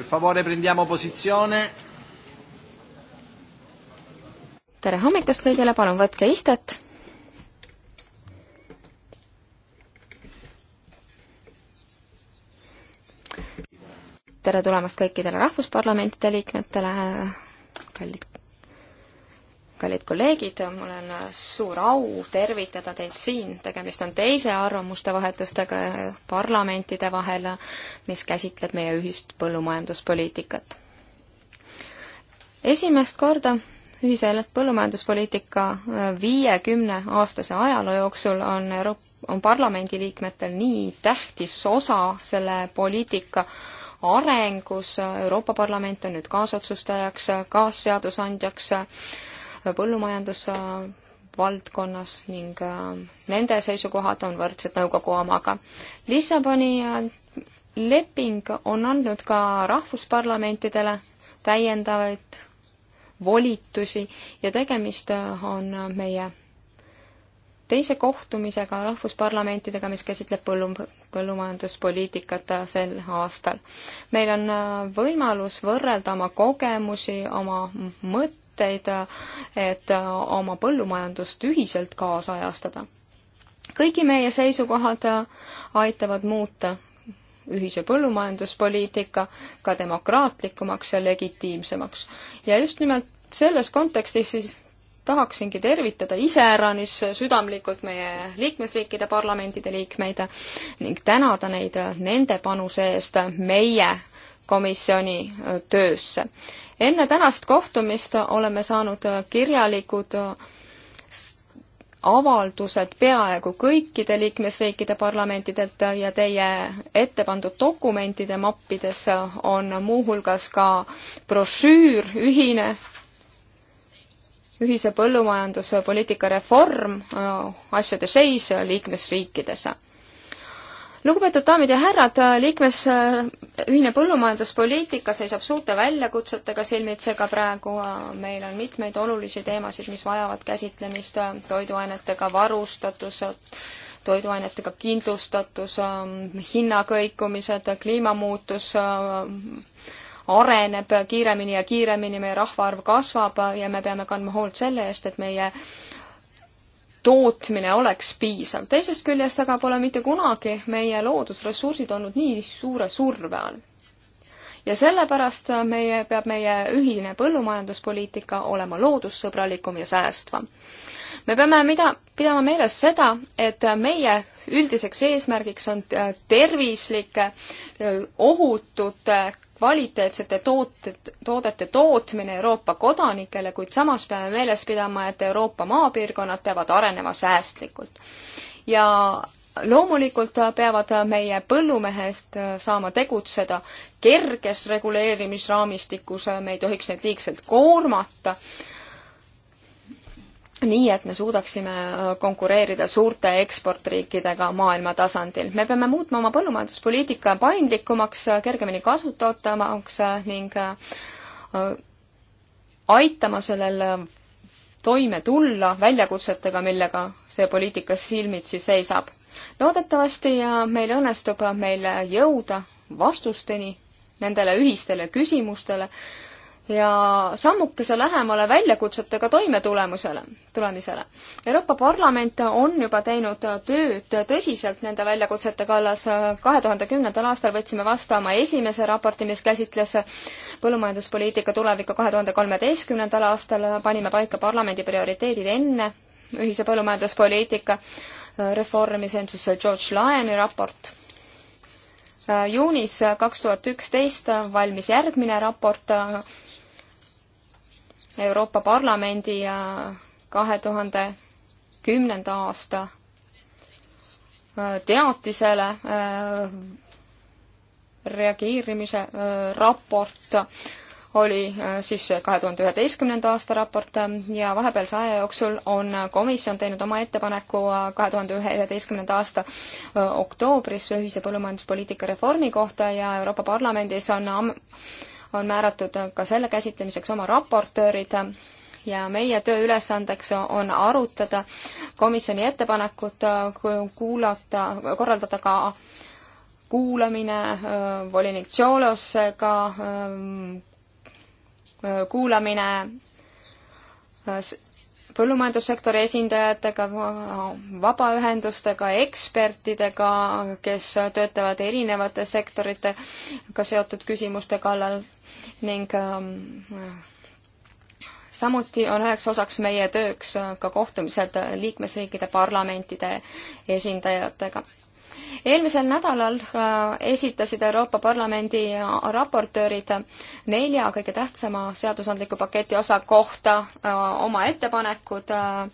Per favore prendiamo positsioone. tere hommikust kõigile, palun võtke istet. tere tulemast kõikidele rahvusparlamentide liikmetele, kallid kallid kolleegid, mul on suur au tervitada teid siin, tegemist on teise arvamuste vahetustega parlamentide vahel, mis käsitleb meie ühist põllumajanduspoliitikat. esimest korda ühise põllumajanduspoliitika viiekümne aastase ajaloo jooksul on Euroop-, on parlamendiliikmetel nii tähtis osa selle poliitika arengus, Euroopa Parlament on nüüd kaasotsustajaks, kaasseadusandjaks, põllumajandusvaldkonnas ning äh, nende seisukohad on võrdsed nõukogu omaga. Lissaboni äh, leping on andnud ka rahvusparlamentidele täiendavaid volitusi ja tegemist äh, on meie teise kohtumisega rahvusparlamentidega, mis käsitleb põllum-, põllumajanduspoliitikat sel aastal. meil on võimalus võrrelda oma kogemusi, oma mõtteid, mõtteid, et oma põllumajandust ühiselt kaasajastada. kõigi meie seisukohad aitavad muuta ühise põllumajanduspoliitika ka demokraatlikumaks ja legitiimsemaks. ja just nimelt selles kontekstis siis tahaksingi tervitada iseäranis südamlikult meie liikmesriikide parlamentide liikmeid ning tänada neid nende panuse eest meie komisjoni töösse. enne tänast kohtumist oleme saanud kirjalikud avaldused peaaegu kõikide liikmesriikide parlamentidelt ja teie ette pandud dokumentide mappides on muuhulgas ka brošüür ühine ühise põllumajanduspoliitika reform, asjade seis liikmesriikides lugupeetud daamid ja härrad, liikmes äh, ühine põllumajanduspoliitika seisab suurte väljakutsetega silmitsi ka praegu. Äh, meil on mitmeid olulisi teemasid, mis vajavad käsitlemist, äh, toiduainetega varustatus, toiduainetega kindlustatus, hinnakõikumised, kliimamuutus areneb kiiremini ja kiiremini, meie rahvaarv kasvab ja me peame kandma hoolt selle eest, et meie tootmine oleks piisav. teisest küljest aga pole mitte kunagi meie loodusressursid olnud nii suure surve all. ja sellepärast meie, peab meie ühine põllumajanduspoliitika olema loodussõbralikum ja säästvam. me peame mida, pidama meeles seda, et meie üldiseks eesmärgiks on tervislike, ohutute kvaliteetsete tooted, toodete tootmine Euroopa kodanikele, kuid samas peame meeles pidama, et Euroopa maapiirkonnad peavad arenema säästlikult. ja loomulikult peavad meie põllumehest äh, saama tegutseda kerges reguleerimisraamistikus, äh, me ei tohiks neid liigselt koormata nii, et me suudaksime äh, konkureerida suurte eksportriikidega maailma tasandil. me peame muutma oma põllumajanduspoliitika paindlikumaks, äh, kergemini kasutatavamaks äh, ning aitama sellel toime tulla väljakutsetega, millega see poliitika silmitsi seisab. loodetavasti meil õnnestub meil jõuda vastusteni nendele ühistele küsimustele, ja sammukese lähemale väljakutsetega toimetulemusele, tulemisele. Euroopa Parlament on juba teinud tööd tõsiselt nende väljakutsete kallas. kahe tuhande kümnendal aastal võtsime vastu oma esimese raporti, mis käsitles põllumajanduspoliitika tulevikku kahe tuhande kolmeteistkümnendal aastal, panime paika parlamendi prioriteedid enne ühise põllumajanduspoliitika reformi, see on siis George Lyoni raport juunis kaks tuhat üksteist valmis järgmine raport Euroopa Parlamendi ja kahe tuhande kümnenda aasta äh, teatisele äh, reageerimise äh, raport oli siis kahe tuhande üheteistkümnenda aasta raport ähm, ja vahepealse aja jooksul on komisjon teinud oma ettepaneku kahe tuhande üheteistkümnenda aasta oktoobris ühise põllumajanduspoliitika reformi kohta ja Euroopa Parlamendis on on määratud ka selle käsitlemiseks oma raportöörid ja meie tööülesandeks on arutada komisjoni ettepanekut, kuulata, korraldada ka kuulamine volinik Tšolosega, kuulamine põllumajandussektori esindajatega, vabaühendustega, ekspertidega, kes töötavad erinevate sektoritega seotud küsimuste kallal ning ähm, samuti on üheks osaks meie tööks ka kohtumised liikmesriikide parlamentide esindajatega eelmisel nädalal äh, esitasid Euroopa Parlamendi raportöörid nelja kõige tähtsama seadusandliku paketi osa kohta äh, oma ettepanekud äh,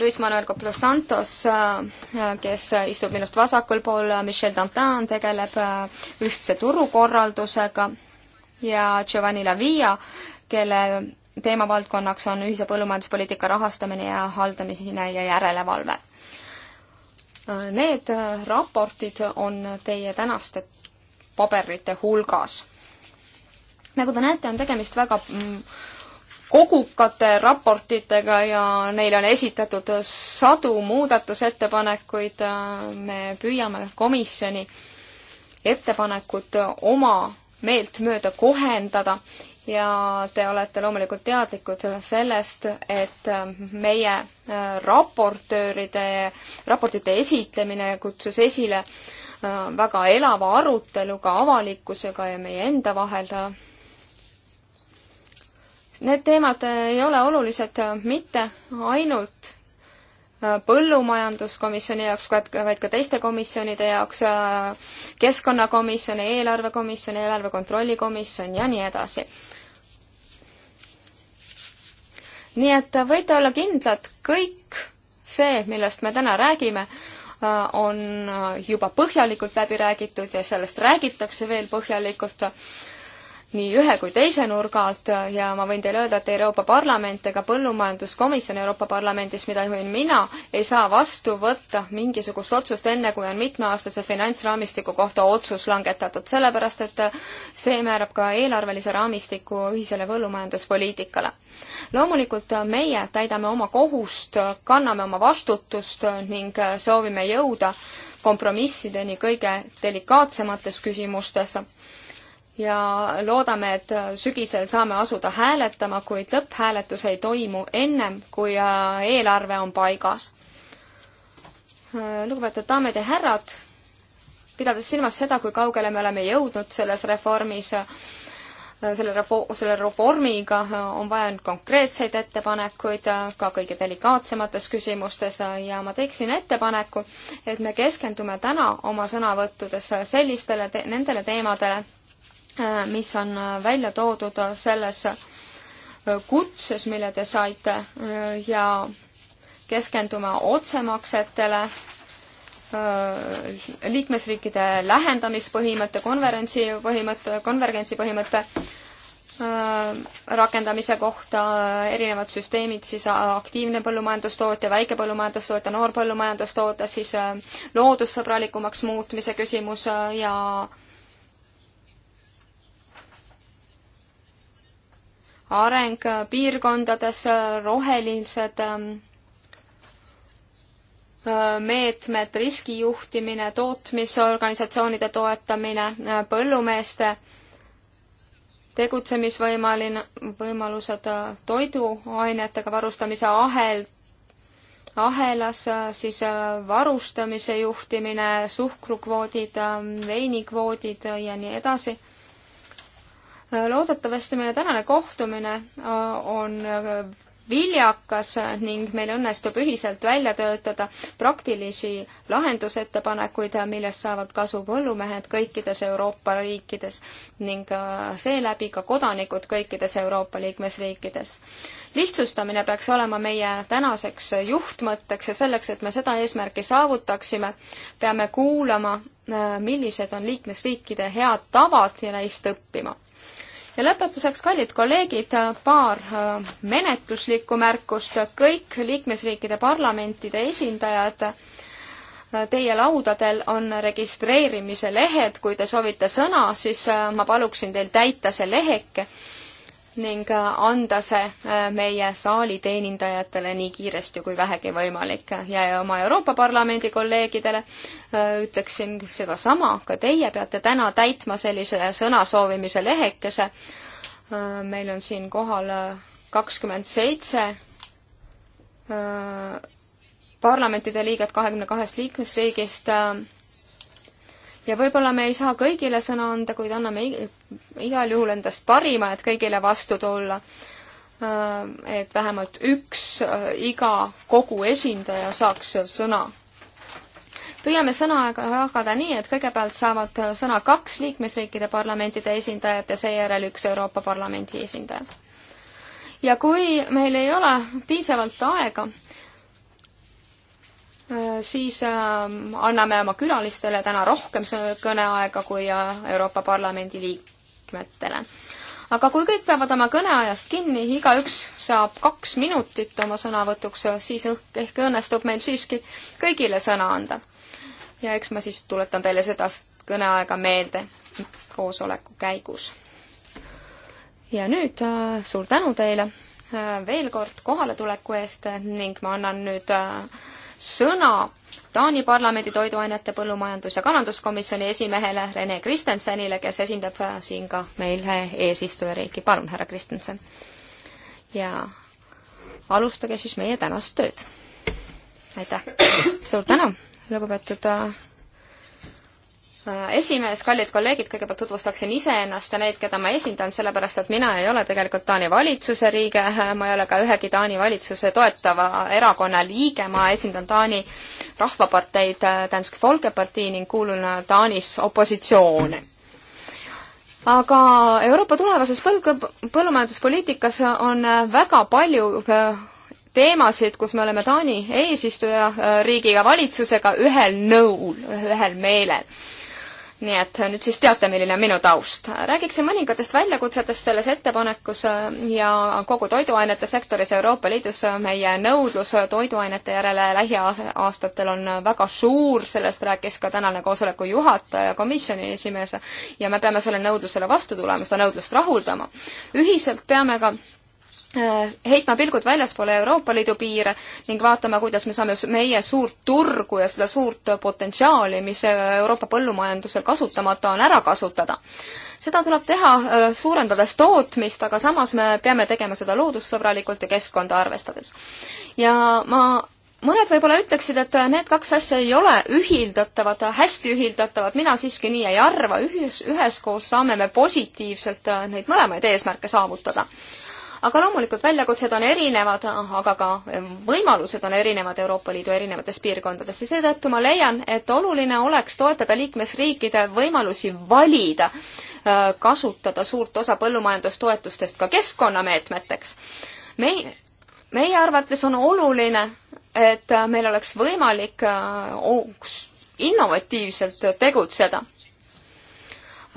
Luis Manuel Coplos Santos, kes istub minust vasakul pool, Michel Dantin tegeleb ühtse turukorraldusega ja Giovanni Lavia, kelle teemavaldkonnaks on ühise põllumajanduspoliitika rahastamine ja haldamine ja järelevalve. Need raportid on teie tänaste paberite hulgas. nagu te näete, on tegemist väga mm, kogukate raportitega ja neile on esitatud sadu muudatusettepanekuid. me püüame komisjoni ettepanekut oma meeltmööda kohendada ja te olete loomulikult teadlikud sellest, et äh, meie äh, raportööride, raportite esitlemine kutsus esile äh, väga elava arutelu ka avalikkusega ja meie enda vahel. Need teemad ei ole olulised mitte ainult põllumajanduskomisjoni jaoks, vaid ka teiste komisjonide jaoks, keskkonnakomisjoni, eelarvekomisjoni, eelarve kontrolli komisjon ja nii edasi nii et võite olla kindlad, kõik see, millest me täna räägime, äh, on juba põhjalikult läbi räägitud ja sellest räägitakse veel põhjalikult nii ühe kui teise nurga alt ja ma võin teile öelda, et Euroopa Parlament ega Põllumajanduskomisjon Euroopa Parlamendis, mida juhin mina, ei saa vastu võtta mingisugust otsust enne, kui on mitmeaastase finantsraamistiku kohta otsus langetatud, sellepärast et see määrab ka eelarvelise raamistiku ühisele põllumajanduspoliitikale. loomulikult meie täidame oma kohust, kanname oma vastutust ning soovime jõuda kompromissideni kõige delikaatsemates küsimustes ja loodame, et sügisel saame asuda hääletama, kuid lõpphääletus ei toimu ennem, kui äh, eelarve on paigas. Äh, lugupeetud daamid ja härrad, pidades silmas seda, kui kaugele me oleme jõudnud selles reformis, äh, selle refo-, selle reformiga on vaja nüüd konkreetseid ettepanekuid ka kõige delikaatsemates küsimustes ja ma teeksin ettepaneku, et me keskendume täna oma sõnavõttudes sellistele te-, nendele teemadele, Äh, mis on äh, välja toodud äh, selles kutses, mille te saite ja keskendume otsemaksetele, liikmesriikide lähendamispõhimõtte, konverentsi põhimõtte, konvergentsi põhimõtte rakendamise kohta erinevad süsteemid, siis aktiivne põllumajandustootja, väike põllumajandustootja, noor põllumajandustootja, siis loodussõbralikumaks muutmise küsimus ja äh, areng piirkondades, rohelised ähm, äh, meetmed, riskijuhtimine, tootmisorganisatsioonide toetamine, äh, põllumeeste tegutsemisvõimaline, võimalused äh, toiduainetega varustamise ahel, ahelas, siis varustamise juhtimine, suhkrukvoodid, ähm, veinikvoodid ja nii edasi loodetavasti meie tänane kohtumine äh, on äh, viljakas ning meil õnnestub ühiselt välja töötada praktilisi lahendusettepanekuid, millest saavad kasu põllumehed kõikides Euroopa riikides ning äh, seeläbi ka kodanikud kõikides Euroopa liikmesriikides. lihtsustamine peaks olema meie tänaseks juhtmõtteks ja selleks, et me seda eesmärki saavutaksime, peame kuulama, millised on liikmesriikide head tavad ja neist õppima ja lõpetuseks, kallid kolleegid, paar äh, menetluslikku märkust. kõik liikmesriikide parlamentide esindajad äh, teie laudadel on registreerimise lehed, kui te soovite sõna, siis äh, ma paluksin teil täita see leheke ning äh, anda see äh, meie saali teenindajatele nii kiiresti kui vähegi võimalik. ja oma Euroopa Parlamendi kolleegidele äh, ütleksin sedasama, ka teie peate täna täitma sellise sõnasoovimise lehekese. meil on siin kohal kakskümmend seitse parlamentide liiget kahekümne kahest liikmesriigist ja võib-olla me ei saa kõigile sõna anda, kuid anname igal juhul endast parima, et kõigile vastu tulla. Äh, et vähemalt üks äh, iga kogu esindaja saaks sõna. püüame sõnaaega jagada nii, et kõigepealt saavad sõna kaks liikmesriikide parlamentide esindajat ja seejärel üks Euroopa Parlamendi esindaja. ja kui meil ei ole piisavalt aega, Äh, siis ähm, anname oma külalistele täna rohkem kõneaega kui äh, Euroopa Parlamendi liikmetele. aga kui kõik peavad oma kõneajast kinni, igaüks saab kaks minutit oma sõnavõtuks, äh, siis ehk õnnestub meil siiski kõigile sõna anda. ja eks ma siis tuletan teile seda kõneaega meelde koosoleku käigus. ja nüüd suur tänu teile veel kord kohaletuleku eest ning ma annan nüüd äh, sõna Taani parlamendi toiduainete põllumajandus- ja kalanduskomisjoni esimehele Rene Kristensenile, kes esindab äh, siin ka meil äh, eesistujariiki. palun, härra Kristensen. ja alustage siis meie tänast tööd. aitäh. suur tänu, lugupeetud äh, Äh, esimees, kallid kolleegid, kõigepealt tutvustaksin iseennast ja neid, keda ma esindan, sellepärast et mina ei ole tegelikult Taani valitsuse liige, ma ei ole ka ühegi Taani valitsuse toetava erakonna liige, ma esindan Taani rahvaparteid äh, Danske Folkepartii ning kuulun äh, Taanis opositsiooni aga Euroopa tulevases põl-, põllumajanduspoliitikas on väga palju teemasid, kus me oleme Taani eesistuja riigiga, valitsusega ühel nõul, ühel meelel nii et nüüd siis teate, milline on minu taust. räägiksin mõningatest väljakutsetest selles ettepanekus äh, ja kogu toiduainete sektoris Euroopa Liidus äh, meie nõudlus toiduainete järele lähiaastatel on väga suur, sellest rääkis ka tänane koosoleku juhataja, komisjoni esimees, ja me peame sellele nõudlusele vastu tulema, seda nõudlust rahuldama. ühiselt peame ka Äh, heitma pilgud väljaspoole Euroopa Liidu piire ning vaatama, kuidas me saame meie suurt turgu ja seda suurt potentsiaali, mis äh, Euroopa põllumajandusel kasutamata on, ära kasutada. seda tuleb teha äh, suurendades tootmist, aga samas me peame tegema seda loodussõbralikult ja keskkonda arvestades. ja ma mõned võib-olla ütleksid, et need kaks asja ei ole ühildatavad, hästi ühildatavad, mina siiski nii ei arva, ühes, üheskoos saame me positiivselt neid mõlemaid eesmärke saavutada aga loomulikult väljakutsed on erinevad, aga ka eh, võimalused on erinevad Euroopa Liidu erinevates piirkondades ja seetõttu ma leian, et oluline oleks toetada liikmesriikide võimalusi valida, eh, kasutada suurt osa põllumajandustoetustest ka keskkonnameetmeteks. meie, meie arvates on oluline, et meil oleks võimalik eh, innovatiivselt tegutseda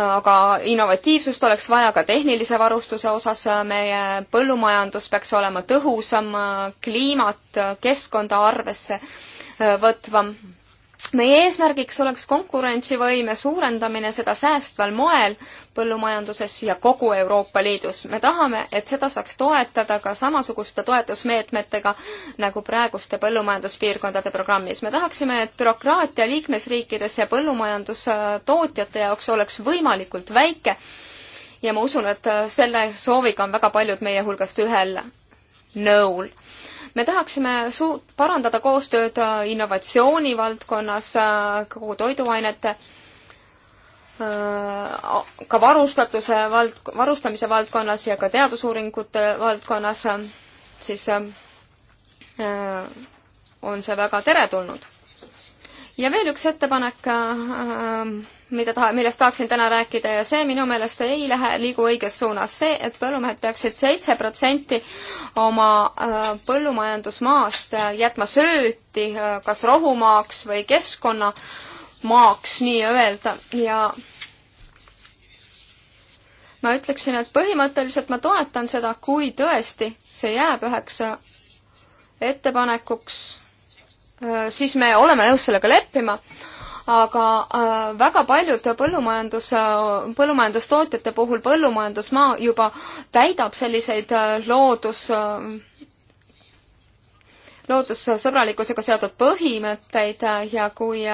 aga innovatiivsust oleks vaja ka tehnilise varustuse osas, meie põllumajandus peaks olema tõhusam, kliimat, keskkonda arvesse võtvam meie eesmärgiks oleks konkurentsivõime suurendamine, seda säästval moel põllumajanduses ja kogu Euroopa Liidus. me tahame, et seda saaks toetada ka samasuguste toetusmeetmetega nagu praeguste põllumajanduspiirkondade programmis. me tahaksime, et bürokraatia liikmesriikides ja põllumajandustootjate jaoks oleks võimalikult väike ja ma usun, et selle sooviga on väga paljud meie hulgast ühel nõul me tahaksime suut-, parandada koostööd äh, innovatsiooni valdkonnas, äh, kogu toiduainete äh, ka varustatuse vald-, varustamise valdkonnas ja ka teadusuuringute valdkonnas, siis on see väga teretulnud. ja veel üks ettepanek mida taha, millest tahaksin täna rääkida ja see minu meelest ei lähe, liigu õiges suunas. see, et põllumehed peaksid seitse protsenti oma äh, põllumajandusmaast äh, jätma sööti äh, kas rohumaaks või keskkonnamaaks nii-öelda ja ma ütleksin, et põhimõtteliselt ma toetan seda, kui tõesti see jääb üheks ettepanekuks, siis me oleme nõus sellega leppima aga äh, väga paljud põllumajandus, äh, põllumajandustootjate puhul põllumajandusmaa juba täidab selliseid äh, loodus loodussõbralikkusega seotud põhimõtteid ja kui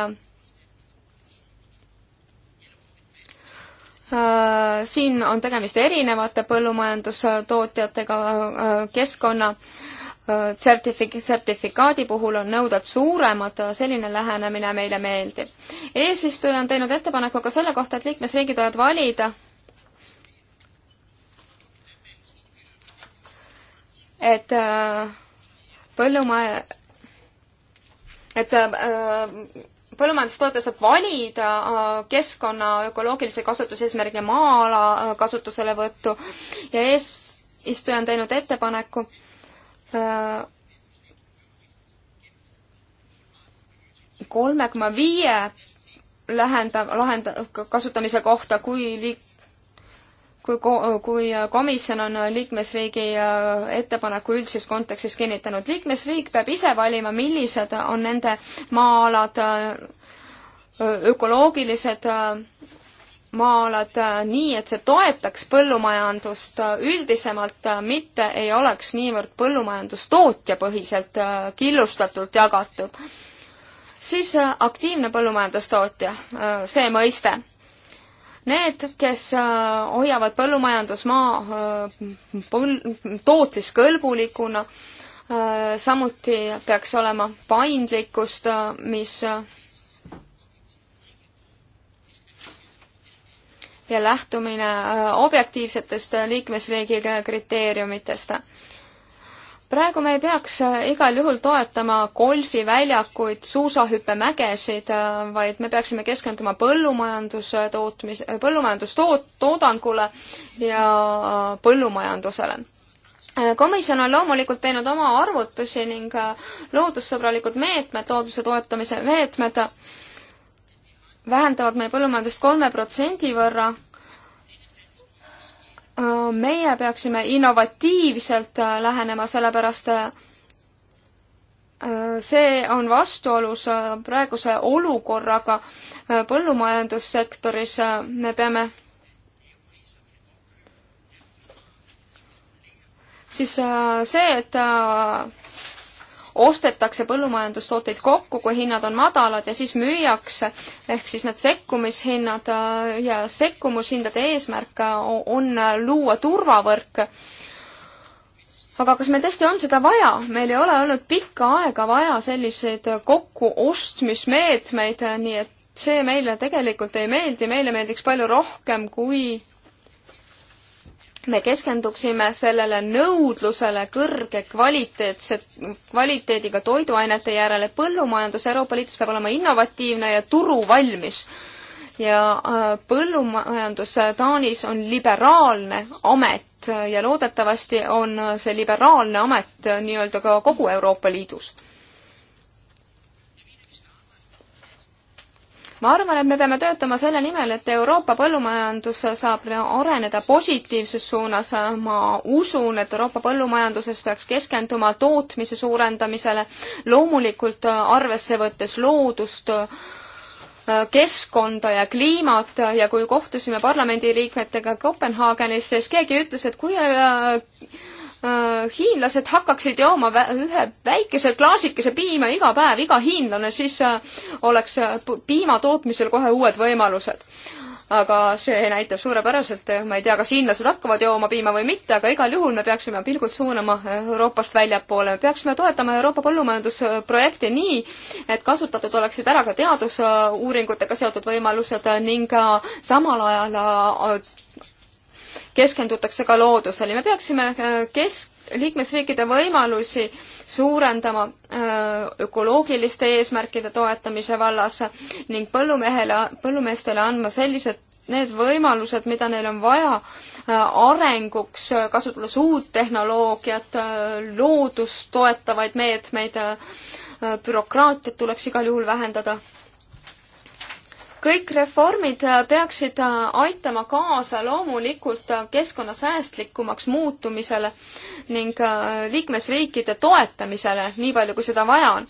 siin on tegemist erinevate põllumajandustootjatega, keskkonna sertifik-, sertifikaadi puhul on nõuded suuremad, selline lähenemine meile meeldib. eesistuja on teinud ettepaneku ka selle kohta, et liikmesriigid võivad valida, et äh, põllumaja, et äh, põllumajandustoote saab valida äh, keskkonna ökoloogilise kasutuse eesmärgi maa-ala kasutuselevõttu ja eesistuja on teinud ettepaneku, kolme koma viie lähendav, lahenda-, kasutamise kohta, kui liik-, kui ko-, kui komisjon on liikmesriigi äh, ettepaneku üldises kontekstis kinnitanud. liikmesriik peab ise valima, millised on nende maa-alad äh, ökoloogilised äh, maa-alad äh, nii, et see toetaks põllumajandust äh, üldisemalt, äh, mitte ei oleks niivõrd põllumajandustootjapõhiselt killustatult jagatud. siis aktiivne põllumajandustootja, see mõiste. Need, kes hoiavad põllumajandusmaa põl-, tootliskõlbulikuna, samuti peaks olema paindlikkust, mis ja lähtumine äh, objektiivsetest äh, liikmesriigi kriteeriumitest. praegu me ei peaks äh, igal juhul toetama golfiväljakuid, suusahüppemägesid, vaid me peaksime keskenduma põllumajandustootmis, põllumajandustoot-, toodangule ja põllumajandusele komisjon on loomulikult teinud oma arvutusi ning loodussõbralikud meetmed, looduse toetamise meetmed vähendavad meie põllumajandust kolme protsendi võrra, meie peaksime innovatiivselt lähenema, sellepärast see on vastuolus praeguse olukorraga põllumajandussektoris, me peame siis see, et ostetakse põllumajandustooteid kokku, kui hinnad on madalad ja siis müüakse, ehk siis need sekkumishinnad äh, ja sekkumushindade eesmärk äh, on äh, luua turvavõrk aga kas meil tõesti on seda vaja? meil ei ole olnud pikka aega vaja selliseid kokkuostmismeetmeid, nii et see meile tegelikult ei meeldi, meile meeldiks palju rohkem, kui me keskenduksime sellele nõudlusele kõrge kvaliteetse, kvaliteediga toiduainete järele. põllumajandus Euroopa Liidus peab olema innovatiivne ja turuvalmis. ja äh, põllumajandus äh, Taanis on liberaalne amet äh, ja loodetavasti on see liberaalne amet nii-öelda ka kogu Euroopa Liidus ma arvan, et me peame töötama selle nimel, et Euroopa põllumajandus saab areneda positiivses suunas. ma usun, et Euroopa põllumajanduses peaks keskenduma tootmise suurendamisele, loomulikult arvesse võttes loodust, keskkonda ja kliimat ja kui kohtusime parlamendiliikmetega Kopenhaagenis, siis keegi ütles, et kui äh, Äh, hiinlased hakkaksid jooma ühe väikese klaasikese piima iga päev, iga hiinlane, siis äh, oleks äh, piima tootmisel kohe uued võimalused. aga see näitab suurepäraselt, ma ei tea, kas hiinlased hakkavad jooma piima või mitte, aga igal juhul me peaksime pilgud suunama Euroopast väljapoole. me peaksime toetama Euroopa põllumajandusprojekte nii, et kasutatud oleksid ära ka teadusuuringutega seotud võimalused ning samal ajal keskendutakse ka loodusele. me peaksime äh, kesk, liikmesriikide võimalusi suurendama äh, ökoloogiliste eesmärkide toetamise vallas ning põllumehele, põllumeestele andma sellised need võimalused, mida neil on vaja äh, arenguks, kasutades uut tehnoloogiat, loodust toetavaid meetmeid, bürokraatiat tuleks igal juhul vähendada kõik reformid äh, peaksid äh, aitama kaasa loomulikult äh, keskkonnasäästlikumaks muutumisele ning liikmesriikide toetamisele, nii palju kui seda vaja on.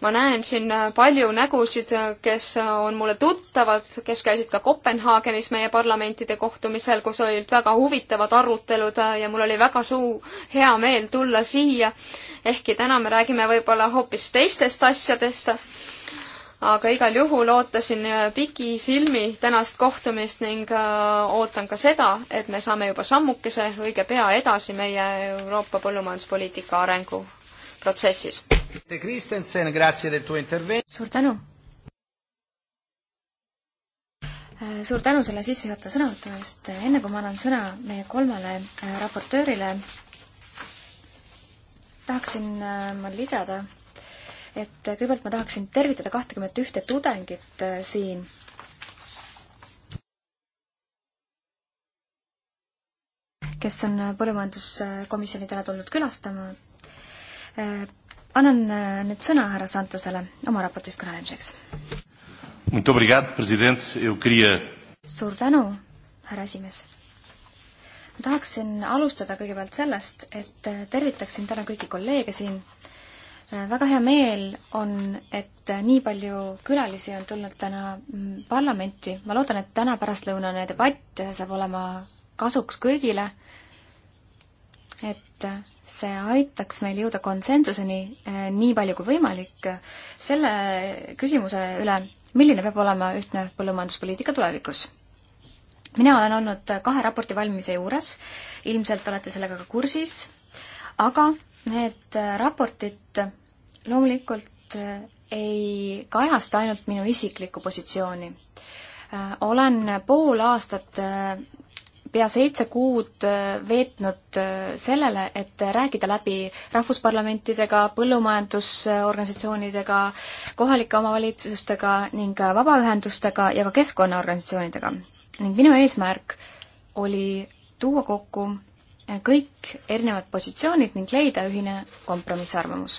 ma näen siin palju nägusid, kes on mulle tuttavad, kes käisid ka Kopenhaagenis meie parlamentide kohtumisel, kus olid väga huvitavad arutelud ja mul oli väga suu-, hea meel tulla siia. ehkki täna me räägime võib-olla hoopis teistest asjadest aga igal juhul ootasin äh, pikisilmi tänast kohtumist ning äh, ootan ka seda, et me saame juba sammukese õige pea edasi meie Euroopa põllumajanduspoliitika arenguprotsessis. suur tänu! Äh, suur tänu selle sissejuhatava sõnavõtu eest, enne kui ma annan sõna meie kolmele raportöörile, tahaksin ma lisada et kõigepealt ma tahaksin tervitada kahtekümmet ühte tudengit äh, siin. kes on äh, põllumajanduskomisjoni täna tulnud külastama. Äh, annan nüüd sõna härra Santosele oma raportist kõnelemiseks. suur tänu, härra esimees ma tahaksin alustada kõigepealt sellest, et tervitaksin täna kõiki kolleege siin väga hea meel on, et nii palju külalisi on tulnud täna mm, parlamenti. ma loodan, et täna pärastlõunane debatt saab olema kasuks kõigile, et see aitaks meil jõuda konsensuseni eh, nii palju kui võimalik selle küsimuse üle, milline peab olema ühtne põllumajanduspoliitika tulevikus. mina olen olnud kahe raporti valmimise juures, ilmselt olete sellega ka kursis, aga need raportid loomulikult äh, ei kajasta ainult minu isiklikku positsiooni. Äh, olen pool aastat äh, pea seitse kuud veetnud sellele, et rääkida läbi rahvusparlamentidega, põllumajandusorganisatsioonidega, kohalike omavalitsustega ning vabaühendustega ja ka keskkonnaorganisatsioonidega. ning minu eesmärk oli tuua kokku kõik erinevad positsioonid ning leida ühine kompromissarvamus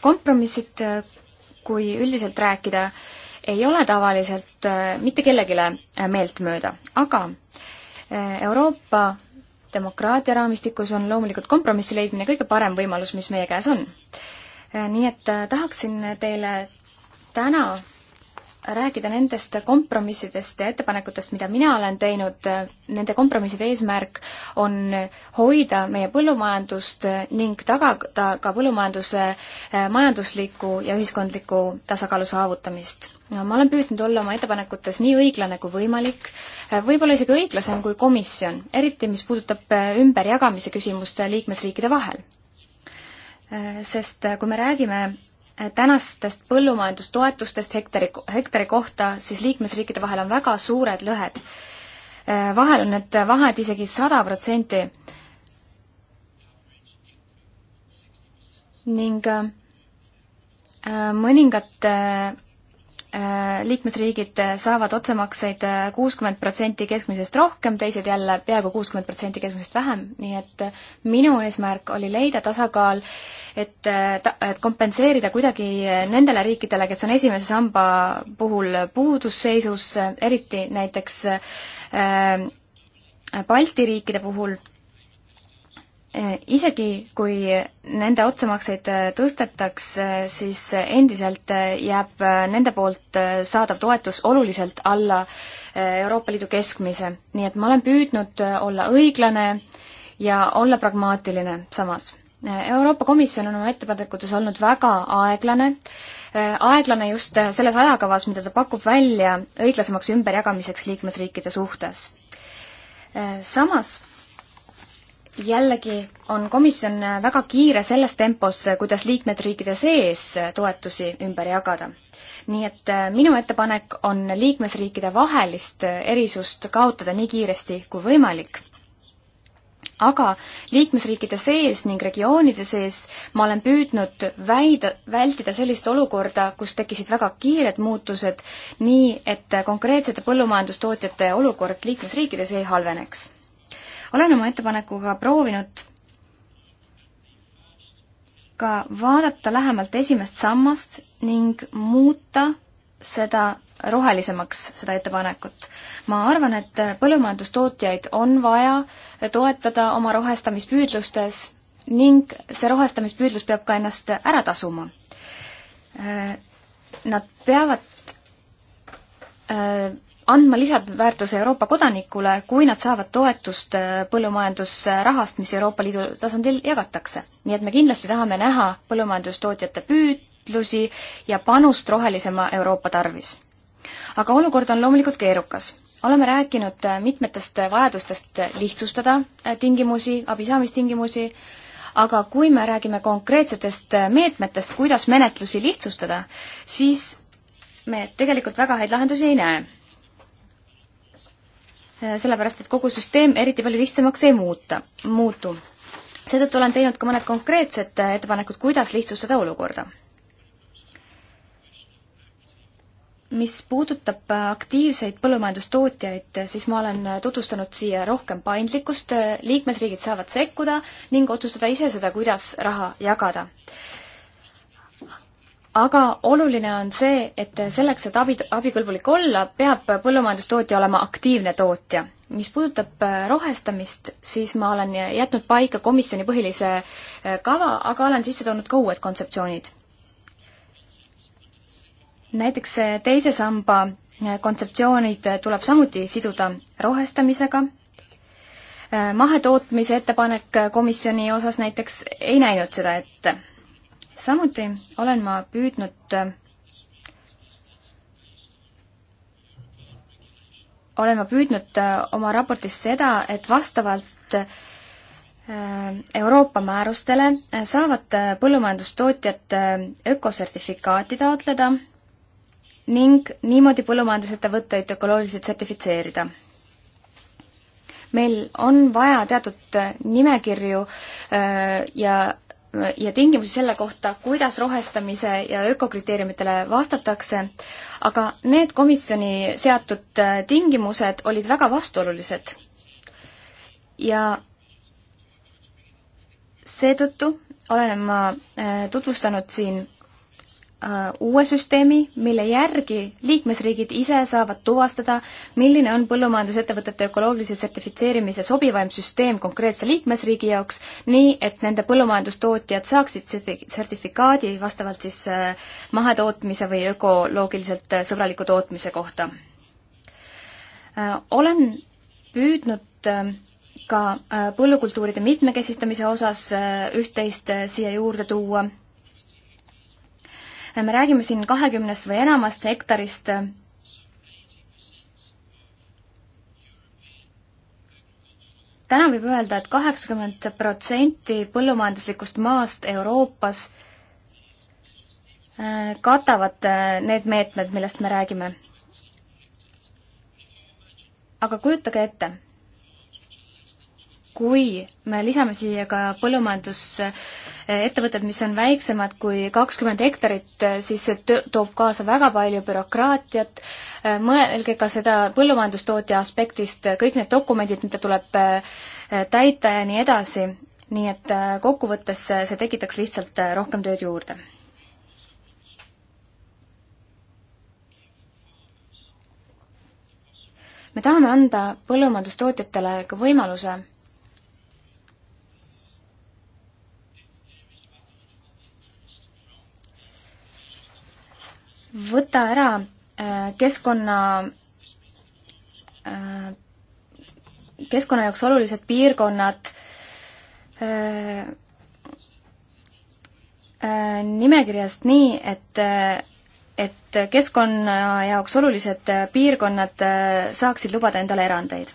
kompromissid, äh, kui üldiselt rääkida, ei ole tavaliselt äh, mitte kellelegi äh, meeltmööda, aga Euroopa demokraatia raamistikus on loomulikult kompromissi leidmine kõige parem võimalus, mis meie käes on. nii et tahaksin teile täna rääkida nendest kompromissidest ja ettepanekutest, mida mina olen teinud. Nende kompromisside eesmärk on hoida meie põllumajandust ning tagada ka põllumajanduse eh, majandusliku ja ühiskondliku tasakaalu saavutamist. ma olen püüdnud olla oma ettepanekutes nii õiglane kui võimalik, eh, võib-olla isegi õiglasem kui komisjon, eriti mis puudutab eh, ümberjagamise küsimust liikmesriikide vahel sest kui me räägime tänastest põllumajandustoetustest hektari, hektari kohta, siis liikmesriikide vahel on väga suured lõhed. Äh, vahel on need vahed isegi sada protsenti. ning äh, mõningate Äh, liikmesriigid äh, saavad otsemakseid äh, kuuskümmend protsenti keskmisest rohkem, teised jälle peaaegu kuuskümmend protsenti keskmisest vähem, nii et minu eesmärk oli leida tasakaal, et ta-, et kompenseerida kuidagi nendele riikidele, kes on esimese samba puhul puudusseisus, eriti näiteks Balti riikide puhul isegi kui nende otsemakseid äh, tõstetakse, äh, siis äh, endiselt jääb nende poolt saadav toetus oluliselt alla Euroopa Liidu keskmise. nii et ma olen püüdnud olla õiglane ja olla pragmaatiline samas. Euroopa Komisjon on oma ettepanekutes olnud väga aeglane, aeglane just selles ajakavas, mida ta pakub välja õiglasemaks ümberjagamiseks liikmesriikide suhtes. samas jällegi on komisjon väga kiire selles tempos, kuidas liikmesriikide sees toetusi ümber jagada. nii et äh, minu ettepanek on liikmesriikide vahelist äh, erisust kaotada nii kiiresti kui võimalik. aga liikmesriikide sees ning regioonide sees ma olen püüdnud väida, vältida sellist olukorda, kus tekkisid väga kiired muutused, nii et äh, konkreetsete põllumajandustootjate olukord liikmesriikides ei halveneks olen oma ettepanekuga proovinud ka vaadata lähemalt esimest sammast ning muuta seda rohelisemaks, seda ettepanekut. ma arvan, et põllumajandustootjaid on vaja toetada oma rohestamispüüdlustes ning see rohestamispüüdlus peab ka ennast ära tasuma. Nad peavad äh, andma lisandväärtuse Euroopa kodanikule, kui nad saavad toetust äh, põllumajandusrahast, mis Euroopa Liidu tasandil jagatakse. nii et me kindlasti tahame näha põllumajandustootjate püüdlusi ja panust rohelisema Euroopa tarvis. aga olukord on loomulikult keerukas. oleme rääkinud äh, mitmetest äh, vajadustest lihtsustada tingimusi, abi saamistingimusi, aga kui me räägime konkreetsetest meetmetest, kuidas menetlusi lihtsustada, siis me tegelikult väga häid lahendusi ei näe Äh, sellepärast et kogu süsteem eriti palju lihtsamaks ei muuta, muutu. seetõttu olen teinud ka mõned konkreetsed äh, ettepanekud, kuidas lihtsustada olukorda. mis puudutab äh, aktiivseid põllumajandustootjaid, siis ma olen tutvustanud siia rohkem paindlikkust, liikmesriigid saavad sekkuda ning otsustada ise seda, kuidas raha jagada aga oluline on see, et selleks, et abi, abikõlbulik olla, peab põllumajandustootja olema aktiivne tootja. mis puudutab äh, rohestamist, siis ma olen jätnud paika komisjoni põhilise äh, kava, aga olen sisse toonud ka uued kontseptsioonid. näiteks äh, teise samba kontseptsioonid tuleb samuti siduda rohestamisega, mahetootmise ettepanek komisjoni osas näiteks ei näinud seda ette samuti olen ma püüdnud äh, olen ma püüdnud äh, oma raportis seda, et vastavalt äh, Euroopa määrustele saavad põllumajandustootjad ökosertifikaati taotleda ning niimoodi põllumajandusettevõtteid ökoloogiliselt sertifitseerida. meil on vaja teatud nimekirju ja ja tingimusi selle kohta, kuidas rohestamise ja ökokriteeriumitele vastatakse, aga need komisjoni seatud äh, tingimused olid väga vastuolulised. ja seetõttu olen ma äh, tutvustanud siin Äh, uue süsteemi, mille järgi liikmesriigid ise saavad tuvastada, milline on põllumajandusettevõtete ökoloogilise sertifitseerimise sobivaim süsteem konkreetse liikmesriigi jaoks, nii et nende põllumajandustootjad saaksid sertifikaadi vastavalt siis äh, mahetootmise või ökoloogiliselt äh, sõbraliku tootmise kohta. olen püüdnud ka põllukultuuride mitmekesistamise osas üht-teist siia juurde tuua me räägime siin kahekümnest või enamast hektarist. täna võib öelda et, et kaheksakümmend protsenti põllumajanduslikust maast Euroopas äh, katavad äh, need meetmed, millest me räägime. aga kujutage ette kui me lisame siia ka põllumajandusettevõtted, mis on väiksemad kui kakskümmend hektarit, siis see toob kaasa väga palju bürokraatiat. mõelge ka seda põllumajandustootja aspektist, kõik need dokumendid, mida tuleb eh, täita ja nii edasi. nii et eh, kokkuvõttes see tekitaks lihtsalt eh, rohkem tööd juurde me tahame anda põllumajandustootjatele ka võimaluse võta ära äh, keskkonna, äh, keskkonna jaoks olulised piirkonnad äh, nimekirjast nii, et, et keskkonna jaoks olulised piirkonnad saaksid lubada endale erandeid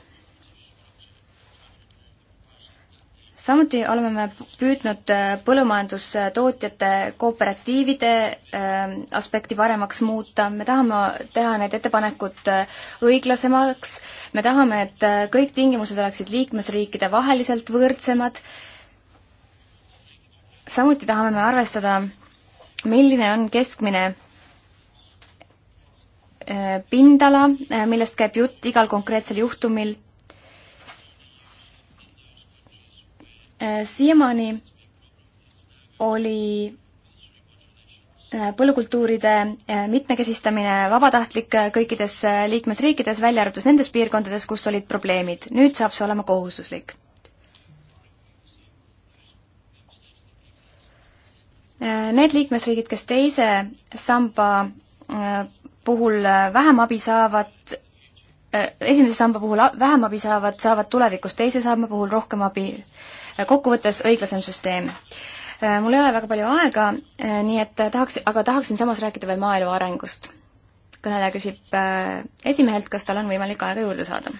samuti oleme me püüdnud äh, põllumajandustootjate kooperatiivide äh, aspekti paremaks muuta, me tahame teha need ettepanekud äh, õiglasemaks, me tahame, et kõik tingimused oleksid liikmesriikide vaheliselt võrdsemad, samuti tahame me arvestada, milline on keskmine pindala, millest käib jutt igal konkreetsel juhtumil Äh, siiamaani oli äh, põllukultuuride äh, mitmekesistamine vabatahtlik kõikides liikmesriikides, välja arvatud nendes piirkondades, kus olid probleemid. nüüd saab see olema kohustuslik. Need liikmesriigid, kes teise samba puhul vähem abi saavad, esimese samba puhul vähem abi saavad, saavad tulevikus teise samba puhul rohkem abi kokkuvõttes õiglasem süsteem. Äh, mul ei ole väga palju aega, äh, nii et tahaks, aga tahaksin samas rääkida veel maaelu arengust. kõneleja küsib äh, esimehelt, kas tal on võimalik aega juurde saada.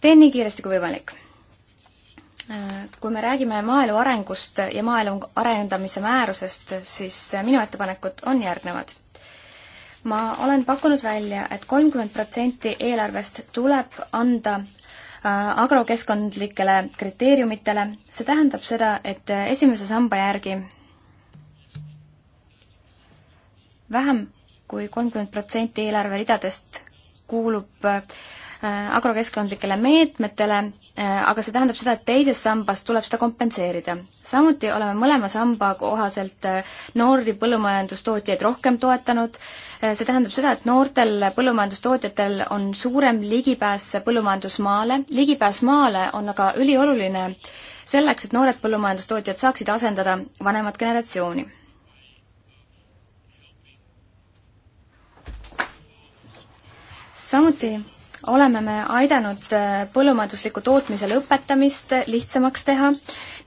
teen nii kiiresti kui võimalik kui me räägime maaelu arengust ja maaelu arendamise määrusest, siis minu ettepanekud on järgnevad. ma olen pakkunud välja et, et kolmkümmend protsenti eelarvest tuleb anda Äh, agrokeskkondlikele kriteeriumitele. see tähendab seda, et äh, esimese samba järgi vähem kui kolmkümmend protsenti eelarveridadest kuulub äh, Äh, agrokeskkondlikele meetmetele, äh, aga see tähendab seda, et teises sambas tuleb seda kompenseerida. samuti oleme mõlema samba kohaselt äh, noori põllumajandustootjaid rohkem toetanud, see tähendab seda, et noortel põllumajandustootjatel on suurem ligipääs põllumajandusmaale, ligipääs maale on aga ülioluline selleks, et noored põllumajandustootjad saaksid asendada vanemat generatsiooni samuti oleme me aidanud äh, põllumajandusliku tootmise lõpetamist lihtsamaks teha,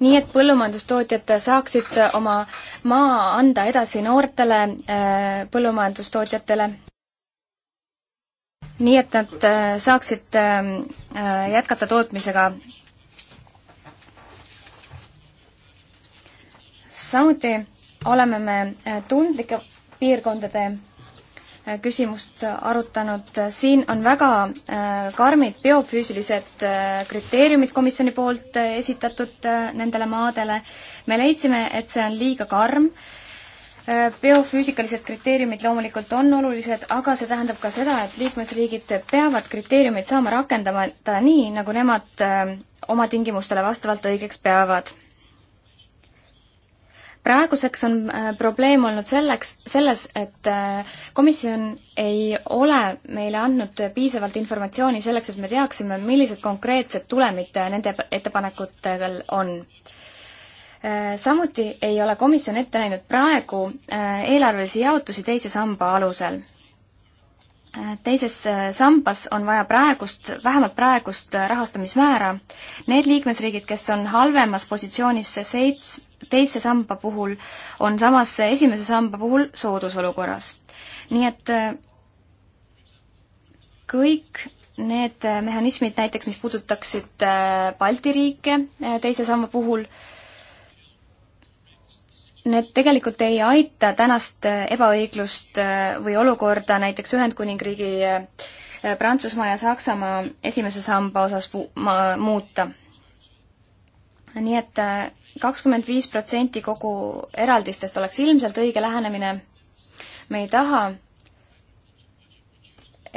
nii et põllumajandustootjad saaksid äh, oma maa anda edasi noortele äh, põllumajandustootjatele, nii et nad saaksid ähm, jätkata tootmisega. samuti oleme me tundlike piirkondade Äh, küsimust arutanud. siin on väga äh, karmid biofüüsilised äh, kriteeriumid komisjoni poolt esitatud nendele maadele. me leidsime, et see on liiga karm. biofüüsikalised kriteeriumid loomulikult on olulised, aga see tähendab ka seda, et liikmesriigid peavad kriteeriumid saama rakendamata nii, nagu nemad oma tingimustele vastavalt õigeks peavad praeguseks on äh, probleem olnud selleks, selles, et äh, komisjon ei ole meile andnud piisavalt informatsiooni selleks, et me teaksime, millised konkreetsed tulemid äh, nende ettepanekutel on. samuti ei ole komisjon ette näinud praegu eelarvelisi jaotusi teise samba alusel teises äh, sambas on vaja praegust, vähemalt praegust äh, rahastamismäära. Need liikmesriigid, kes on halvemas positsioonis seits-, teise samba puhul, on samas esimese samba puhul soodusolukorras. nii et äh, kõik need mehhanismid näiteks, mis puudutaksid Balti riike teise samba puhul, need tegelikult ei aita tänast ebaõiglust äh, või olukorda näiteks Ühendkuningriigi äh, Prantsusmaa ja Saksamaa esimese samba osas muuta. nii et äh, kakskümmend viis protsenti kogu eraldistest oleks ilmselt õige lähenemine. me ei taha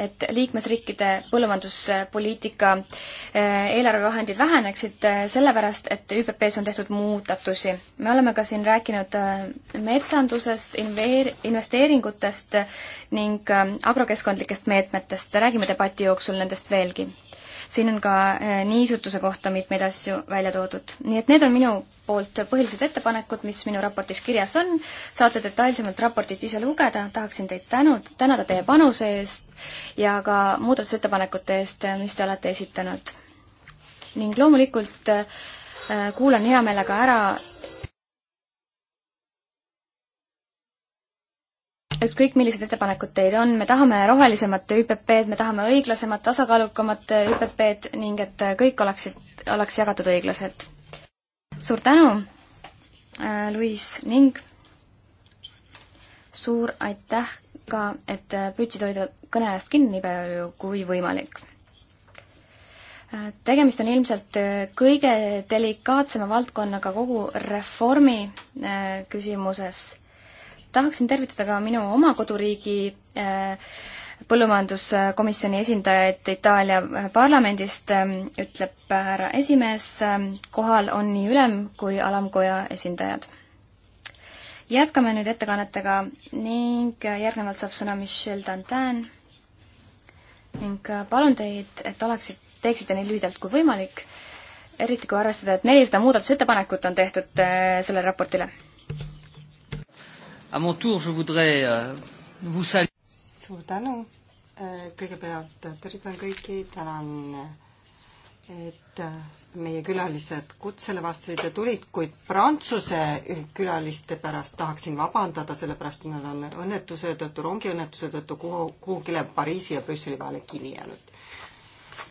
et liikmesriikide põllumajanduspoliitika eh, eelarvevahendid väheneksid, eh, sellepärast et ÜPP-s on tehtud muudatusi. me oleme ka siin rääkinud eh, metsandusest, investeeringutest ning agrokeskkondlikest meetmetest, räägime debati jooksul nendest veelgi siin on ka niisutuse kohta mitmeid asju välja toodud. nii et need on minu poolt põhilised ettepanekud, mis minu raportis kirjas on, saate detailsemalt raportit ise lugeda, tahaksin teid tänu, tänada teie panuse eest ja ka muudatusettepanekute eest, mis te olete esitanud. ning loomulikult äh, kuulan hea meelega ära ükskõik, millised ettepanekud teil on, me tahame rohelisemat ÜPP-d, me tahame õiglasemat, tasakaalukamat ÜPP-d ning et kõik oleksid, oleks jagatud õiglaselt suur tänu, äh, Luis ning suur aitäh ka, et äh, püüdsid hoida kõne ajast kinni nii palju kui võimalik. Äh, tegemist on ilmselt kõige delikaatsema valdkonnaga kogu reformi küsimuses. tahaksin tervitada ka minu oma koduriigi äh, põllumajanduskomisjoni esindajaid Itaalia parlamendist, ähm, ütleb härra esimees, ähm, kohal on nii ülem- kui alamkoja esindajad. jätkame nüüd ettekannetega ning järgnevalt saab sõna Michel Dantin ning äh, palun teid, et oleksid, teeksite nii lühidalt kui võimalik, eriti kui arvestada, et nelisada muudatusettepanekut on tehtud äh, sellele raportile. A mon tour je voudrais euh, vous saluer suur tänu. Äh, kõigepealt tervitan kõiki, tänan, et äh, meie külalised kutsele vastasid ja tulid, kuid Prantsuse külaliste pärast tahaksin vabandada, sellepärast nad on õnnetuse tõttu, rongiõnnetuse tõttu kuhu, kuhugile Pariisi ja Brüsseli vahele kinni jäänud.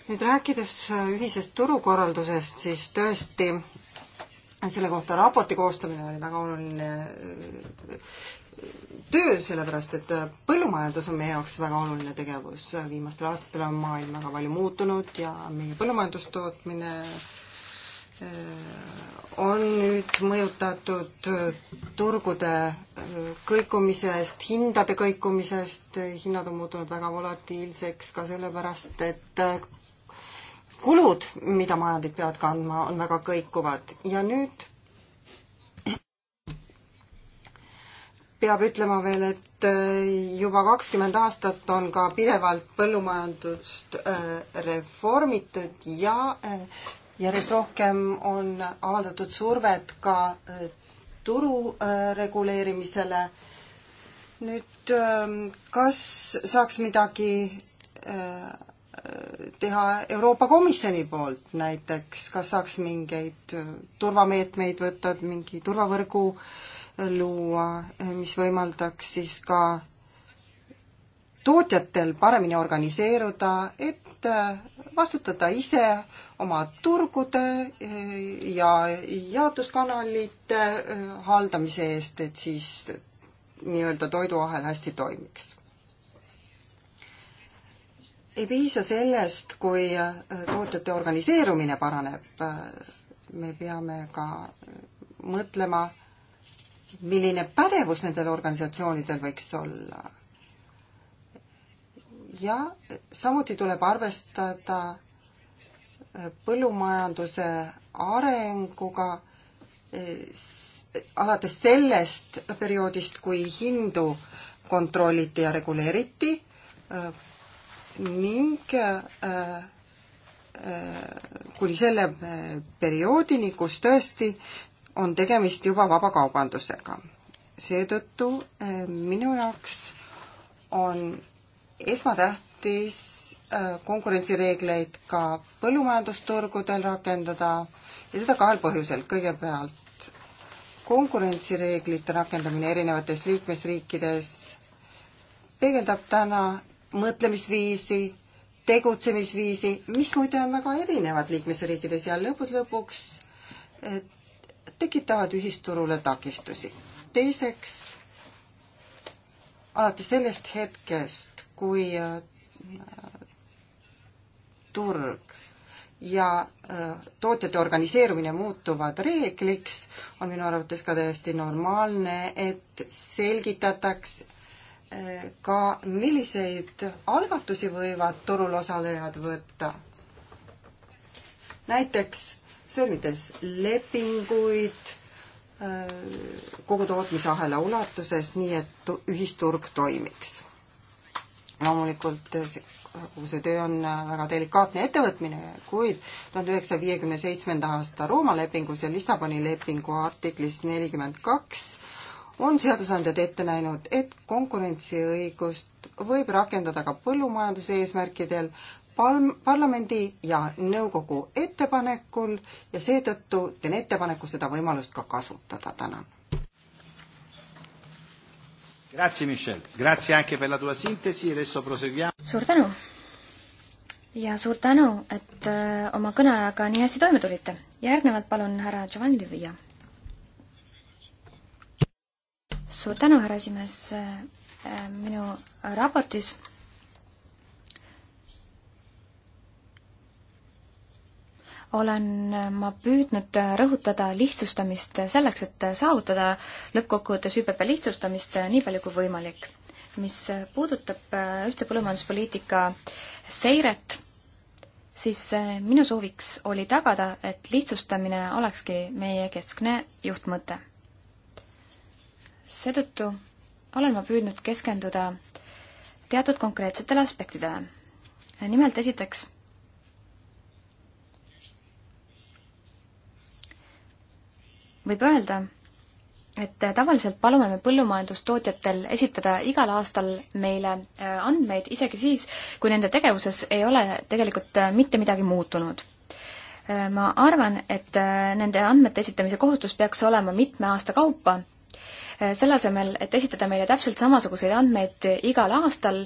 nüüd rääkides ühisest turukorraldusest, siis tõesti selle kohta raporti koostamine oli väga oluline töö, sellepärast et põllumajandus on meie jaoks väga oluline tegevus. viimastel aastatel on maailm väga palju muutunud ja meie põllumajandustootmine eh, on nüüd mõjutatud eh, turgude eh, kõikumisest, hindade kõikumisest, hinnad on muutunud väga volatiilseks ka sellepärast, et kulud, mida majandid peavad kandma, on väga kõikuvad ja nüüd peab ütlema veel, et äh, juba kakskümmend aastat on ka pidevalt põllumajandust äh, reformitud ja äh, järjest rohkem on avaldatud survet ka turu reguleerimisele. nüüd ähm, kas saaks midagi teha Euroopa Komisjoni poolt näiteks, kas saaks mingeid turvameetmeid võtta, mingi turvavõrgu äh, luua, mis võimaldaks siis ka tootjatel paremini organiseeruda, et äh, vastutada ise oma turgude äh, ja jaotuskanalite äh, haldamise eest, et siis nii-öelda toiduahel hästi toimiks ei piisa sellest, kui tootjate organiseerumine paraneb. me peame ka mõtlema milline pädevus nendel organisatsioonidel võiks olla. ja samuti tuleb arvestada põllumajanduse arenguga eh, alates sellest perioodist, kui hindu kontrolliti ja reguleeriti eh, ning eh, kuni selle perioodini, kus tõesti on tegemist juba vabakaubandusega. seetõttu eh, minu jaoks on esmatähtis eh, konkurentsireegleid ka põllumajandusturgudel rakendada ja seda kahel põhjusel. kõigepealt konkurentsireeglite rakendamine erinevates liikmesriikides peegeldab täna mõtlemisviisi, tegutsemisviisi, mis muide on väga erinevad liikmesriikides ja lõppude lõpuks tekitavad ühisturule takistusi. teiseks, alates sellest hetkest, kui äh, turg ja äh, tootjate organiseerumine muutuvad reegliks, on minu arvates ka täiesti normaalne, et selgitataks äh, ka, milliseid algatusi võivad turul osalejad võtta. näiteks sõlmides lepinguid äh, kogu tootmisahela ulatuses, nii et ühisturg toimiks. loomulikult äh, kogu see töö on äh, väga delikaatne ettevõtmine, kuid tuhande üheksasaja viiekümne seitsmenda aasta Rooma lepingus ja Lissaboni lepingu artiklis nelikümmend kaks on seadusandjad ette näinud, et konkurentsiõigust võib rakendada ka põllumajanduse eesmärkidel palm-, parlamendi ja nõukogu ettepanekul ja seetõttu teen ettepaneku seda võimalust ka kasutada, tänan. Grazie Michel, grazie anche per la tua sintesi, adesso proseguiamo. suur tänu! ja suur tänu, et äh, oma kõneajaga nii hästi toime tulite. järgnevalt palun härra Giovanni Livia. suur tänu, härra esimees, äh, minu raportis olen ma püüdnud rõhutada lihtsustamist selleks, et saavutada lõppkokkuvõttes ÜPP lihtsustamist nii palju kui võimalik. mis puudutab äh, ühtse põllumajanduspoliitika seiret, siis äh, minu sooviks oli tagada, et lihtsustamine olekski meie keskne juhtmõte. seetõttu olen ma püüdnud keskenduda teatud konkreetsetele aspektidele. nimelt esiteks võib öelda, et tavaliselt palume me põllumajandustootjatel esitada igal aastal meile äh, andmeid, isegi siis, kui nende tegevuses ei ole tegelikult äh, mitte midagi muutunud. Äh, ma arvan, et nende andmete esitamise kohustus peaks olema mitme aasta kaupa, selle asemel, et esitada meile täpselt samasuguseid andmeid igal aastal,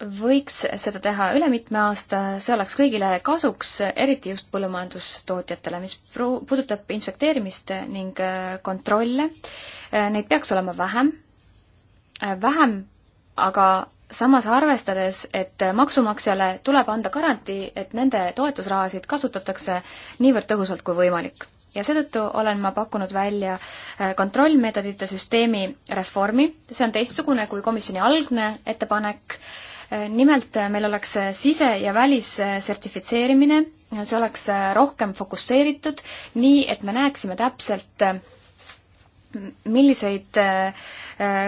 võiks seda teha üle mitme aasta, see oleks kõigile kasuks, eriti just põllumajandustootjatele, mis puudutab inspekteerimist ning äh, kontrolle. Äh, neid peaks olema vähem, äh, vähem, aga samas arvestades, et maksumaksjale tuleb anda garantii, et nende toetusrahasid kasutatakse niivõrd tõhusalt kui võimalik. ja seetõttu olen ma pakkunud välja kontrollmeetodite süsteemi reformi, see on teistsugune kui komisjoni algne ettepanek nimelt meil oleks sise- ja välissertifitseerimine, see oleks rohkem fokusseeritud, nii et me näeksime täpselt, milliseid äh,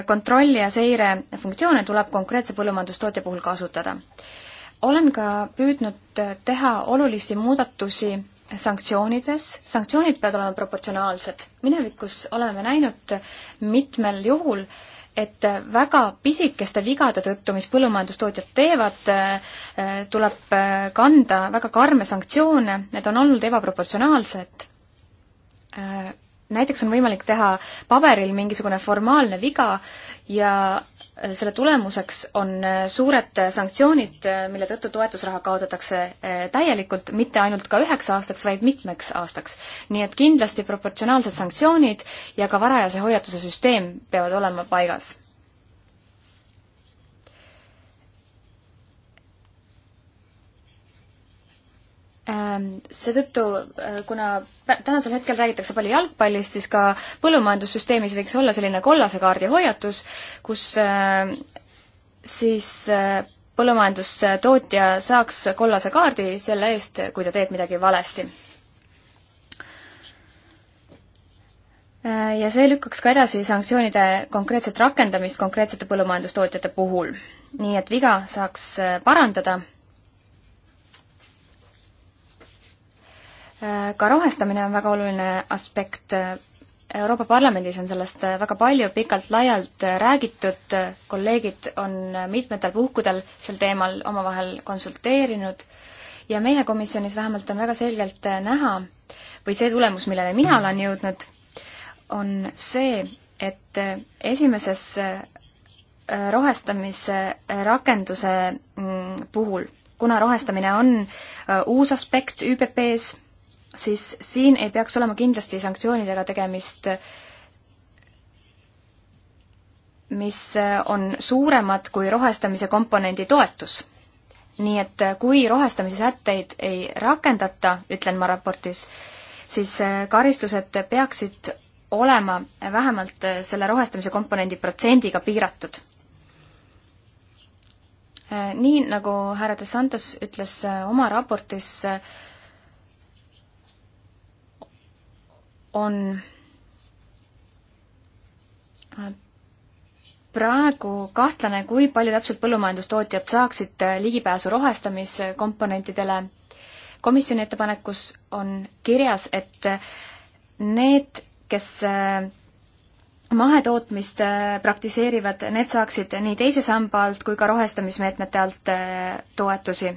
kontrolli ja seire funktsioone tuleb konkreetse põllumajandustootja puhul kasutada. olen ka püüdnud teha olulisi muudatusi sanktsioonides, sanktsioonid peavad olema proportsionaalsed. minevikus oleme näinud mitmel juhul äh, et väga pisikeste vigade tõttu, mis põllumajandustootjad teevad, äh, tuleb äh, kanda väga karme sanktsioone, need on olnud ebaproportsionaalsed. Äh, näiteks on võimalik teha paberil mingisugune formaalne viga ja selle tulemuseks on äh, suured äh, sanktsioonid, äh, mille tõttu toetusraha kaotatakse täielikult, mitte ainult ka üheks aastaks, vaid mitmeks aastaks. nii et kindlasti proportsionaalsed sanktsioonid ja ka varajase hoiatuse süsteem peavad olema paigas Ähm, seetõttu, äh, kuna tänasel hetkel räägitakse palju jalgpallist, siis ka põllumajandussüsteemis võiks olla selline kollase kaardi hoiatus, kus äh, siis äh, põllumajandustootja saaks kollase kaardi selle eest, kui ta teeb midagi valesti. ja see lükkaks ka edasi sanktsioonide konkreetset rakendamist konkreetsete põllumajandustootjate puhul. nii et viga saaks parandada ka rohestamine on väga oluline aspekt. Euroopa Parlamendis on sellest väga palju pikalt-laialt räägitud, kolleegid on mitmetel puhkudel sel teemal omavahel konsulteerinud ja meie komisjonis vähemalt on väga selgelt näha või see tulemus, millele mina olen jõudnud, on see, et esimeses äh, rohestamise äh, rakenduse mm, puhul, kuna rohestamine on äh, uus aspekt ÜPP-s, siis siin ei peaks olema kindlasti sanktsioonidega tegemist, mis on suuremad kui rohestamise komponendi toetus. nii et kui rohestamise sätteid ei rakendata, ütlen ma raportis, siis karistused peaksid olema vähemalt selle rohestamise komponendi protsendiga piiratud. nii, nagu härra De Santos ütles oma raportis, on äh, praegu kahtlane, kui palju täpselt põllumajandustootjad saaksid äh, ligipääsu rohestamiskomponentidele. komisjoni ettepanekus on kirjas, et äh, need, kes mahetootmist praktiseerivad, need saaksid nii teise samba alt kui ka rohestamismeetmete alt toetusi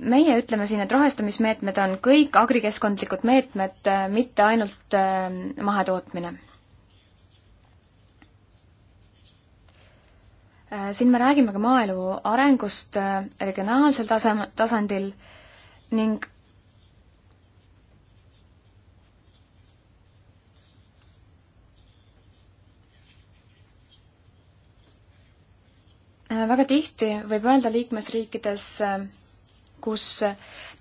meie ütleme siin, et rohestamismeetmed on kõik agrikeskkondlikud meetmed, äh, mitte ainult äh, mahetootmine. Äh, siin me räägime ka maaelu arengust regionaalsel tasem-, tasandil ning väga tihti võib öelda liikmesriikides äh, kus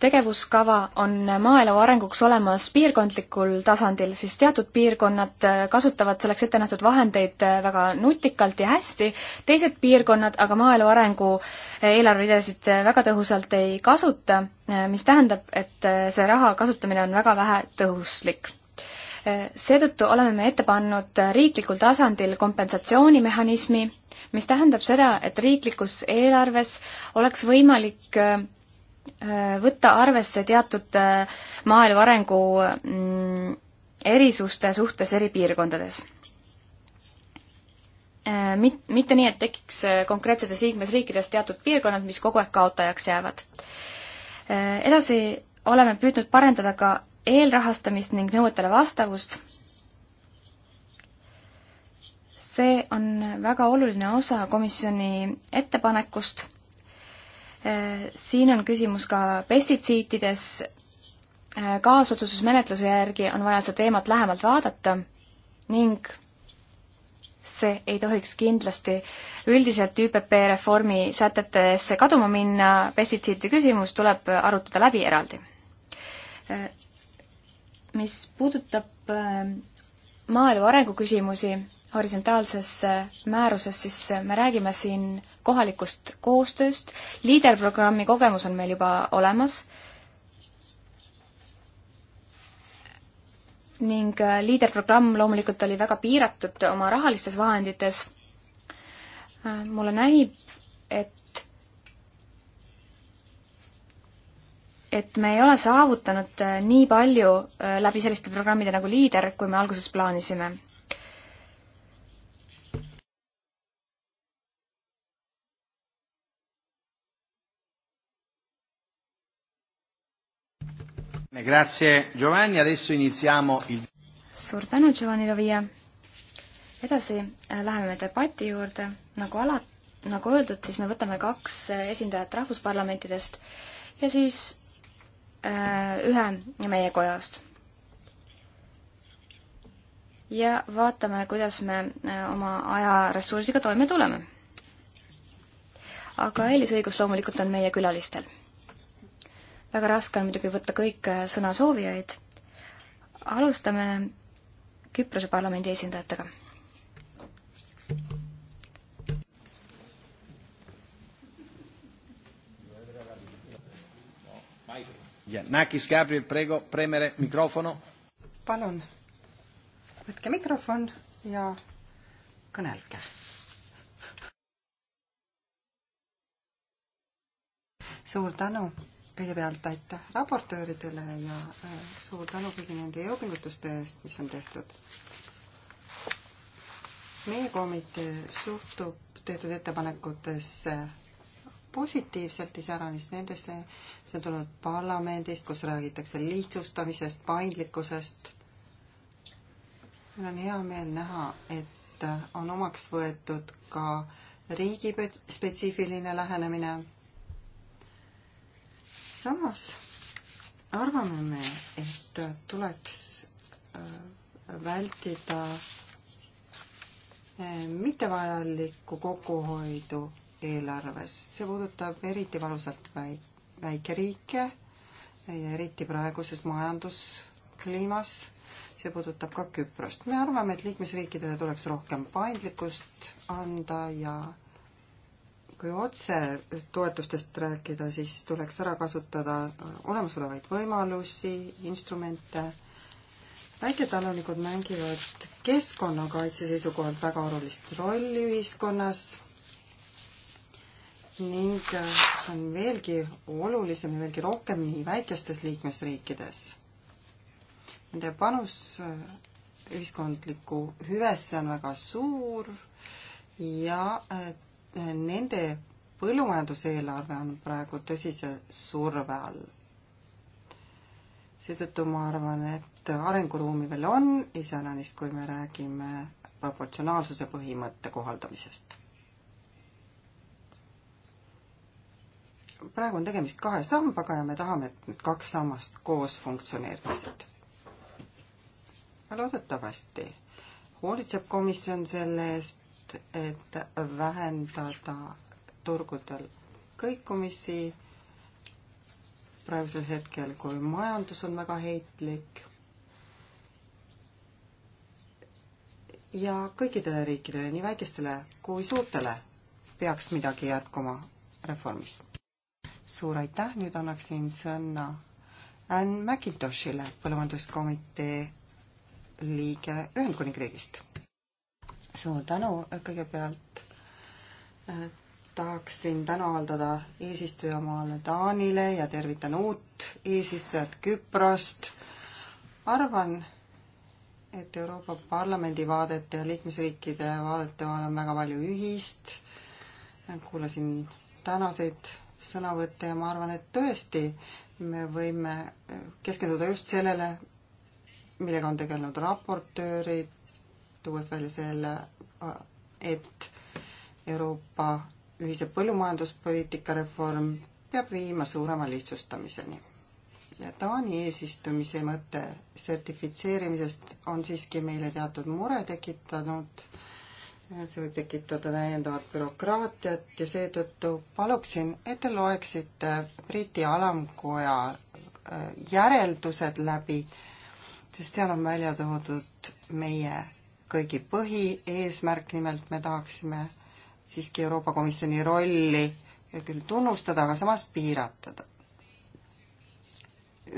tegevuskava on maaelu arenguks olemas piirkondlikul tasandil, siis teatud piirkonnad äh, kasutavad selleks ette nähtud vahendeid äh, väga nutikalt ja hästi, teised piirkonnad aga maaelu arengu äh, eelarveridasid väga tõhusalt ei kasuta, mis tähendab, et see raha kasutamine on väga vähe tõhuslik seetõttu oleme me ette pannud riiklikul tasandil kompensatsioonimehhanismi, mis tähendab seda, et riiklikus eelarves oleks võimalik Äh, võtta arvesse teatud äh, maaelu arengu mm, erisuste suhtes eri piirkondades. Äh, mit-, mitte nii, et tekiks konkreetsetes liikmesriikides teatud piirkonnad, mis kogu aeg kaotajaks jäävad. Edasi oleme püüdnud parendada ka eelrahastamist ning nõuetele vastavust. see on väga oluline osa komisjoni ettepanekust Äh, siin on küsimus ka pestitsiitides. Äh, kaasotsustusmenetluse järgi on vaja seda teemat lähemalt vaadata ning see ei tohiks kindlasti üldiselt ÜPP reformi sätetesse kaduma minna, pestitsiidide küsimus tuleb arutada läbi eraldi. Äh, mis puudutab maaelu arengu küsimusi, horisontaalsesse määruses, siis me räägime siin kohalikust koostööst, liiderprogrammi kogemus on meil juba olemas ning äh, liiderprogramm loomulikult oli väga piiratud oma rahalistes vahendites. Äh, mulle näib, et, et me ei ole saavutanud äh, nii palju läbi selliste programmide nagu Liider, kui me alguses plaanisime Eh, grazie, Giovanni, adesso iniziamo il... suur tänu, Giovanni Lavia. edasi eh, läheme debati juurde, nagu ala, nagu öeldud, siis me võtame kaks eh, esindajat rahvusparlamentidest ja siis äh, ühe meie kojast. ja vaatame, kuidas me äh, oma ajaressursiga toime tuleme. aga eelisõigus loomulikult on meie külalistel väga raske on muidugi võtta kõiki äh, sõnasoovijaid. alustame Küprose parlamendi esindajatega Nakis Gabriel, prego premere mikrofono. palun, võtke mikrofon ja kõnelge. suur tänu kõigepealt aitäh raportööridele ja äh, suur tänu kõigi nende jõupingutuste eest, mis on tehtud. meie komitee suhtub tehtud ettepanekutesse positiivselt, iseäranis nendesse, mis on tulnud parlamendist, kus räägitakse lihtsustamisest, paindlikkusest. meil on hea meel näha, et on omaks võetud ka riigispetsiifiline lähenemine samas arvame me, et tuleks äh, vältida äh, mittevajalikku kokkuhoidu eelarves. see puudutab eriti valusalt väik-, väikeriike ja eriti praeguses majanduskliimas. see puudutab ka Küprost. me arvame, et liikmesriikidele tuleks rohkem paindlikkust anda ja kui otse toetustest rääkida, siis tuleks ära kasutada olemasolevaid võimalusi, instrumente. väiketalunikud mängivad keskkonnakaitse seisukohalt väga olulist rolli ühiskonnas ning see on veelgi olulisem ja veelgi rohkem nii väikestes liikmesriikides. Nende panus ühiskondlikku hüvesse on väga suur ja nende põllumajanduseelarve on praegu tõsise surve all. seetõttu ma arvan, et arenguruumi veel on, iseäranis kui me räägime proportsionaalsuse põhimõtte kohaldamisest. praegu on tegemist kahe sambaga ja me tahame, et need kaks sammast koos funktsioneeriksid. loodetavasti hoolitseb komisjon selle eest selleks, et vähendada turgudel kõikumisi praegusel hetkel, kui majandus on väga heitlik. ja kõikidele riikidele, nii väikestele kui suurtele, peaks midagi jätkuma reformis. suur aitäh, nüüd annaksin sõna Ann McIntoshile, põllumajanduskomitee liige Ühendkuningriigist suur tänu, kõigepealt äh, tahaksin tänu avaldada eesistujamaale Taanile ja tervitan uut eesistujat Küprost. arvan, et Euroopa Parlamendi vaadete ja liikmesriikide vaadete vahel on väga palju ühist. kuulasin tänaseid sõnavõtte ja ma arvan, et tõesti me võime äh, keskenduda just sellele, millega on tegelenud raportöörid, tuues välja selle, et Euroopa ühise põllumajanduspoliitika reform peab viima suurema lihtsustamiseni. ja Taani eesistumise mõte sertifitseerimisest on siiski meile teatud mure tekitanud, see võib tekitada täiendavat bürokraatiat ja seetõttu paluksin, et te loeksite Briti alamkoja äh, järeldused läbi, sest seal on välja toodud meie kõigi põhieesmärk, nimelt me tahaksime siiski Euroopa Komisjoni rolli küll tunnustada, aga samas piiratada.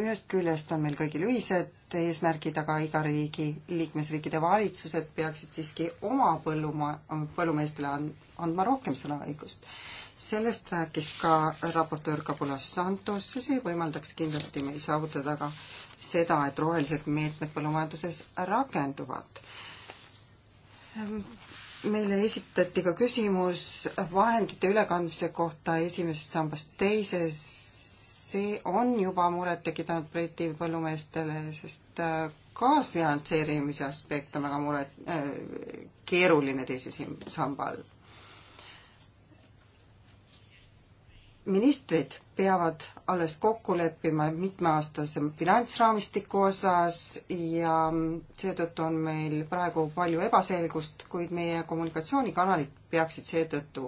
ühest küljest on meil kõigil ühised eesmärgid, aga iga riigi, liikmesriikide valitsused peaksid siiski oma põllumaa, põllumeestele andma rohkem sõnaõigust. sellest rääkis ka raportöör Kabulas Santos ja see võimaldaks kindlasti meil saavutada ka seda, et rohelised meetmed põllumajanduses rakenduvad meile esitati ka küsimus vahendite ülekandmise kohta esimesest sambast teise. see on juba muret tekitanud Briti põllumeestele, sest äh, kaasfinantseerimise aspekt on väga muret äh,, keeruline teises sambal ministrid peavad alles kokku leppima mitmeaastase finantsraamistiku osas ja seetõttu on meil praegu palju ebaselgust, kuid meie kommunikatsioonikanalid peaksid seetõttu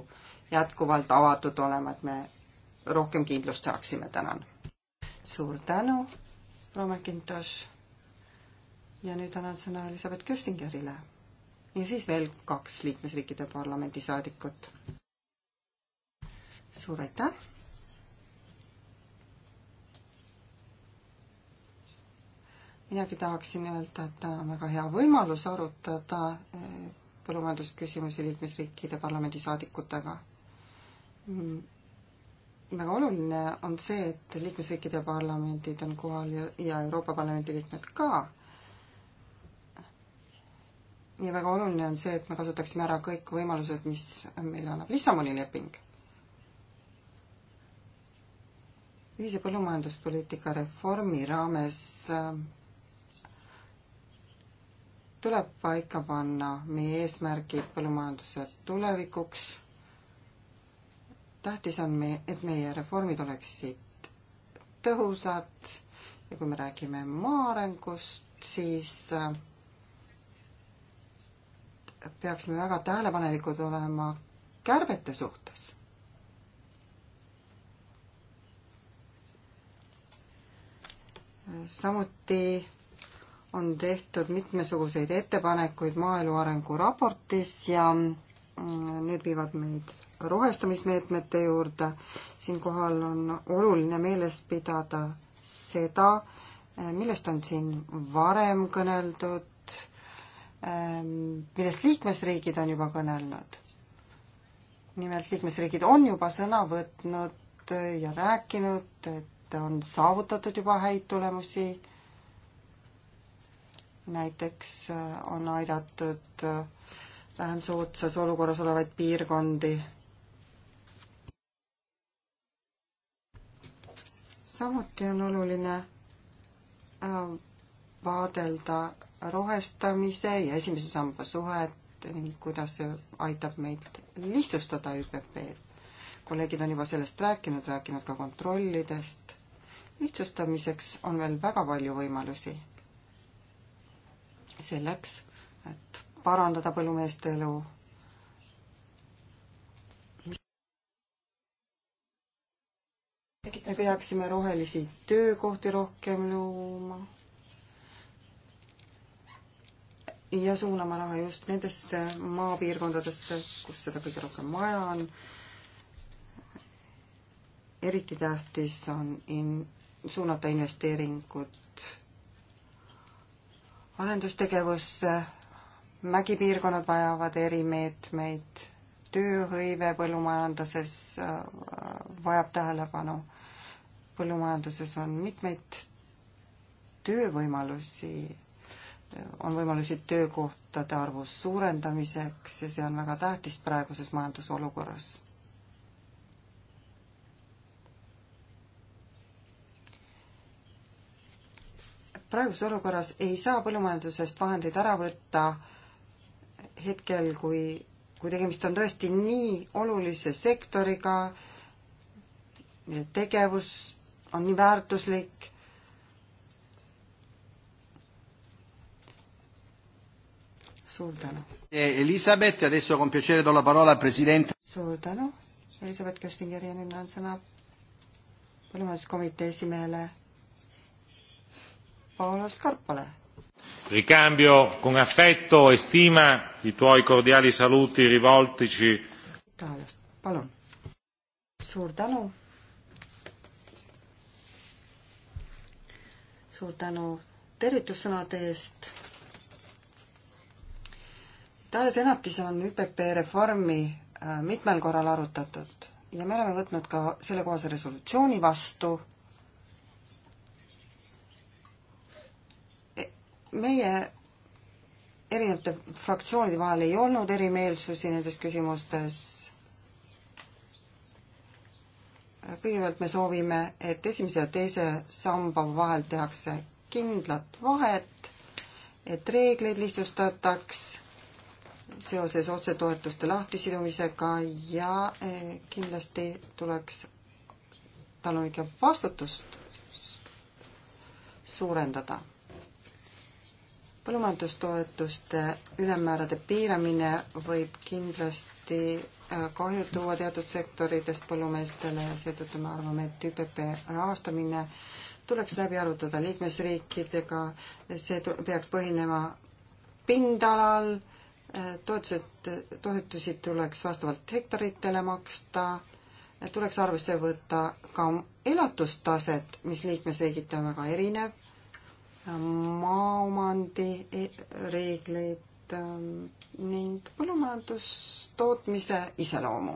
jätkuvalt avatud olema, et me rohkem kindlust saaksime, tänan. suur tänu, proua McIntosh. ja nüüd annan sõna Elizabeth Köstingerile ja siis veel kaks liikmesriikide parlamendisaadikut suur aitäh. minagi tahaksin öelda, et on väga hea võimalus arutada eh, põllumajandusküsimusi liikmesriikide parlamendisaadikutega. Mm, väga oluline on see, et liikmesriikide parlamendid on kohal ja, ja Euroopa Parlamendi liikmed ka. ja väga oluline on see, et me kasutaksime ära kõik võimalused, mis meile annab Lissaboni leping ühise põllumajanduspoliitika reformi raames äh, tuleb paika panna meie eesmärgid põllumajanduse tulevikuks. tähtis on me, et meie reformid oleksid tõhusad ja kui me räägime maa arengust, siis äh, peaksime väga tähelepanelikud olema kärbete suhtes samuti on tehtud mitmesuguseid ettepanekuid maaelu arengu raportis ja mm, need viivad meid rohestamismeetmete juurde. siinkohal on oluline meeles pidada seda, millest on siin varem kõneldud, ehm, millest liikmesriigid on juba kõnelnud. nimelt liikmesriigid on juba sõna võtnud ja rääkinud, et on saavutatud juba häid tulemusi. näiteks äh, on aidatud äh, vähem soodsas olukorras olevaid piirkondi samuti on oluline äh, vaadelda rohestamise ja esimese samba suhet ning kuidas see aitab meid lihtsustada ÜPP-d. kolleegid on juba sellest rääkinud, rääkinud ka kontrollidest lihtsustamiseks on veel väga palju võimalusi. selleks, et parandada põllumeeste elu. me peaksime rohelisi töökohti rohkem looma ja suunama raha just nendesse maapiirkondadesse, kus seda kõige rohkem vaja on. eriti tähtis on in-, suunata investeeringud arendustegevusse, mägipiirkonnad vajavad erimeetmeid, tööhõive põllumajanduses äh, vajab tähelepanu. põllumajanduses on mitmeid töövõimalusi, on võimalusi töökohtade arvu suurendamiseks ja see on väga tähtis praeguses majandusolukorras praeguses olukorras ei saa põllumajandusest vahendeid ära võtta hetkel, kui, kui tegemist on tõesti nii olulise sektoriga, meie tegevus on nii väärtuslik suur tänu. E Elisabeth, adesso con piacere do la parola al presidente. suur tänu, Elisabeth Köstinger ja nüüd annan sõna põllumajanduskomitee esimehele Paolo Scarpale. Ricambio con affetto e stima i tuoi cordiali saluti rivoltici. Itaaliast, palun. suur tänu. suur tänu tervitussõnade eest. Itaalia senatis on ÜPP reformi äh, mitmel korral arutatud ja me oleme võtnud ka sellekohase resolutsiooni vastu meie erinevate fraktsioonide vahel ei olnud erimeelsusi nendes küsimustes. kõigepealt me soovime, et esimese ja teise samba vahel tehakse kindlat vahet, et reegleid lihtsustataks seoses otsetoetuste lahtisidumisega ja eh, kindlasti tuleks talunike vastutust suurendada põllumajandustoetuste ülemmäärade piiramine võib kindlasti äh, kahju tuua teatud sektoritest põllumeestele ja seetõttu me arvame, et ÜPP rahastamine tuleks läbi arutada liikmesriikidega, see peaks põhinema pindalal, äh, toetused, toetusi tuleks vastavalt hektaritele maksta, äh, tuleks arvesse võtta ka elatustaset, mis liikmesriigiti on väga erinev maaomandi e-, reegleid ähm, ning põllumajandustootmise iseloomu.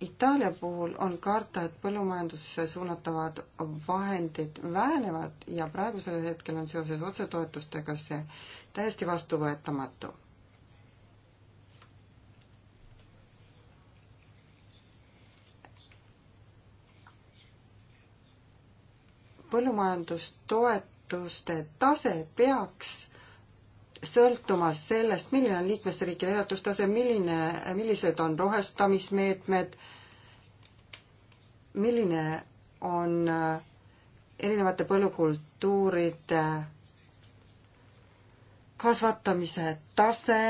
Itaalia puhul on karta, et põllumajandusse suunatavad vahendid vähenevad ja praegusel hetkel on seoses otsetoetustega see täiesti vastuvõetamatu põllumajandustoetuste tase peaks sõltuma sellest, milline on liikmesriikide elatustase, milline, millised on rohestamismeetmed, milline on äh, erinevate põllukultuuride kasvatamise tase.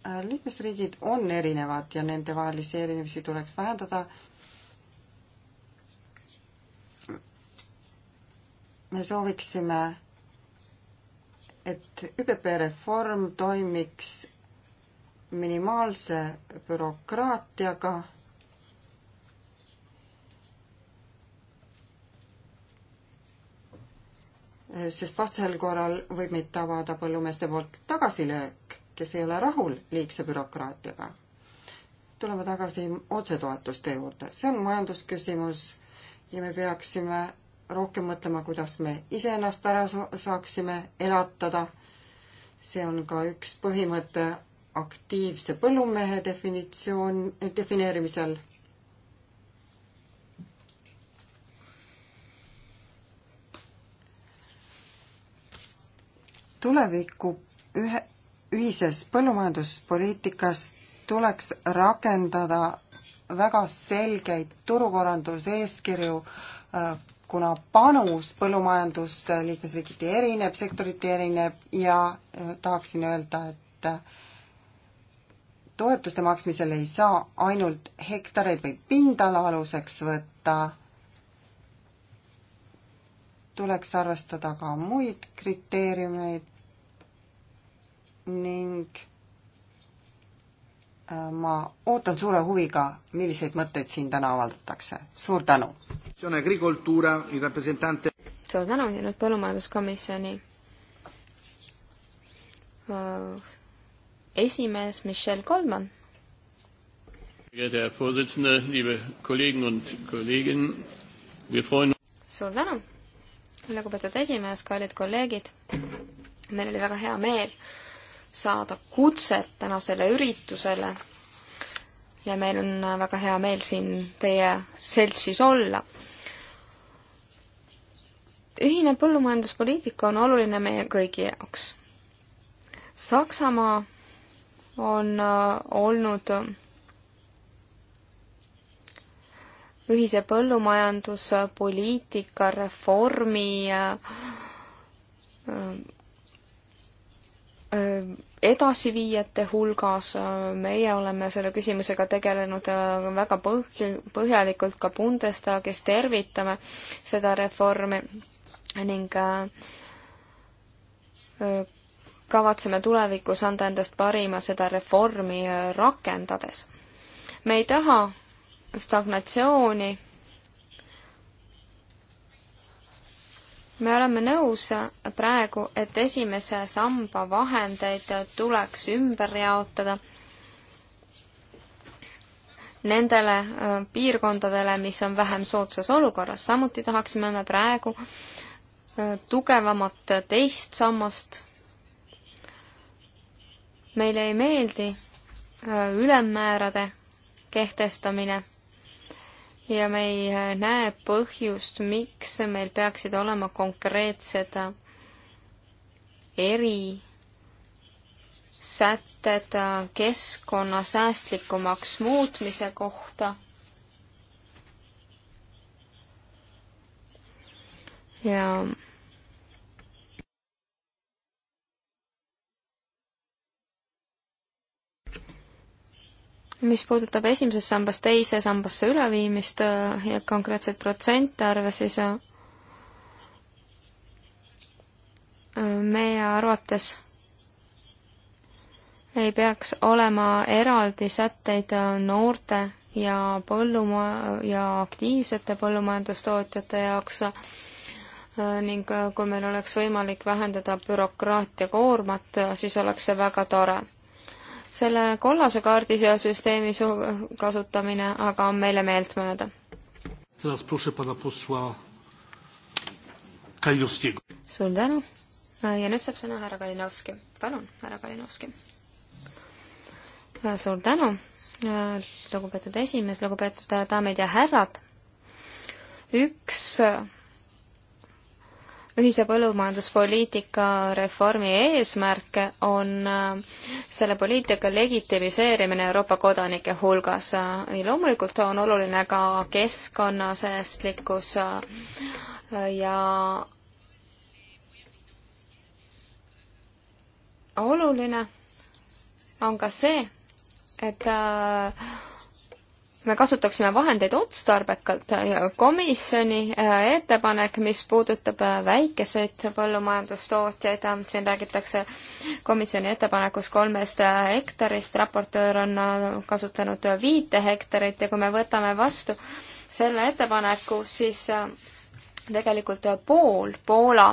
Äh, liikmesriigid on erinevad ja nendevahelisi erinevusi tuleks vähendada me sooviksime, et ÜPP reform toimiks minimaalse bürokraatiaga sest vastasel korral võib meid tabada põllumeeste poolt tagasilöök, kes ei ole rahul liigse bürokraatiaga. tuleme tagasi otsetoetuste juurde, see on majandusküsimus ja me peaksime rohkem mõtlema, kuidas me iseennast ära saaksime elatada. see on ka üks põhimõte aktiivse põllumehe definitsioon, defineerimisel. tuleviku ühe, ühises põllumajanduspoliitikas tuleks rakendada väga selgeid turukorranduse eeskirju äh, kuna panus põllumajandusse liikmesriigiti erineb, sektoriti erineb ja eh, tahaksin öelda, et eh, toetuste maksmisel ei saa ainult hektareid või pindala aluseks võtta, tuleks arvestada ka muid kriteeriumeid ning ma ootan suure huviga, milliseid mõtteid siin täna avaldatakse. suur tänu! suur tänu ja nüüd Põllumajanduskomisjoni äh, esimees Michel Goldman. suur tänu, lugupeetud esimees, kallid kolleegid. meil oli väga hea meel saada kutset tänasele üritusele ja meil on väga hea meel siin teie seltsis olla. ühine põllumajanduspoliitika on oluline meie kõigi jaoks. Saksamaa on äh, olnud äh, ühise põllumajanduspoliitika reformi äh, Äh, edasiviijate hulgas, äh, meie oleme selle küsimusega tegelenud äh, väga põhj-, põhjalikult ka Bundestagis, tervitame seda reformi ning kavatseme tulevikus anda endast parima seda reformi rakendades. me ei taha stagnatsiooni me oleme nõus praegu, et esimese samba vahendeid tuleks ümber jaotada nendele äh, piirkondadele, mis on vähem soodsas olukorras, samuti tahaksime me praegu äh, tugevamat teist sammast. meile ei meeldi äh, ülemmäärade kehtestamine ja me ei äh, näe põhjust, miks meil peaksid olema konkreetsed äh, erisätted äh, keskkonna säästlikumaks muutmise kohta. ja mis puudutab esimesest sambast teise sambasse üleviimist äh, ja konkreetseid protsentarve, siis äh, meie arvates ei peaks olema eraldi sätteid äh, noorte ja põllumaa- ja aktiivsete põllumajandustootjate jaoks ning kui meil oleks võimalik vähendada bürokraatia koormat, siis oleks see väga tore selle kollase kaardi süsteemi su-, kasutamine aga on meile meeltmööda. suur tänu ja nüüd saab sõna härra Kalinovski. palun, härra Kalinovski. suur tänu, lugupeetud esimees, lugupeetud daamid ja härrad. üks ühise põllumajanduspoliitika reformi eesmärke on äh, selle poliitika legitimiseerimine Euroopa kodanike hulgas. Äh, loomulikult on oluline ka keskkonnasäästlikkus äh, ja oluline on ka see, et äh, me kasutaksime vahendeid otstarbekalt ja komisjoni äh, ettepanek, mis puudutab äh, väikeseid põllumajandustootjaid, äh, siin räägitakse komisjoni ettepanekus kolmest hektarist, raportöör on kasutanud viite hektarit ja kui me võtame vastu selle ettepaneku, siis tegelikult pool Poola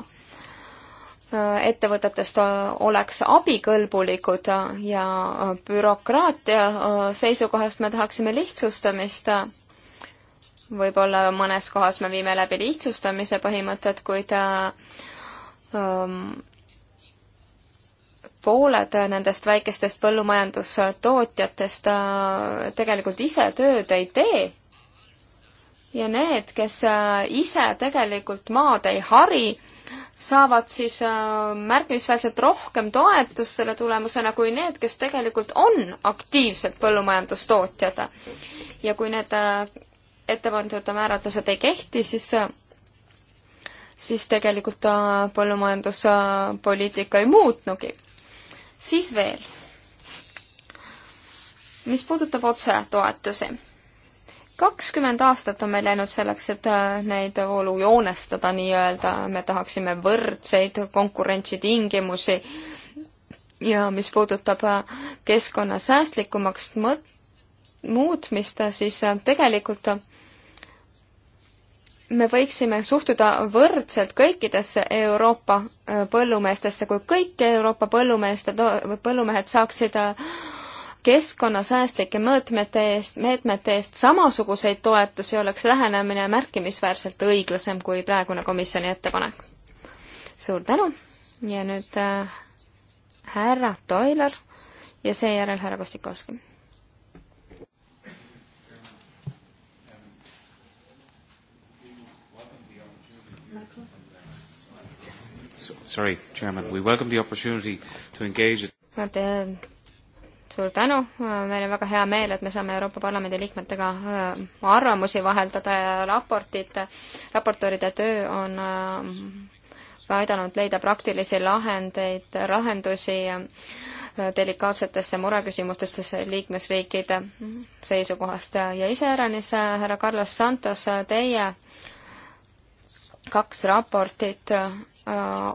ettevõtetest äh, oleks abikõlbulikud ja äh, bürokraatia äh, seisukohast me tahaksime lihtsustamist. võib-olla mõnes kohas me viime läbi lihtsustamise põhimõtet, kuid ähm, pooled nendest väikestest põllumajandustootjatest tegelikult ise tööd ei tee. ja need, kes ise tegelikult maad ei hari, saavad siis äh, märkimisväärselt rohkem toetust selle tulemusena kui need, kes tegelikult on aktiivsed põllumajandustootjad. ja kui need äh, ettepandud määratlused ei kehti, siis äh, siis tegelikult põllumajanduspoliitika ei muutnugi. siis veel mis puudutab otsetoetusi, kakskümmend aastat on meil läinud selleks, et äh, neid voolu joonestada nii-öelda, me tahaksime võrdseid konkurentsitingimusi ja mis puudutab äh, keskkonna säästlikumaks mõt-, muutmist, äh, siis tegelikult me võiksime suhtuda võrdselt kõikidesse Euroopa põllumeestesse, kui kõik Euroopa põllumeeste, põllumehed saaksid keskkonnasäästlike mõõtmete eest, meetmete eest samasuguseid toetusi, oleks lähenemine märkimisväärselt õiglasem kui praegune komisjoni ettepanek. suur tänu ja nüüd äh, härra Toiler ja seejärel härra Kostikovski. Sorry, Chairman, we welcome the opportunity to engage suur tänu, meil on väga hea meel, et me saame Euroopa Parlamendi liikmetega äh, arvamusi vaheldada ja raportid, raportööride töö on äh, aidanud leida praktilisi lahendeid, lahendusi äh, delikaatsetesse mureküsimustesse liikmesriikide seisukohast ja iseäranis, härra Carlos Santos, teie kaks raportit äh,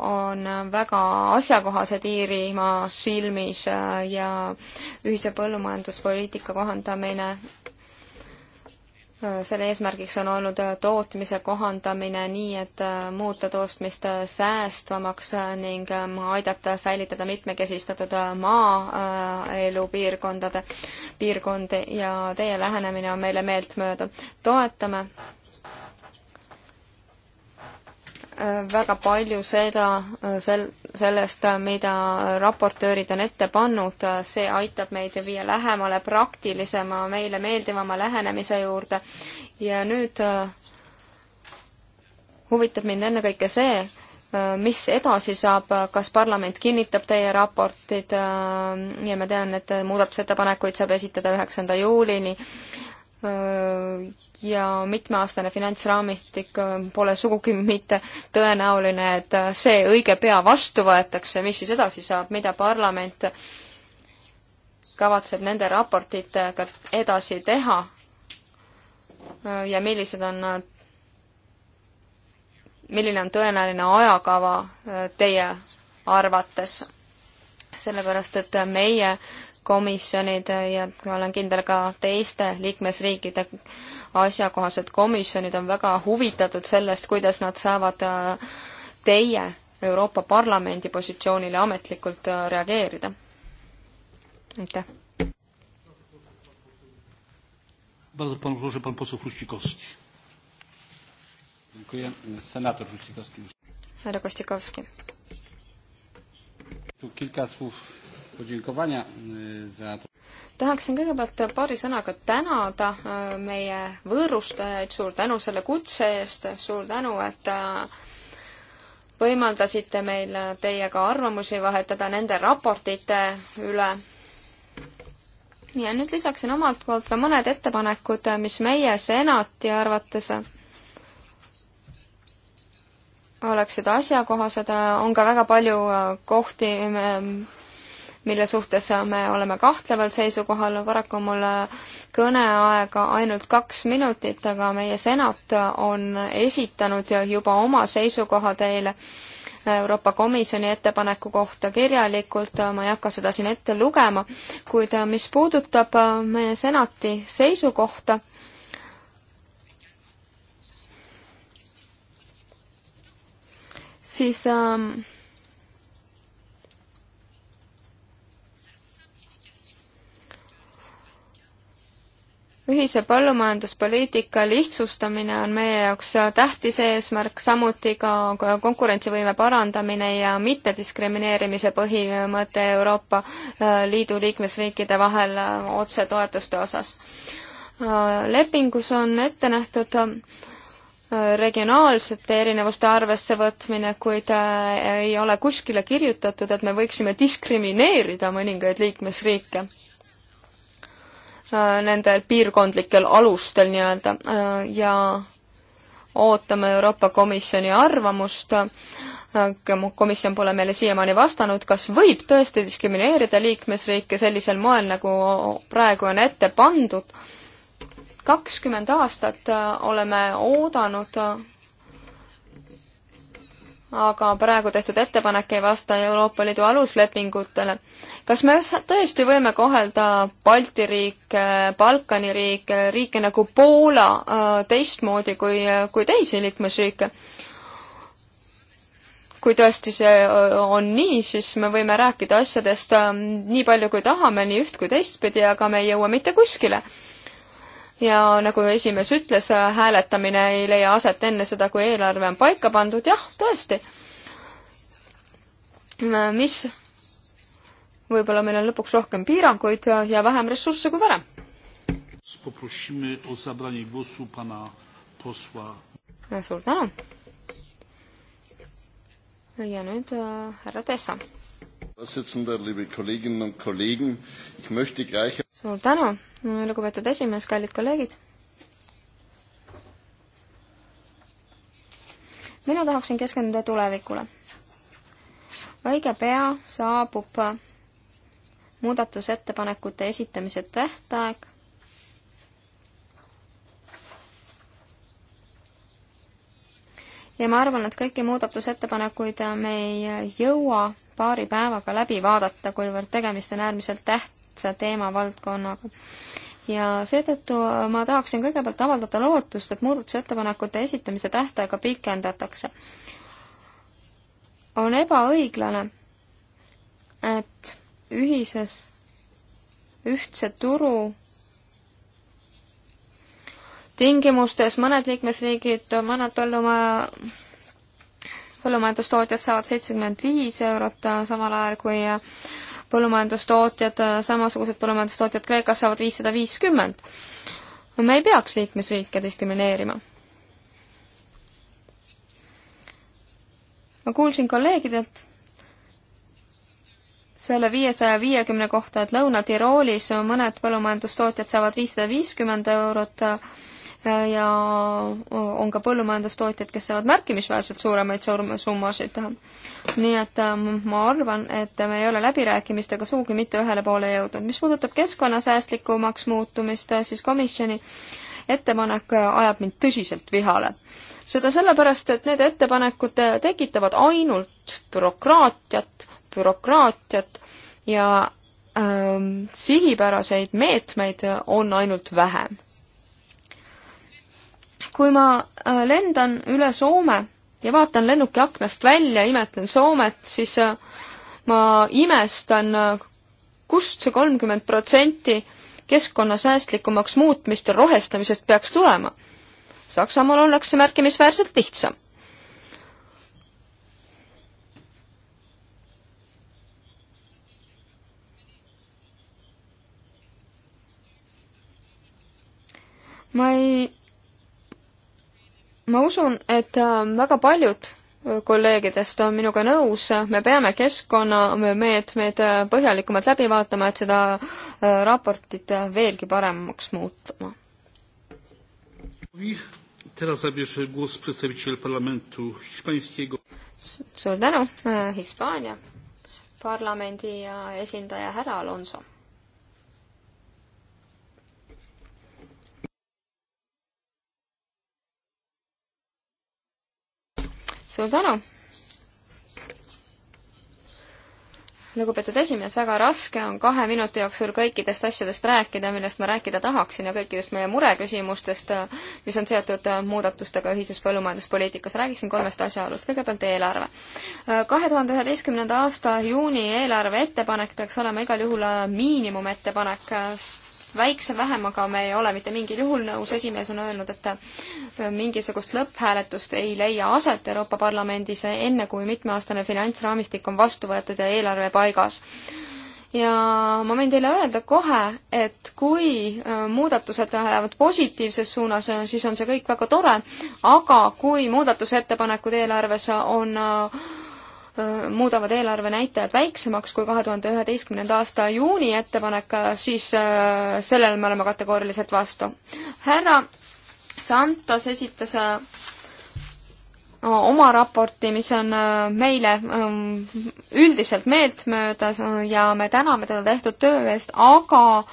on väga asjakohased Iirimaa silmis äh, ja ühise põllumajanduspoliitika kohandamine äh, selle eesmärgiks on olnud tootmise kohandamine nii, et muuta tootmist säästvamaks ning aidata säilitada mitmekesistatud maaelu piirkondade, piirkondi ja teie lähenemine on meile meeltmööda. toetame väga palju seda, sel-, sellest, mida raportöörid on ette pannud, see aitab meid viia lähemale praktilisema, meile meeldivama lähenemise juurde ja nüüd äh, huvitab mind ennekõike see, äh, mis edasi saab, kas parlament kinnitab teie raportid äh, ja ma tean, et muudatusettepanekuid saab esitada üheksanda juulini ja mitmeaastane finantsraamistik pole sugugi mitte tõenäoline, et see õige pea vastu võetakse, mis siis edasi saab, mida parlament kavatseb nende raportitega edasi teha ja millised on nad, milline on tõenäoline ajakava teie arvates? sellepärast, et meie komisjonid ja olen kindel ka teiste liikmesriikide asjakohased komisjonid on väga huvitatud sellest, kuidas nad saavad äh, teie Euroopa Parlamendi positsioonile ametlikult äh, reageerida. aitäh. härra Kostikovski tahaksin kõigepealt paari sõnaga tänada meie võõrustajaid, suur tänu selle kutse eest, suur tänu, et võimaldasite meil teiega arvamusi vahetada nende raportite üle. ja nüüd lisaksin omalt poolt ka mõned ettepanekud, mis meie senati arvates oleksid asjakohased, on ka väga palju kohti, mille suhtes me oleme kahtleval seisukohal, paraku mul kõneaega ainult kaks minutit, aga meie senat on esitanud juba oma seisukoha teile Euroopa Komisjoni ettepaneku kohta kirjalikult, ma ei hakka seda siin ette lugema, kuid mis puudutab meie senati seisukohta, siis ähm, ühise põllumajanduspoliitika lihtsustamine on meie jaoks tähtis eesmärk, samuti ka konkurentsivõime parandamine ja mittediskrimineerimise põhimõte Euroopa äh, Liidu liikmesriikide vahel äh, otsetoetuste osas. Äh, lepingus on ette nähtud regionaalsete erinevuste arvessevõtmine, kuid ei ole kuskile kirjutatud, et me võiksime diskrimineerida mõningaid liikmesriike Äh, nendel piirkondlikel alustel nii-öelda äh, ja ootame Euroopa Komisjoni arvamust. Äh, komisjon pole meile siiamaani vastanud, kas võib tõesti diskrimineerida liikmesriike sellisel moel, nagu praegu on ette pandud. kakskümmend aastat oleme oodanud aga praegu tehtud ettepanek ei vasta Euroopa Liidu aluslepingutele. kas me tõesti võime kohelda Balti riike, Balkani riike, riike nagu Poola äh, teistmoodi kui, kui teisi liikmesriike? kui tõesti see äh, on nii, siis me võime rääkida asjadest äh, nii palju, kui tahame, nii üht kui teistpidi, aga me ei jõua mitte kuskile ja nagu esimees ütles, hääletamine ei leia aset enne seda, kui eelarve on paika pandud, jah, tõesti. mis, võib-olla meil on lõpuks rohkem piiranguid ja vähem ressursse kui varem. suur tänu. ja nüüd äh, härra Tessa suur tänu, lugupeetud esimees, kallid kolleegid. mina tahaksin keskenduda tulevikule. õige pea saabub muudatusettepanekute esitamise tähtaeg ja ma arvan, et kõiki muudatusettepanekuid me ei jõua paari päevaga läbi vaadata, kuivõrd tegemist on äärmiselt tähtsa teemavaldkonnaga. ja seetõttu ma tahaksin kõigepealt avaldada lootust, et muudatusettepanekute esitamise tähtaega pikendatakse. on ebaõiglane, et ühises ühtse turu tingimustes mõned liikmesriigid, mõned põllumaja põllumajandustootjad saavad seitsekümmend viis eurot, äh, samal ajal kui äh, põllumajandustootjad, äh, samasugused põllumajandustootjad Kreekas saavad viissada viiskümmend. me ei peaks liikmesriike diskrimineerima. ma kuulsin kolleegidelt selle viiesaja viiekümne kohta, et Lõuna-Tiroolis mõned põllumajandustootjad saavad viissada viiskümmend eurot ja on ka põllumajandustootjad, kes saavad märkimisväärselt suuremaid summasid. nii et ähm, ma arvan, et me ei ole läbirääkimistega sugugi mitte ühele poole jõudnud. mis puudutab keskkonnasäästlikumaks muutumist, siis komisjoni ettepanek ajab mind tõsiselt vihale. seda sellepärast, et need ettepanekud tekitavad ainult bürokraatiat, bürokraatiat ja ähm, sihipäraseid meetmeid on ainult vähem kui ma äh, lendan üle Soome ja vaatan lennuki aknast välja, imetlen Soomet, siis äh, ma imestan, äh, kust see kolmkümmend protsenti keskkonnasäästlikumaks muutmist ja rohestamisest peaks tulema. Saksamaal ollakse märkimisväärselt lihtsam. ma ei ma usun, et äh, väga paljud äh, kolleegidest on minuga nõus, me peame keskkonnameetmed äh, põhjalikumalt läbi vaatama, et seda raportit veelgi paremaks muutma. suur tänu, Hispaania parlamendi esindaja härra Alonso suur tänu! lugupeetud esimees, väga raske on kahe minuti jooksul kõikidest asjadest rääkida, millest ma rääkida tahaksin ja kõikidest meie mureküsimustest, mis on seotud äh, muudatustega ühises põllumajanduspoliitikas. räägiksin kolmest asjaolust. kõigepealt eelarve. Äh, kahe tuhande üheteistkümnenda aasta juuni eelarve ettepanek peaks olema igal juhul äh, miinimumettepanek väiksem, vähem, aga me ei ole mitte mingil juhul nõus, esimees on öelnud, et äh, mingisugust lõpphääletust ei leia aset Euroopa Parlamendis enne, kui mitmeaastane finantsraamistik on vastu võetud ja eelarve paigas ja ma võin teile öelda kohe, et kui äh, muudatused lähevad positiivses suunas, äh, siis on see kõik väga tore, aga kui muudatusettepanekud eelarves on äh, Äh, muudavad eelarve näitajad väiksemaks kui kahe tuhande üheteistkümnenda aasta juuni ettepanek, äh, siis äh, sellele me oleme kategooriliselt vastu. härra Santos esitas oma raporti, mis on meile ähm, üldiselt meeltmööda ja me täname teda tehtud töö eest, aga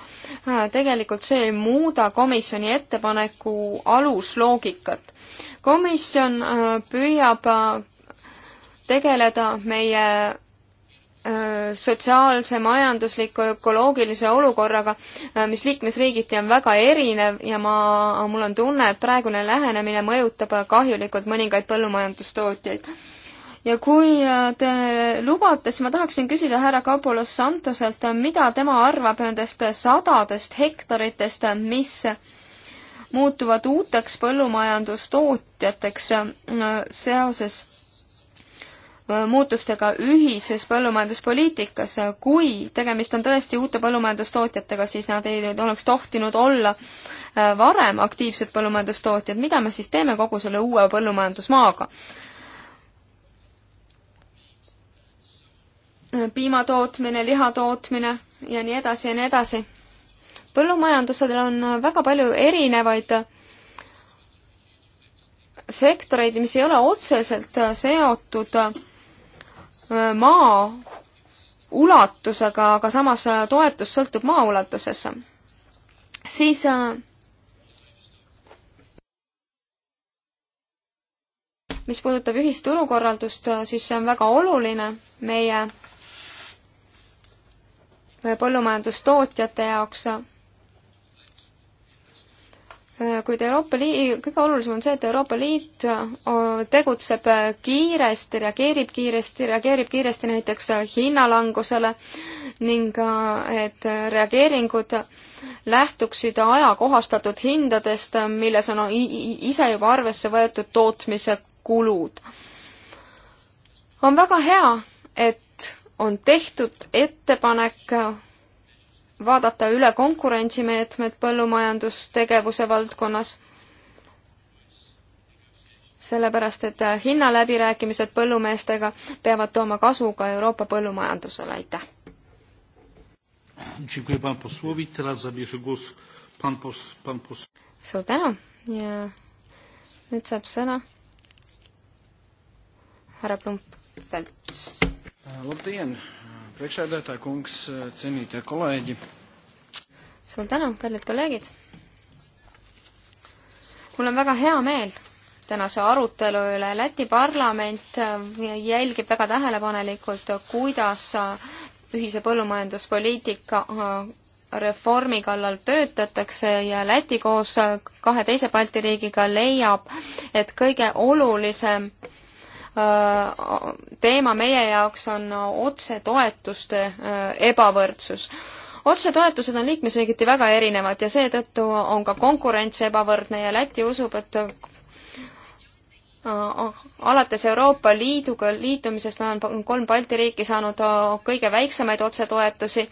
tegelikult see ei muuda komisjoni ettepaneku alusloogikat. komisjon püüab tegeleda meie sotsiaalse, majandusliku, ökoloogilise olukorraga, mis liikmesriigiti on väga erinev ja ma, mul on tunne, et praegune lähenemine mõjutab kahjulikult mõningaid põllumajandustootjaid. ja kui te lubate, siis ma tahaksin küsida härra Kapolos Santoselt, mida tema arvab nendest sadadest hektaritest, mis muutuvad uuteks põllumajandustootjateks seoses muutustega ühises põllumajanduspoliitikas. kui tegemist on tõesti uute põllumajandustootjatega, siis nad ei oleks tohtinud olla äh, varem aktiivsed põllumajandustootjad. mida me siis teeme kogu selle uue põllumajandusmaaga? piima tootmine, liha tootmine ja nii edasi ja nii edasi. põllumajandusel on väga palju erinevaid sektoreid, mis ei ole otseselt seotud maa ulatusega, aga samas toetus sõltub maa ulatusesse, siis mis puudutab ühisturukorraldust, siis see on väga oluline meie põllumajandustootjate jaoks kuid Euroopa Liit, kõige olulisem on see, et Euroopa Liit äh, tegutseb äh, kiiresti, reageerib kiiresti, reageerib kiiresti näiteks äh, hinnalangusele ning et reageeringud lähtuksid ajakohastatud hindadest, milles on ise juba arvesse võetud tootmise kulud. on väga hea, et on tehtud ettepanek vaadata üle konkurentsimeetmed põllumajandustegevuse valdkonnas, sellepärast et hinnaläbirääkimised põllumeestega peavad tooma kasu ka Euroopa põllumajandusele, aitäh! suur tänu ja nüüd saab sõna härra Plumpfelds. Uh, Labdien! priekšsēdētāja kungs, cienītie kolēģi. suur tänu, kallid kolleegid. mul on väga hea meel tänase arutelu üle. Läti parlament jälgib väga tähelepanelikult, kuidas ühise põllumajanduspoliitika reformi kallal töötatakse ja Läti koos kahe teise Balti riigiga leiab, et kõige olulisem Äh, teema meie jaoks on otsetoetuste äh, ebavõrdsus otsetoetused on liikmesriigiti väga erinevad ja seetõttu on ka konkurents ebavõrdne ja Läti usub, et äh, alates Euroopa Liiduga liitumisest on kolm Balti riiki saanud kõige väiksemaid otsetoetusi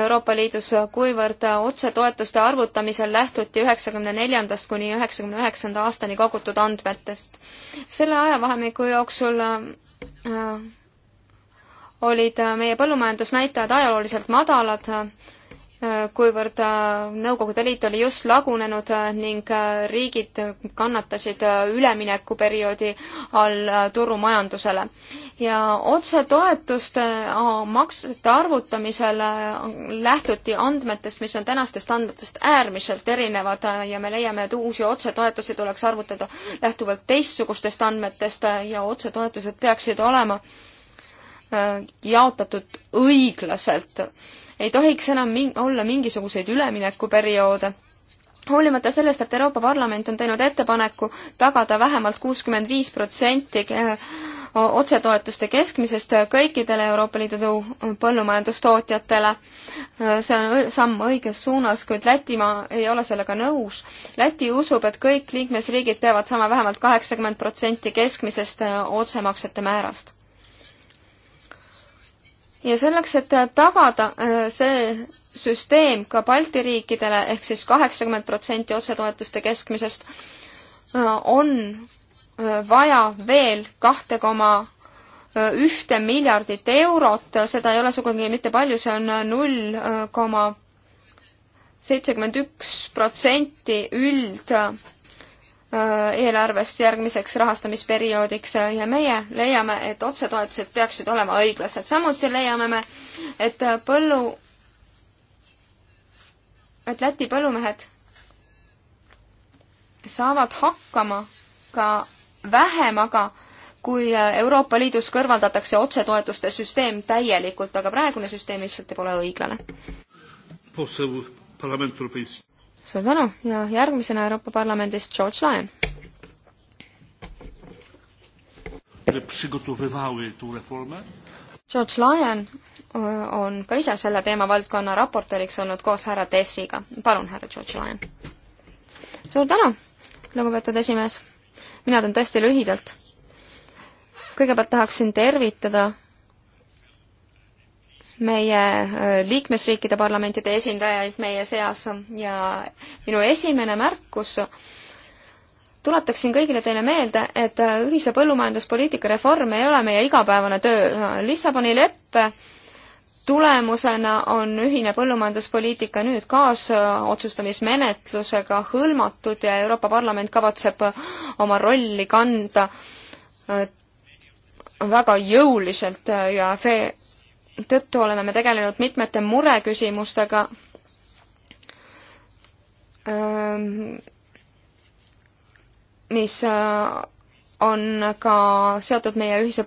Euroopa Liidus, kuivõrd otsetoetuste arvutamisel lähtuti üheksakümne neljandast kuni üheksakümne üheksanda aastani kogutud andmetest. selle ajavahemiku jooksul äh, olid äh, meie põllumajandusnäitajad ajalooliselt madalad kuivõrd äh, Nõukogude Liit oli just lagunenud äh, ning äh, riigid kannatasid üleminekuperioodi all turumajandusele. ja otsetoetuste maksete arvutamisel lähtuti andmetest, mis on tänastest andmetest äärmiselt erinevad ja me leiame, et uusi otsetoetusi tuleks arvutada lähtuvalt teistsugustest andmetest ja otsetoetused peaksid olema jaotatud õiglaselt ei tohiks enam min-, olla mingisuguseid üleminekuperioode hoolimata sellest, et Euroopa Parlament on teinud ettepaneku tagada vähemalt kuuskümmend viis protsenti eh, otsetoetuste keskmisest kõikidele Euroopa Liidu põllumajandustootjatele. Eh, see on samm õiges suunas, kuid Lätimaa ei ole sellega nõus. Läti usub, et kõik liikmesriigid peavad saama vähemalt kaheksakümmend protsenti keskmisest eh, otsemaksete määrast ja selleks, et tagada äh, see süsteem ka Balti riikidele ehk siis kaheksakümmend protsenti otsetoetuste keskmisest, äh, on äh, vaja veel kahte koma ühte miljardit eurot, seda ei ole sugugi mitte palju, see on null koma seitsekümmend üks protsenti üld Äh, eelarvest järgmiseks rahastamisperioodiks äh, ja meie leiame, et otsetoetused peaksid olema õiglased. samuti leiame me, et äh, põllu, et Läti põllumehed saavad hakkama ka vähemaga, kui Euroopa Liidus kõrvaldatakse otsetoetuste süsteem täielikult, aga praegune süsteem lihtsalt ei ole õiglane suur tänu ja järgmisena Euroopa Parlamendist George Lyon. George Lyon on ka ise selle teemavaldkonna raportööriks olnud koos härra Tessiga. palun, härra George Lyon. suur tänu, lugupeetud esimees. mina teen tõesti lühidalt. kõigepealt tahaksin tervitada meie äh, liikmesriikide parlamentide esindajaid meie seas ja minu esimene märkus tuletaksin kõigile teile meelde, et äh, ühise põllumajanduspoliitika reform ei ole meie igapäevane töö. Lissaboni leppe tulemusena on ühine põllumajanduspoliitika nüüd kaasotsustamismenetlusega hõlmatud ja Euroopa Parlament kavatseb oma rolli kanda äh, väga jõuliselt ja see tõttu oleme me tegelenud mitmete mureküsimustega ähm,, mis on ka seotud meie ühise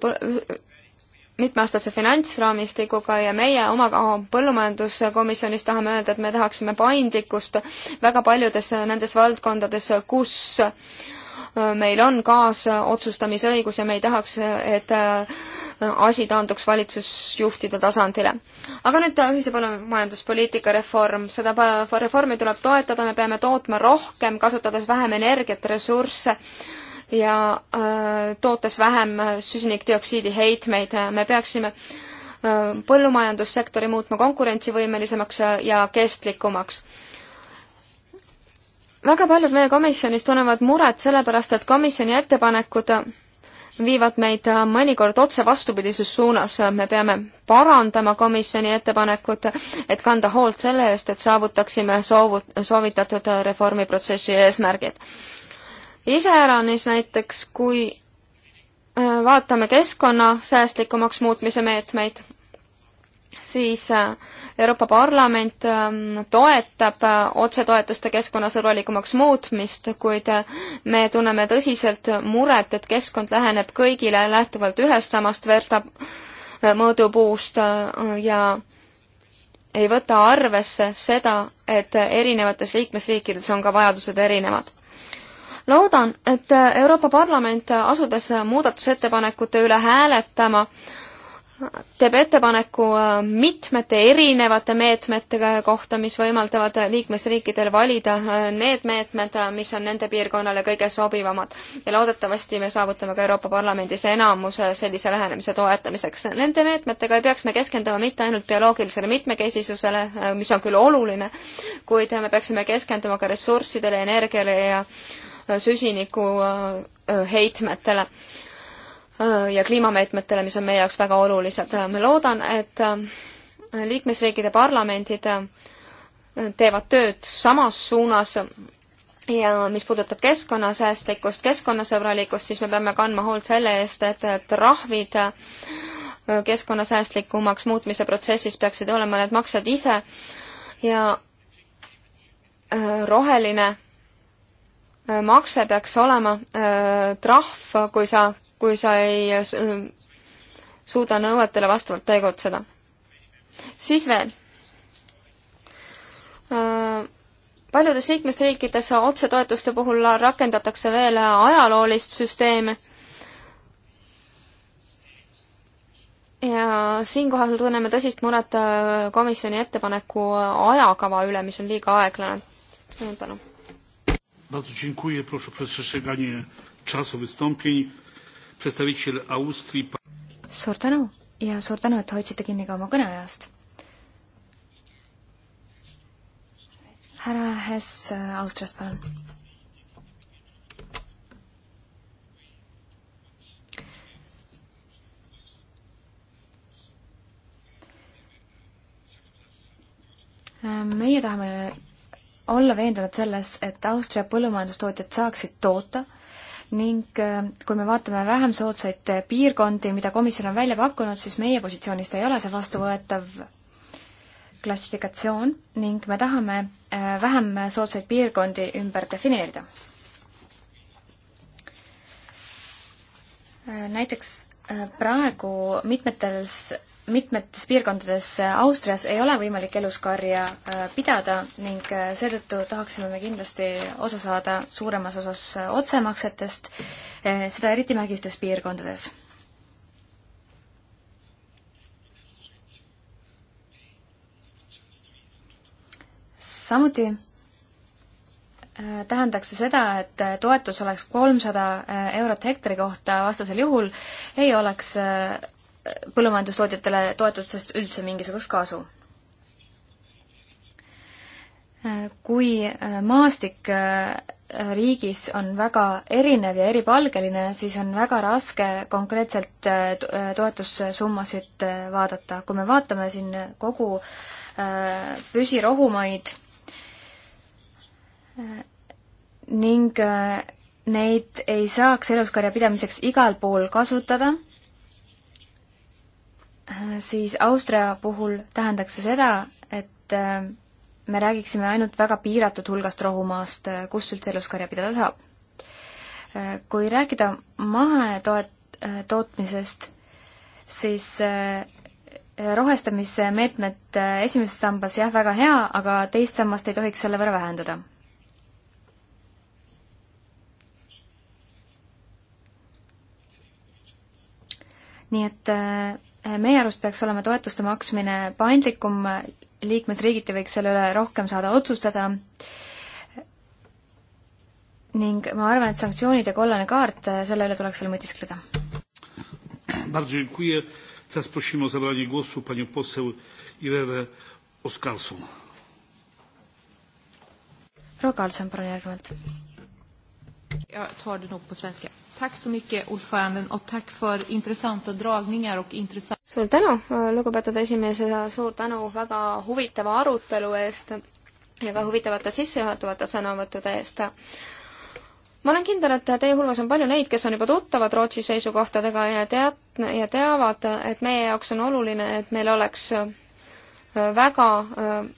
mitmeaastase finantsraamistikuga ja meie oma põllumajanduskomisjonis tahame öelda, et me tahaksime paindlikkust väga paljudes nendes valdkondades, kus meil on kaasotsustamisõigus ja me ei tahaks, et asi taanduks valitsusjuhtide tasandile. aga nüüd ühise põllumajanduspoliitika reform, seda reformi tuleb toetada, me peame tootma rohkem, kasutades vähem energiat, ressursse ja äh, tootes vähem süsinikdioksiidi heitmeid, me peaksime äh, põllumajandussektori muutma konkurentsivõimelisemaks ja kestlikumaks väga paljud meie komisjonis tunnevad muret sellepärast, et komisjoni ettepanekud viivad meid äh, mõnikord otse vastupidises suunas. me peame parandama komisjoni ettepanekut, et kanda hoolt selle eest, et saavutaksime soovu, soovitatud äh, reformiprotsessi eesmärgid. iseäranis näiteks, kui äh, vaatame keskkonnasäästlikumaks muutmise meetmeid, siis äh, Euroopa Parlament ähm, toetab äh, otsetoetuste keskkonnasõbralikumaks muutmist, kuid äh, me tunneme tõsiselt muret, et keskkond läheneb kõigile lähtuvalt ühest samast versta mõõdupuust ja ei võta arvesse seda, et erinevates liikmesriikides on ka vajadused erinevad loodan, et Euroopa Parlament, asudes muudatusettepanekute üle hääletama, teeb ettepaneku äh, mitmete erinevate meetmete kohta, mis võimaldavad liikmesriikidel valida äh, need meetmed, äh, mis on nende piirkonnale kõige sobivamad. ja loodetavasti me saavutame ka Euroopa Parlamendis enamuse sellise lähenemise toetamiseks. Nende meetmetega ei peaks me keskenduma mitte ainult bioloogilisele mitmekesisusele, mis on küll oluline, kuid me peaksime keskenduma ka ressurssidele, energiale ja süsiniku heitmetele Äh, ja kliimameetmetele, mis on meie jaoks väga olulised. Äh, ma loodan, et äh, liikmesriikide parlamendid teevad tööd samas suunas ja mis puudutab keskkonnasäästlikkust, keskkonnasõbralikkust, siis me peame kandma hoolt selle eest, et trahvid keskkonnasäästlikumaks muutmise protsessis peaksid olema need maksed ise ja roheline makse peaks olema trahv, kui sa kui sa ei äh, suuda nõuetele vastavalt tegutseda. siis veel. Äh, paljudes liikmesriikides otsetoetuste puhul rakendatakse veel ajaloolist süsteemi. ja siinkohal tunneme tõsist muret äh, komisjoni ettepaneku ajakava üle, mis on liiga aeglane. suur tänu. Bardzo dziękuję, proszę o przestrzeganie czasu wystąpień suur tänu ja suur tänu, et hoidsite kinni ka oma kõneajast. härra Hess äh, Austriast, palun. Äh, meie tahame olla veendunud selles, et Austria põllumajandustootjad saaksid toota äh, ning äh, kui me vaatame vähem soodsaid äh, piirkondi, mida komisjon on välja pakkunud, siis meie positsioonist ei ole see vastuvõetav klassifikatsioon ning me tahame äh, vähem soodsaid piirkondi ümber defineerida. näiteks praegu mitmetes mitmetes piirkondades äh, Austrias ei ole võimalik eluskarja äh, pidada ning äh, seetõttu tahaksime me kindlasti osa saada suuremas osas otsemaksetest, seda eriti mägistes piirkondades samuti tähendaks see seda, et toetus oleks kolmsada eurot hektari kohta, vastasel juhul ei oleks põllumajandustootjatele toetustest üldse mingisugust kasu. kui äh, maastik äh, riigis on väga erinev ja eripalgeline, siis on väga raske konkreetselt äh, toetussummasid vaadata. kui me vaatame siin kogu püsirohumaid ning neid ei saaks eluskarja pidamiseks igal pool kasutada Äh, siis Austria puhul tähendaks see seda, et äh, me räägiksime ainult väga piiratud hulgast rohumaast, äh, kust üldse eluskarja pidada saab. kui rääkida mahetoet-, tootmisest, siis rohestamismeetmed esimeses sambas jah, väga hea, aga teist sammast ei tohiks selle võrra vähendada. nii et meie arust peaks olema toetuste maksmine paindlikum, liikmesriigiti võiks selle üle rohkem saada otsustada ning ma arvan, et sanktsioonid ja kollane kaart, selle üle tuleks veel mõtiskleda. proua Karlsson, palun järgnevalt. Tack så mycket ordföranden och tack för intressanta dragningar och intressant... suur tänu, lugupeetud esimees ja suur tänu väga huvitava arutelu eest ja ka huvitavate sissejuhatavate sõnavõttude eest. ma olen kindel, et teie hulgas on palju neid, kes on juba tuttavad Rootsi seisukohtadega ja teab, ja teavad, et meie jaoks on oluline, et meil oleks väga äh,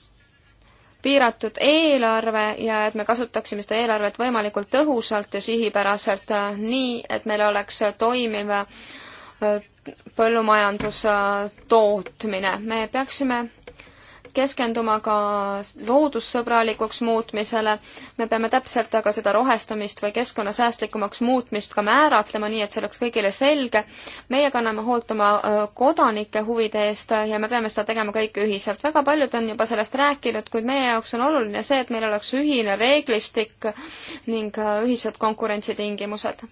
piiratud eelarve ja et me kasutaksime seda eelarvet võimalikult tõhusalt ja sihipäraselt, nii et meil oleks toimiv äh, põllumajandustootmine. me peaksime keskenduma ka loodussõbralikuks muutmisele, me peame täpselt aga seda rohestamist või keskkonnasäästlikumaks muutmist ka määratlema, nii et see oleks kõigile selge. meie kanname hoolt oma kodanike huvide eest ja me peame seda tegema kõike ühiselt. väga paljud on juba sellest rääkinud, kuid meie jaoks on oluline see, et meil oleks ühine reeglistik ning ühised konkurentsitingimused.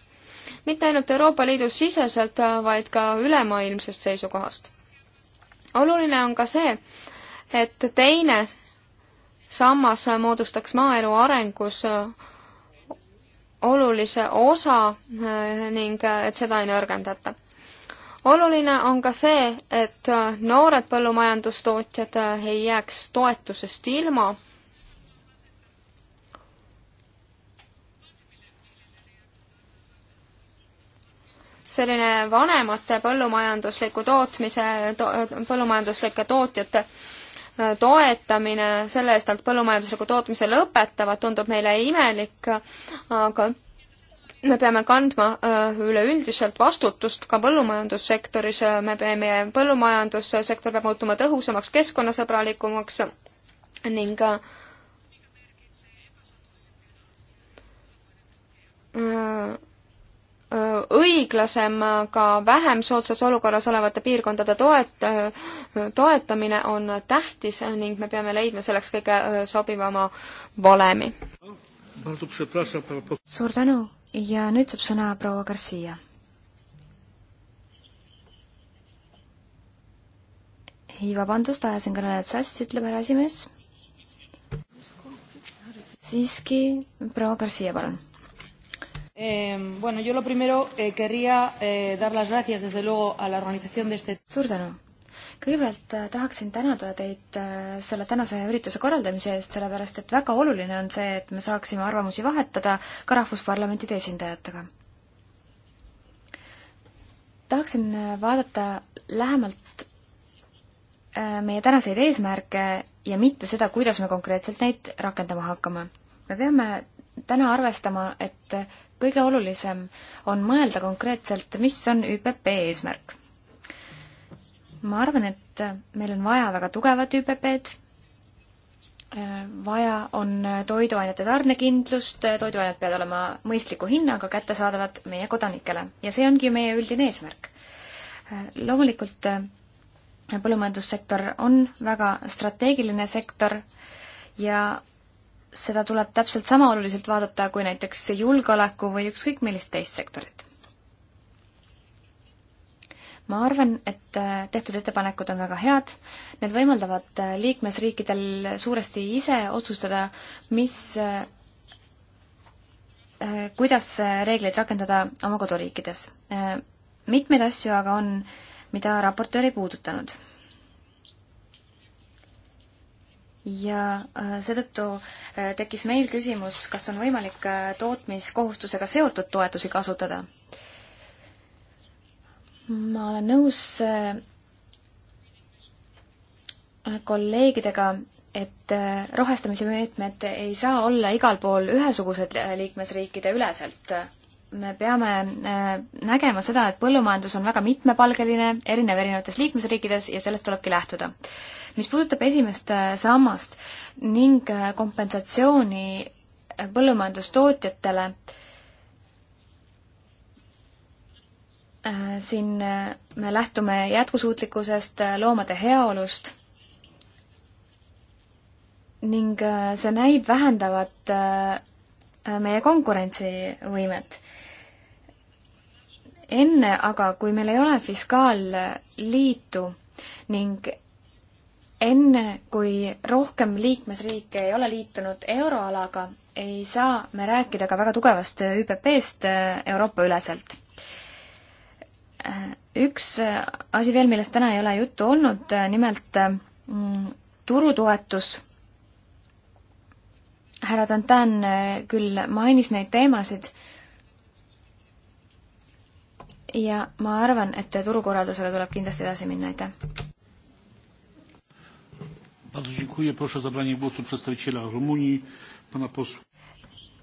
mitte ainult Euroopa Liidu siseselt, vaid ka ülemaailmsest seisukohast. oluline on ka see, et teine sammas moodustaks maaelu arengus äh, olulise osa äh, ning äh, et seda ei nõrgendata. oluline on ka see, et noored põllumajandustootjad ei jääks toetusest ilma. selline vanemate põllumajandusliku tootmise to,, põllumajanduslike tootjate äh, toetamine, selle eest nad põllumajandusliku tootmise lõpetavad, tundub meile imelik, aga me peame kandma äh, üleüldiselt vastutust ka põllumajandussektoris, äh, me peame, põllumajandussektor peab muutuma tõhusamaks, keskkonnasõbralikumaks ning äh, õiglasem ka vähem soodsas olukorras olevate piirkondade toet-, toetamine on tähtis ning me peame leidma selleks kõige sobivama valemi. suur tänu ja nüüd saab sõna proua Garcia. ei, vabandust, ajasin kõnelejad sassi, ütleb härra esimees. siiski, proua Garcia, palun Eh, bueno, yo lo primero eh, querría eh, dar las gracias desde luego a la organización de este... Suur tänu! Kõigepealt äh, tahaksin tänada teid äh, selle tänase ürituse korraldamise eest, sellepärast et väga oluline on see, et me saaksime arvamusi vahetada ka rahvusparlamentide esindajatega. Tahaksin äh, vaadata lähemalt meie tänaseid eesmärke ja mitte seda, kuidas me konkreetselt neid rakendama hakkame. Me peame täna arvestama, et kõige olulisem on mõelda konkreetselt, mis on ÜPP eesmärk. ma arvan, et meil on vaja väga tugevat ÜPP-d, vaja on toiduainete tarnekindlust, toiduained peavad olema mõistliku hinnaga kättesaadavad meie kodanikele ja see ongi meie üldine eesmärk. loomulikult põllumajandussektor on väga strateegiline sektor ja seda tuleb täpselt sama oluliselt vaadata kui näiteks julgeoleku või ükskõik millist teist sektorit. ma arvan, et äh, tehtud ettepanekud on väga head, need võimaldavad äh, liikmesriikidel suuresti ise otsustada, mis, äh, kuidas reegleid rakendada oma koduriikides. mitmeid asju aga on, mida raportöör ei puudutanud ja äh, seetõttu äh, tekkis meil küsimus, kas on võimalik äh, tootmiskohustusega seotud toetusi kasutada. ma olen nõus kolleegidega, et rohestamise meetmed ei saa olla igal pool ühesugused liikmesriikide üleselt me peame äh, nägema seda, et põllumajandus on väga mitmepalgeline, erinev erinevates liikmesriikides ja sellest tulebki lähtuda. mis puudutab esimest äh, sammast ning äh, kompensatsiooni põllumajandustootjatele, siin me lähtume jätkusuutlikkusest, loomade heaolust ning see näib vähendavat meie konkurentsivõimet. enne aga, kui meil ei ole fiskaalliitu ning enne, kui rohkem liikmesriike ei ole liitunud euroalaga, ei saa me rääkida ka väga tugevast ÜPP-st äh, Euroopa-üleselt. Äh, üks äh, asi veel, millest täna ei ole juttu olnud, nimelt mm, turutoetus härra Tantan äh, küll mainis neid teemasid ja ma arvan, et turukorraldusega tuleb kindlasti edasi minna, aitäh.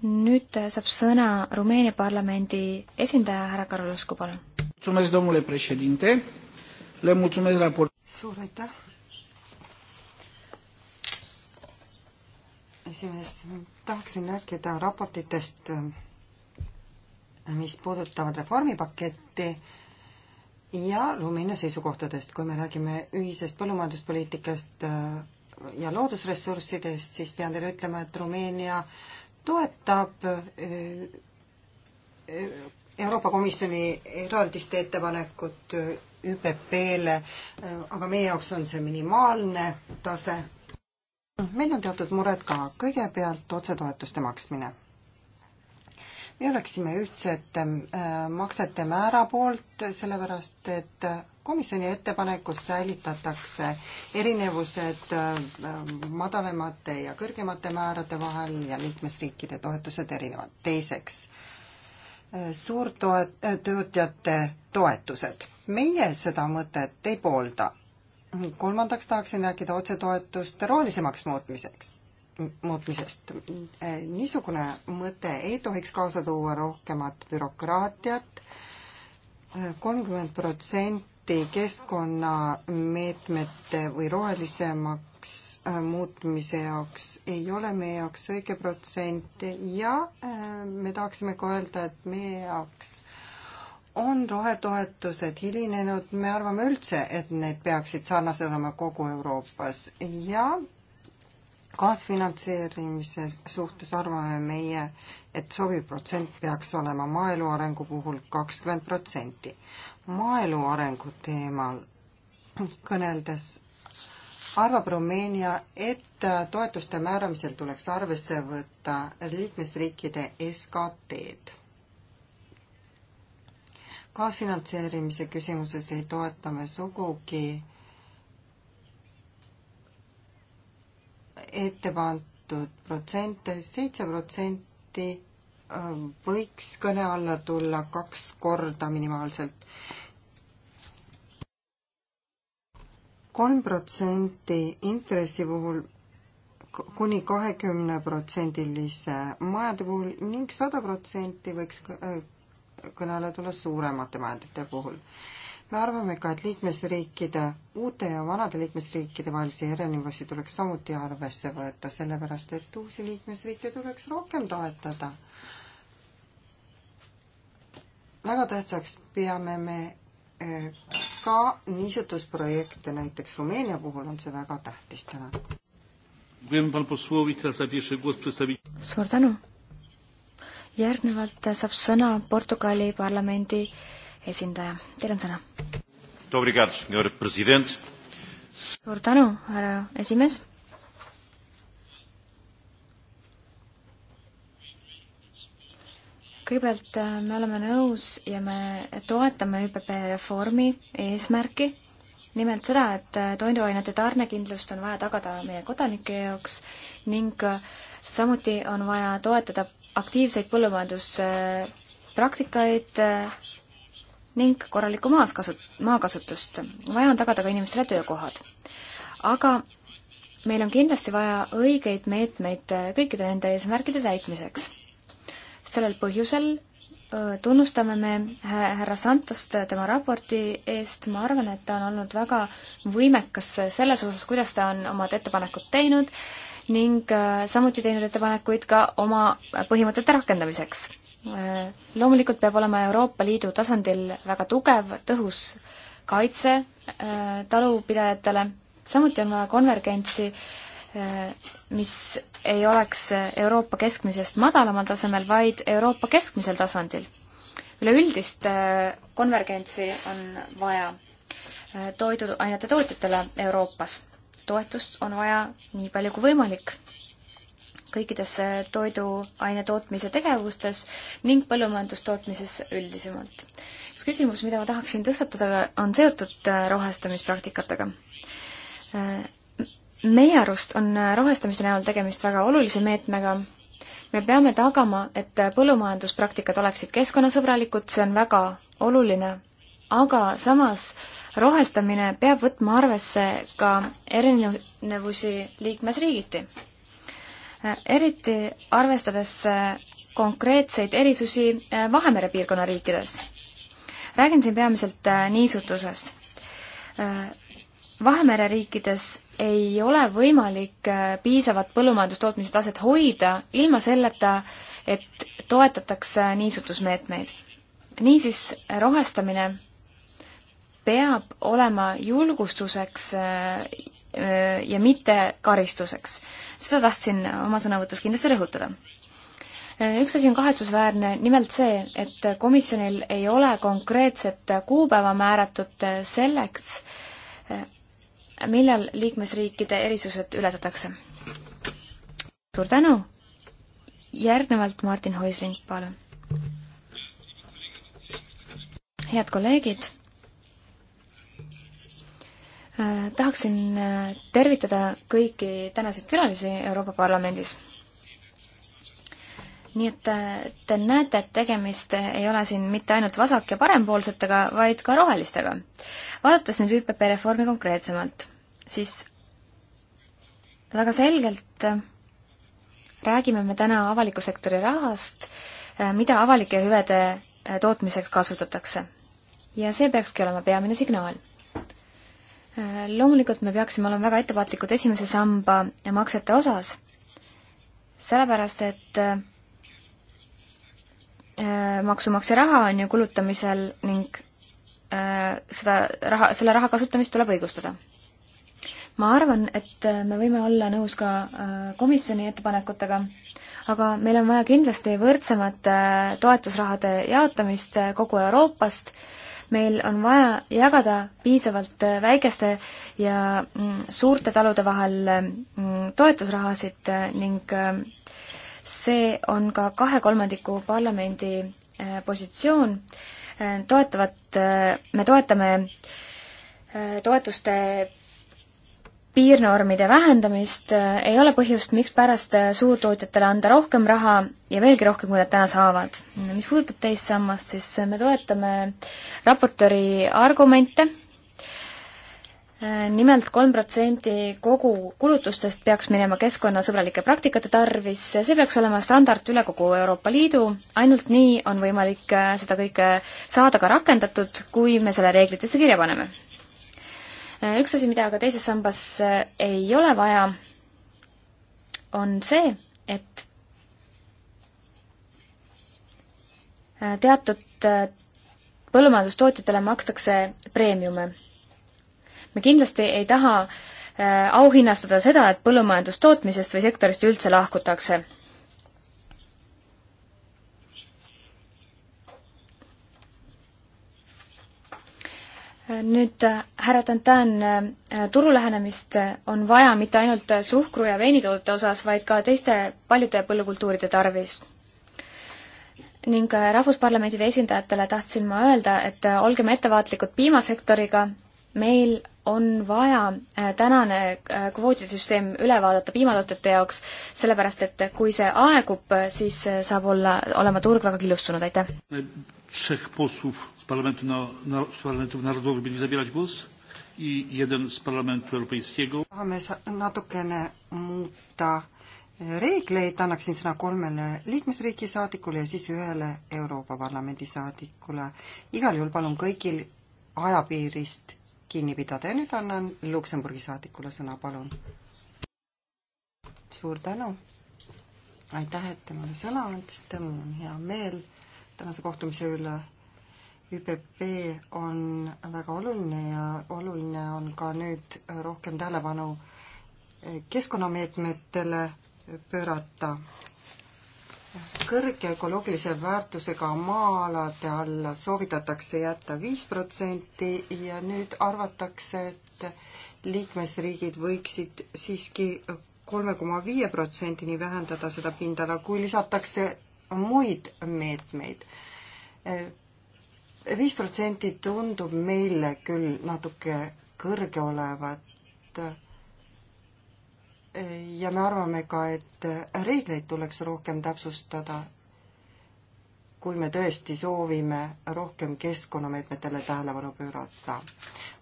nüüd äh, saab sõna Rumeenia parlamendi esindaja härra Karolusku, palun. suur aitäh esimees, tahaksin rääkida raportitest, mis puudutavad reformipaketti ja Rumeenia seisukohtadest. kui me räägime ühisest põllumajanduspoliitikast äh, ja loodusressurssidest, siis pean teile ütlema, et Rumeenia toetab äh, äh, Euroopa Komisjoni eraldiste ettepanekut ÜPP-le, aga meie jaoks on see minimaalne tase meil on teatud mured ka, kõigepealt otsetoetuste maksmine. me oleksime ühtsete äh, maksete määra poolt, sellepärast et komisjoni ettepanekus säilitatakse erinevused äh, madalamate ja kõrgemate määrade vahel ja liikmesriikide toetused erinevad. teiseks, äh, suurtoet-, töötajate toetused. meie seda mõtet ei poolda kolmandaks tahaksin rääkida otsetoetuste rohelisemaks muutmiseks, muutmisest. E, niisugune mõte ei tohiks kaasa tuua rohkemat bürokraatiat, e, kolmkümmend protsenti keskkonnameetmete või rohelisemaks e, muutmise jaoks ei ole meie jaoks õige protsent ja me tahaksime ka öelda, et meie jaoks on rohetoetused hilinenud, me arvame üldse, et need peaksid sarnased olema kogu Euroopas ja kaasfinantseerimise suhtes arvame meie, et sobiv protsent peaks olema maaelu arengu puhul kakskümmend protsenti. maaelu arengu teemal kõneldes arvab Rumeenia, et toetuste määramisel tuleks arvesse võtta liikmesriikide SKT-d kaasfinantseerimise küsimuses ei toeta me sugugi ette pandud protsente, seitse protsenti ähm, võiks kõne alla tulla kaks korda minimaalselt. kolm protsenti intressi puhul kuni kahekümne protsendilise majade puhul ning sada protsenti võiks äh, kõnele tulla suuremate vahendite puhul. me arvame ka, et liikmesriikide, uute ja vanade liikmesriikide vahelisi erinevusi tuleks samuti arvesse võtta, sellepärast et uusi liikmesriike tuleks rohkem toetada. väga tähtsaks peame me eh, ka niisutusprojekte, näiteks Rumeenia puhul on see väga tähtis täna. suur tänu järgnevalt saab sõna Portugali parlamendi esindaja, teil on sõna. suur tänu, härra esimees. kõigepealt äh, me oleme nõus ja me toetame ÜPP reformi eesmärki nimelt seda, et äh, toiduainete tarnekindlust on vaja tagada meie kodanike jaoks ning äh, samuti on vaja toetada aktiivseid põllumajanduspraktikaid eh, ning korralikku maaskasu-, maakasutust. vaja on tagada ka inimestele töökohad. aga meil on kindlasti vaja õigeid meetmeid eh, kõikide nende eesmärkide täitmiseks. sellel põhjusel eh, tunnustame me härra Santost tema raporti eest, ma arvan, et ta on olnud väga võimekas selles osas, kuidas ta on omad ettepanekud teinud ning äh, samuti teinud ettepanekuid ka oma põhimõtete rakendamiseks. Äh, loomulikult peab olema Euroopa Liidu tasandil väga tugev, tõhus kaitse äh, talupidajatele, samuti on vaja konvergentsi, mis ei oleks Euroopa keskmisest madalamal tasemel, vaid Euroopa keskmisel tasandil. üleüldist konvergentsi on vaja toiduainete tootjatele Euroopas toetust on vaja nii palju kui võimalik kõikides äh, toiduaine tootmise tegevustes ning põllumajandustootmises üldisemalt. üks küsimus, mida ma tahaksin tõstatada, on seotud äh, rohestamispraktikatega. Äh, meie arust on rohestamise näol tegemist väga olulise meetmega, me peame tagama, et põllumajanduspraktikad oleksid keskkonnasõbralikud, see on väga oluline, aga samas äh, rohestamine peab võtma arvesse ka erinevusi liikmesriigiti. eriti arvestades konkreetseid erisusi eh, Vahemere piirkonna riikides. räägin siin peamiselt eh, niisutusest. Eh, Vahemere riikides ei ole võimalik piisavat põllumajandustootmise taset hoida ilma selleta, et toetatakse niisutusmeetmeid. niisiis rohestamine peab olema julgustuseks äh, äh, ja mitte karistuseks. seda tahtsin oma sõnavõtus kindlasti rõhutada. Äh, üks asi on kahetsusväärne, nimelt see, et komisjonil ei ole konkreetset kuupäeva määratud selleks, millal liikmesriikide erisused ületatakse. suur tänu! järgnevalt Martin Hoisling, palun. head kolleegid Äh, tahaksin äh, tervitada kõiki tänaseid külalisi Euroopa Parlamendis. nii et äh, te näete, et tegemist ei ole siin mitte ainult vasak- ja parempoolsetega, vaid ka rohelistega. vaadates nüüd ÜPP reformi konkreetsemalt, siis väga selgelt räägime me täna avaliku sektori rahast, mida avalike hüvede tootmiseks kasutatakse. ja see peakski olema peamine signaal loomulikult me peaksime olema väga ettevaatlikud esimese samba maksete osas, sellepärast et äh, maksumaksja raha on ju kulutamisel ning äh, seda raha, selle raha kasutamist tuleb õigustada. ma arvan, et me võime olla nõus ka äh, komisjoni ettepanekutega, aga meil on vaja kindlasti võrdsemat toetusrahade jaotamist kogu Euroopast äh, meil on vaja jagada piisavalt äh, väikeste ja mm, suurte talude vahel mm, toetusrahasid äh, ning äh, see on ka kahe kolmandiku parlamendi positsioon, toetavad, me toetame toetuste piirnormide vähendamist, äh, ei ole põhjust, mikspärast äh, suurtootjatele anda rohkem raha ja veelgi rohkem, kui nad täna saavad. mis puudutab teist sammast, siis äh, me toetame raportööri argumente, nimelt kolm protsenti kogu kulutustest peaks minema keskkonnasõbralike praktikate tarvis, see peaks olema standard üle kogu Euroopa Liidu, ainult nii on võimalik seda kõike saada ka rakendatud, kui me selle reeglitesse kirja paneme üks asi, mida aga teises sambas eh, ei ole vaja, on see, et eh, teatud eh, põllumajandustootjatele makstakse preemiume. me kindlasti ei taha auhinnastada seda, et põllumajandustootmisest või sektorist üldse lahkutakse nüüd äh, härra Tantan, äh, turu lähenemist äh, on vaja mitte ainult suhkru- ja veinitoodete osas, vaid ka teiste paljude põllukultuuride tarvis. ning rahvusparlamentide esindajatele tahtsin ma öelda, et olgem ettevaatlikud piimasektoriga, meil on vaja tänane kvoodisüsteem üle vaadata piimatootjate jaoks, sellepärast et kui see aegub, siis saab olla, olema turg väga killustunud, aitäh. Tšehh Possov z, parlamentu na, na, z parlamentów narodowych byli zabierać głos i jeden z parlamentu europejskiego. tahame natukene muuta reegleid, annaksin sõna kolmele liikmesriigi saadikule ja siis ühele Euroopa Parlamendi saadikule. igal juhul palun kõigil ajapiirist kinni pidada ja nüüd annan Luksemburgi saadikule sõna, palun. suur tänu. aitäh, et te mulle sõna andsite, mul on hea meel tänase kohtumise üle ÜPP on väga oluline ja oluline on ka nüüd rohkem tähelepanu keskkonnameetmetele pöörata. kõrge ökoloogilise väärtusega maa-alade alla soovitatakse jätta viis protsenti ja nüüd arvatakse, et liikmesriigid võiksid siiski kolme koma viie protsendini vähendada seda pindala, kui lisatakse muid meetmeid viis protsenti tundub meile küll natuke kõrge olevat ja me arvame ka, et reegleid tuleks rohkem täpsustada, kui me tõesti soovime rohkem keskkonnameetmetele tähelepanu pöörata.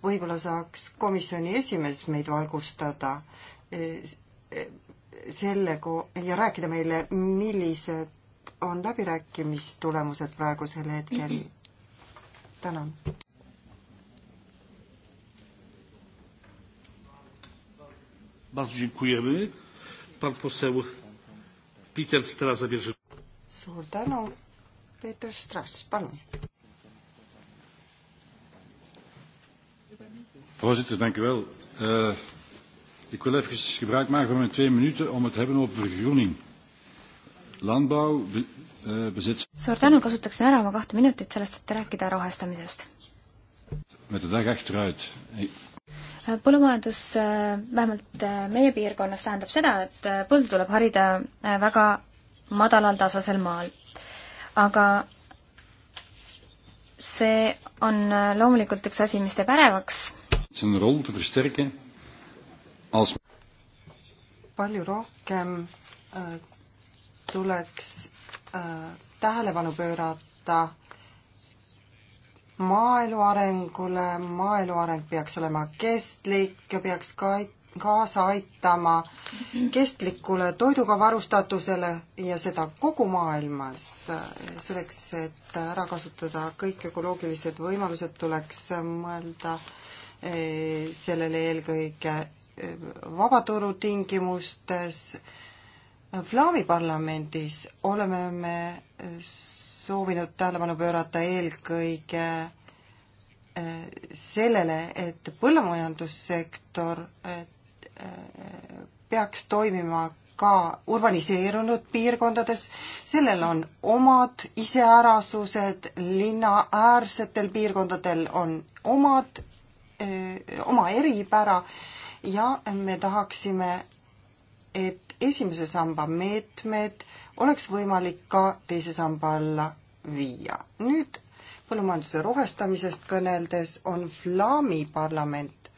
võib-olla saaks komisjoni esimees meid valgustada eh, eh, selle ko- ja rääkida meile, millised on läbirääkimistulemused praegusel hetkel mm. -hmm tänan. suur tänu, Peeter Strass, palun. Voorzitter, dank u wel. Uh, ik wil even gebruik maken van mijn twee minuten om het te hebben over vergroening. Landbouw Äh, suur tänu, kasutaksin ära oma kahte minutit, sellest saate rääkida rohestamisest. Äh, põllumajandus äh, vähemalt meie piirkonnas tähendab seda, et põld tuleb harida väga madalal tasasel maal. aga see on loomulikult üks asi, mis teeb ärevaks. palju rohkem tuleks Äh, tähelepanu pöörata maaelu arengule, maaelu areng peaks olema kestlik ja peaks ka kaasa aitama kestlikule toiduga varustatusele ja seda kogu maailmas. selleks, et ära kasutada kõik ökoloogilised võimalused, tuleks mõelda eh, sellele eelkõige eh, vabaturu tingimustes Flaami parlamendis oleme me soovinud tähelepanu pöörata eelkõige eh, sellele, et põllumajandussektor eh, peaks toimima ka urbaniseerunud piirkondades, sellel on omad iseärasused, linnaäärsetel piirkondadel on omad, eh, oma eripära ja me tahaksime, et esimese samba meetmed oleks võimalik ka teise samba alla viia. nüüd põllumajanduse rohestamisest kõneldes on Flaami parlament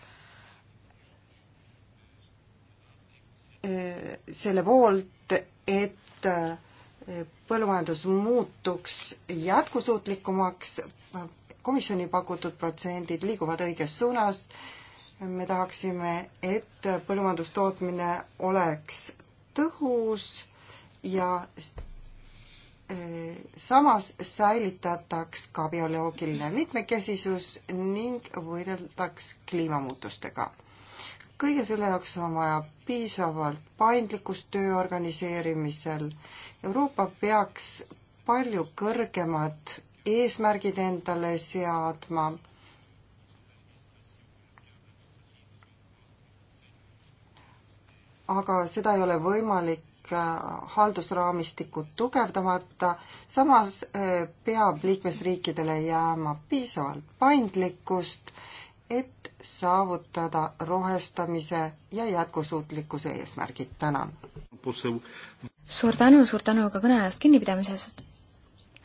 eh, selle poolt, et eh, põllumajandus muutuks jätkusuutlikumaks, komisjoni pakutud protsendid liiguvad õiges suunas, me tahaksime, et põllumajandustootmine oleks tõhus ja eh, samas säilitataks ka bioloogiline mitmekesisus ning võideldaks kliimamuutustega. kõige selle jaoks on vaja piisavalt paindlikkust töö organiseerimisel. Euroopa peaks palju kõrgemad eesmärgid endale seadma aga seda ei ole võimalik äh, haldusraamistikku tugevdamata, samas äh, peab liikmesriikidele jääma piisavalt paindlikkust, et saavutada rohestamise ja jätkusuutlikkuse eesmärgid, tänan. suur tänu, suur tänu ka kõne ajast kinnipidamise eest.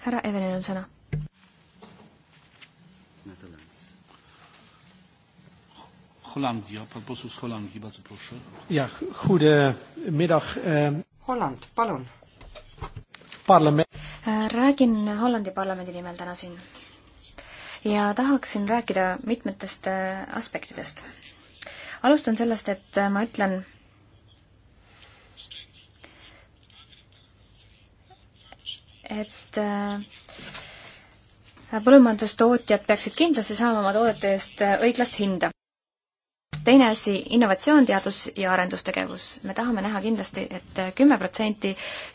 härra Evelin on sõna Hollandia, pan poseł z Holandii, bardzo proszę. Ja, goedemiddag. Eh... Holland, palun. Parlament. Äh, räägin Hollandi parlamendi nimel täna siin ja tahaksin rääkida mitmetest äh, aspektidest. alustan sellest, et äh, ma ütlen, et põllumajandustootjad peaksid kindlasti saama oma toodete eest õiglast hinda teine asi, innovatsioon, teadus- ja arendustegevus. me tahame näha kindlasti et, et kümme protsenti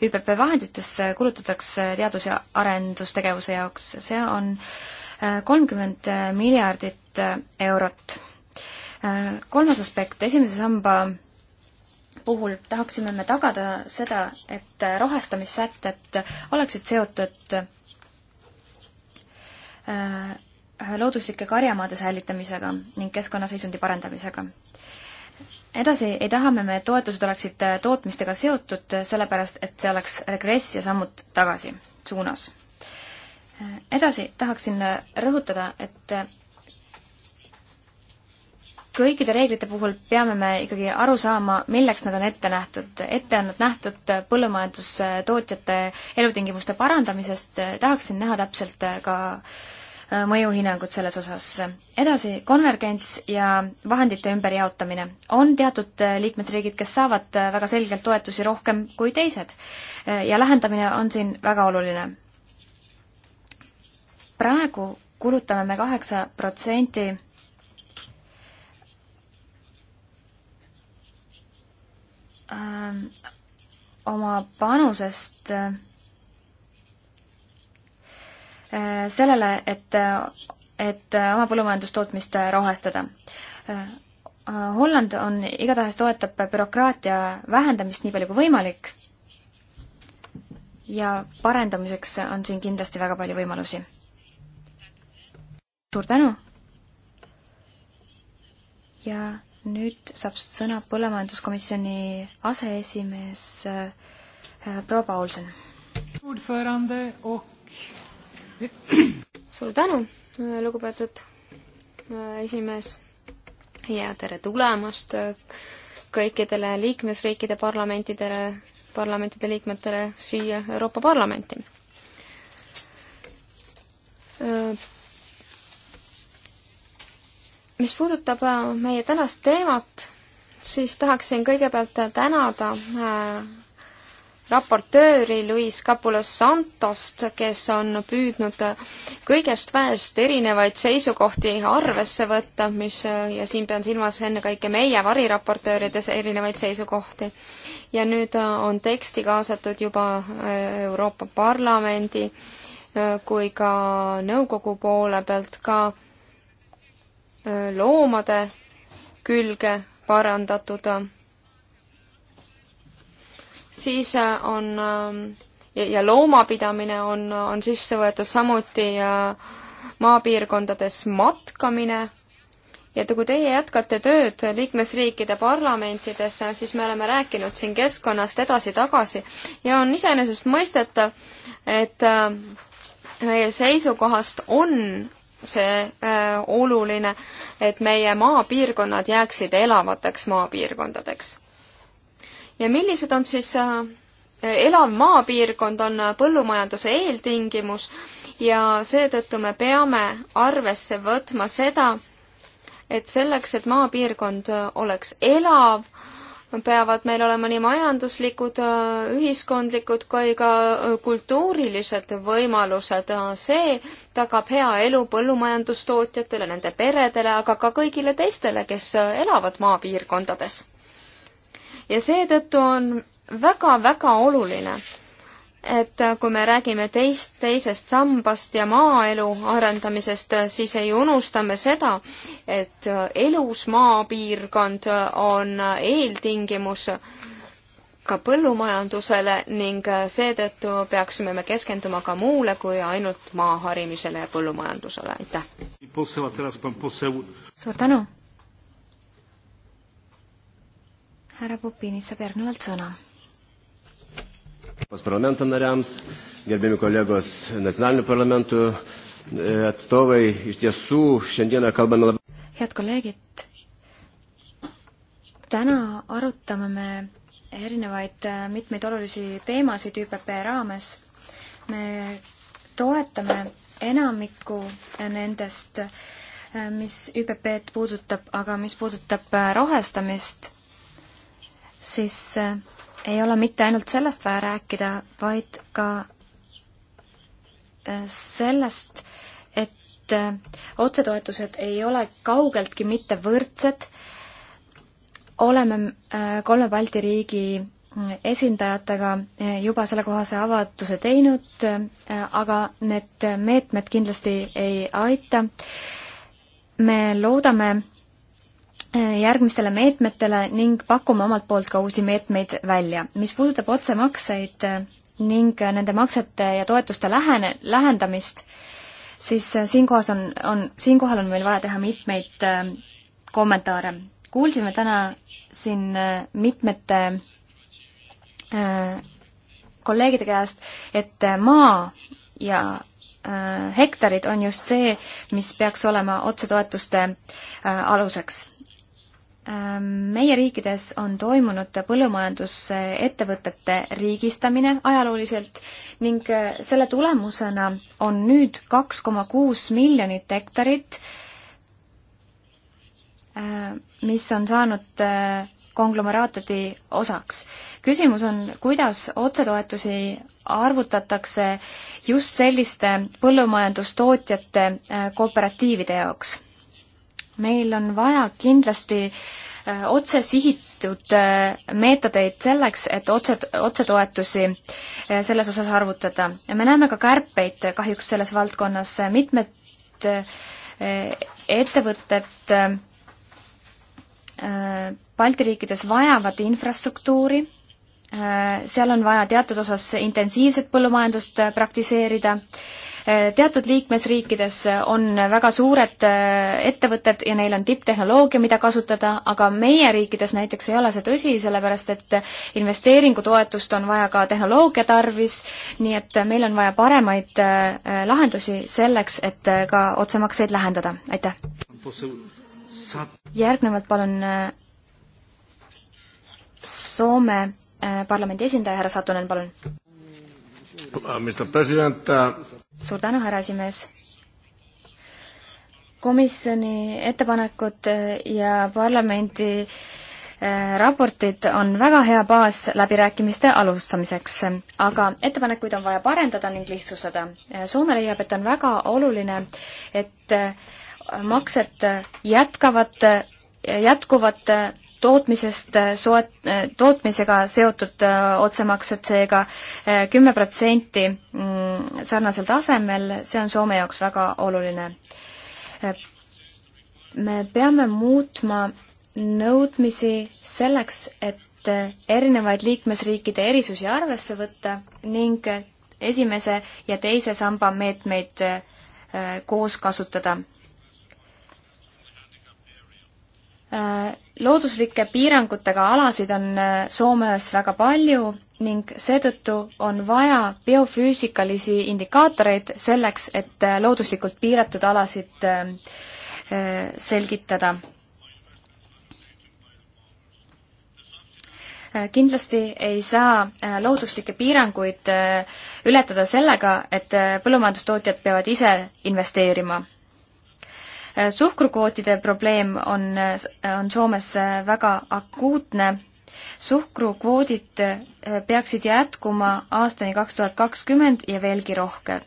ÜPP vahenditesse kulutatakse teadus- ja arendustegevuse jaoks, see on äh, kolmkümmend miljardit äh, eurot. Äh, kolmas aspekt, esimese samba puhul tahaksime me tagada seda, et rohestamissätted oleksid seotud Äh, looduslike karjamaade säilitamisega ning keskkonnaseisundi parendamisega. edasi ei taha me, et toetused oleksid äh, tootmistega seotud, äh, sellepärast et see oleks regress ja sammud tagasi suunas. edasi tahaksin rõhutada, et kõikide reeglite puhul peame me ikkagi aru saama, milleks nad on ette nähtud. ette on nad nähtud põllumajandustootjate elutingimuste parandamisest, tahaksin näha täpselt ka äh, Äh, mõjuhinnangut selles osas. edasi, konvergents ja vahendite ümberjaotamine. on teatud äh, liikmesriigid, kes saavad äh, väga selgelt toetusi rohkem kui teised ja lähendamine on siin väga oluline. praegu kulutame me kaheksa protsenti ähm, oma panusest äh, Äh, sellele, et, et oma põllumajandustootmist rohestada. Äh, Holland on, igatahes toetab bürokraatia vähendamist nii palju kui võimalik ja parendamiseks on siin kindlasti väga palju võimalusi. suur tänu! ja nüüd saab sõna põllumajanduskomisjoni aseesimees äh, proua Paulsen. ordförande och suur tänu, lugupeetud äh, esimees ja tere tulemast äh, kõikidele liikmesriikide parlamentidele, parlamentide liikmetele siia Euroopa Parlamenti. Äh, mis puudutab meie tänast teemat, siis tahaksin kõigepealt tänada raportööri Luis Capulas Santost, kes on püüdnud kõigest väest erinevaid seisukohti arvesse võtta, mis, ja siin pean silmas ennekõike meie variraportöörides erinevaid seisukohti. ja nüüd on teksti kaasatud juba äh, Euroopa Parlamendi äh, kui ka nõukogu poole pealt ka äh, loomade külge parandatud siis äh, on ähm, ja, ja loomapidamine on, on sisse võetud, samuti maapiirkondades matkamine ja te, kui teie jätkate tööd liikmesriikide parlamentides, äh, siis me oleme rääkinud siin keskkonnast edasi-tagasi ja on iseenesestmõistetav, et äh, meie seisukohast on see äh, oluline, et meie maapiirkonnad jääksid elavateks maapiirkondadeks ja millised on siis äh, elav maapiirkond on äh, põllumajanduse eeltingimus ja seetõttu me peame arvesse võtma seda, et selleks, et maapiirkond äh, oleks elav, peavad meil olema nii majanduslikud, ühiskondlikud kui ka kultuurilised võimalused. see tagab hea elu põllumajandustootjatele, nende peredele, aga ka kõigile teistele, kes elavad maapiirkondades ja seetõttu on väga-väga oluline, et kui me räägime teist, teisest sambast ja maaelu arendamisest, siis ei unusta me seda, et elus maapiirkond on eeltingimus ka põllumajandusele ning seetõttu peaksime me keskenduma ka muule kui ainult maaharimisele ja põllumajandusele, aitäh! suur tänu! härra Pupinis saab järgnevalt sõna. Gerbiami kolegos nacionalinių parlamentų e, atstovai, iš tiesų šiandieną kalbame labai. head kolleegid, täna arutame me erinevaid e, mitmeid olulisi teemasid ÜPP raames. me toetame enamikku nendest, e, mis ÜPP-d puudutab, aga mis puudutab rohestamist, siis äh, ei ole mitte ainult sellest vaja rääkida, vaid ka äh, sellest, et äh, otsetoetused ei ole kaugeltki mitte võrdsed. oleme kolme Balti riigi mm, esindajatega juba sellekohase avalduse teinud, aga need meetmed kindlasti ei aita. me loodame Äh, järgmistele meetmetele ning pakkuma omalt poolt ka uusi meetmeid välja. mis puudutab otsemakseid äh, ning äh, nende maksete ja toetuste lähene, lähendamist, siis siinkohas on, on, siinkohal on meil vaja teha mitmeid kommentaare. kuulsime täna siin mitmete kolleegide käest, et maa ja hektarid on just see, mis peaks olema otsetoetuste aluseks Ähm, meie riikides on toimunud põllumajandusettevõtete riigistamine ajalooliselt ning äh, selle tulemusena on nüüd kaks koma kuus miljonit hektarit, äh, mis on saanud äh, konglomeraatodi osaks. küsimus on, kuidas otsetoetusi arvutatakse just selliste põllumajandustootjate kooperatiivide jaoks meil on vaja kindlasti äh, otse sihitud äh, meetodeid selleks, et otse, otsetoetusi äh, selles osas arvutada. me näeme ka kärpeid kahjuks selles valdkonnas, mitmed ettevõtted Balti riikides vajavad infrastruktuuri Äh, seal on vaja teatud osas intensiivset põllumajandust äh, praktiseerida, äh, teatud liikmesriikides on väga suured ettevõtted ja neil on tipptehnoloogia, mida kasutada, aga meie riikides näiteks ei ole see tõsi, sellepärast et investeeringutoetust on vaja ka tehnoloogia tarvis, nii et meil on vaja paremaid lahendusi selleks, et ka otsemakseid lähendada, aitäh! järgnevalt palun Soome Äh, parlamendi esindaja, härra Satunen, palun. Uh, uh, suur tänu, härra esimees. komisjoni ettepanekud äh, ja parlamendi äh, raportid on väga hea baas läbirääkimiste alustamiseks, aga ettepanekuid on vaja parendada ning lihtsustada. Soome leiab, et on väga oluline, et maksed jätkavad, jätkuvad tootmisest äh, soet-, äh, tootmisega seotud äh, otsemaksed seega kümme protsenti mm, sarnasel tasemel, see on Soome jaoks väga oluline. me peame muutma nõudmisi selleks, et erinevaid liikmesriikide erisusi arvesse võtta ning esimese ja teise samba meetmeid koos kasutada looduslike piirangutega alasid on äh, Soomes väga palju ning seetõttu on vaja biofüüsikalisi indikaatoreid selleks, et äh, looduslikult piiratud alasid äh, selgitada. kindlasti ei saa looduslikke piiranguid ületada sellega, et põllumajandustootjad peavad ise investeerima Eh, suhkrukvootide probleem on, eh, on Soomes eh, väga akuutne. suhkrukvoodid peaksid jätkuma aastani kaks tuhat kakskümmend ja veelgi rohkem.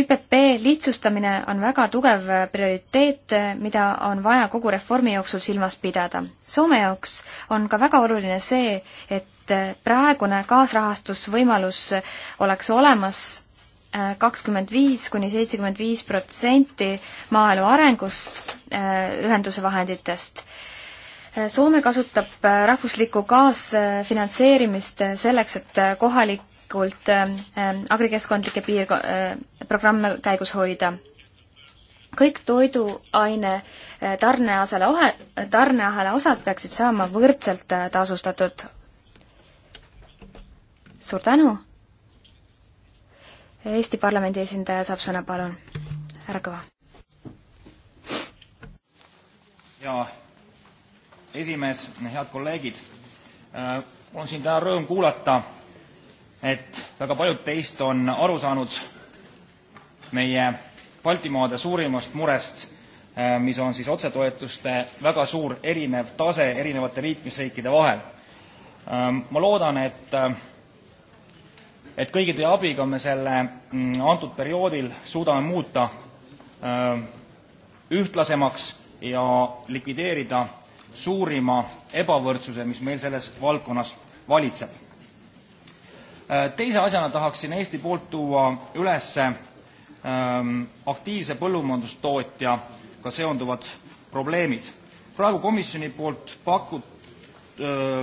ÜPP lihtsustamine on väga tugev prioriteet, mida on vaja kogu reformi jooksul silmas pidada. Soome jaoks on ka väga oluline see, et praegune kaasrahastusvõimalus oleks olemas kakskümmend viis kuni seitsekümmend viis protsenti maaelu arengust äh, ühenduse vahenditest. Äh, Soome kasutab äh, rahvuslikku kaasfinantseerimist selleks, et kohalikult agrikeskkondlikke piirko-, programme käigus hoida. kõik toiduaine tarneasele ohe, tarneahela osad peaksid saama võrdselt tasustatud. suur tänu! Eesti Parlamendi esindaja saab sõna, palun. härra Kõva. ja esimees, head kolleegid, äh, on siin täna rõõm kuulata, et väga paljud teist on aru saanud meie Baltimaade suurimast murest, äh, mis on siis otsetoetuste väga suur erinev tase erinevate liikmesriikide vahel. Äh, ma loodan, et et kõigi teie abiga me selle mm, antud perioodil suudame muuta ühtlasemaks ja likvideerida suurima ebavõrdsuse, mis meil selles valdkonnas valitseb. teise asjana tahaksin Eesti poolt tuua üles aktiivse põllumajandustootjaga seonduvad probleemid. praegu komisjoni poolt paku-,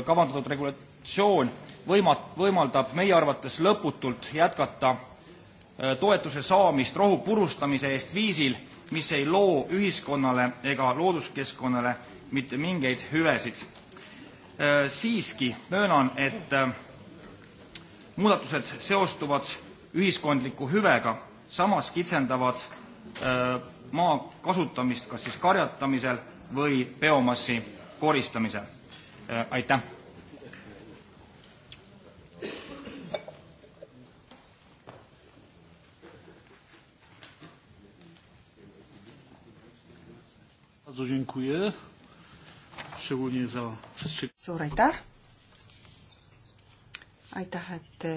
kavandatud regulatsioon võima-, võimaldab meie arvates lõputult jätkata äh, toetuse saamist rohu purustamise eest viisil, mis ei loo ühiskonnale ega looduskeskkonnale mitte mingeid hüvesid. Äh, siiski möönan, et äh, muudatused seostuvad ühiskondliku hüvega, samas kitsendavad maa kasutamist kas siis karjatamisel või biomassi koristamisel. aitäh! suur aitäh! aitäh, et te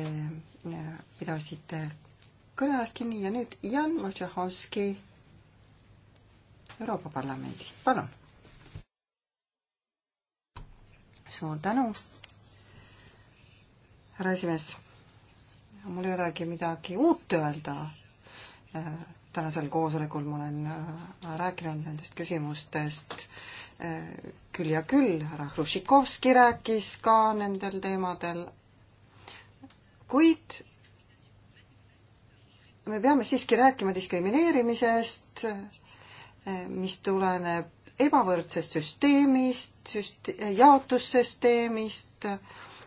pidasite kõneajast kinni ja nüüd Jan Wojciechowski Euroopa Parlamendist, palun! suur tänu, härra esimees! mul ei olegi midagi uut öelda e, tänasel koosolekul ma olen äh, rääkinud nendest küsimustest äh, küll ja küll, härra Hrušikovski rääkis ka nendel teemadel, kuid me peame siiski rääkima diskrimineerimisest, äh, mis tuleneb ebavõrdsest süsteemist, süst-, jaotussüsteemist,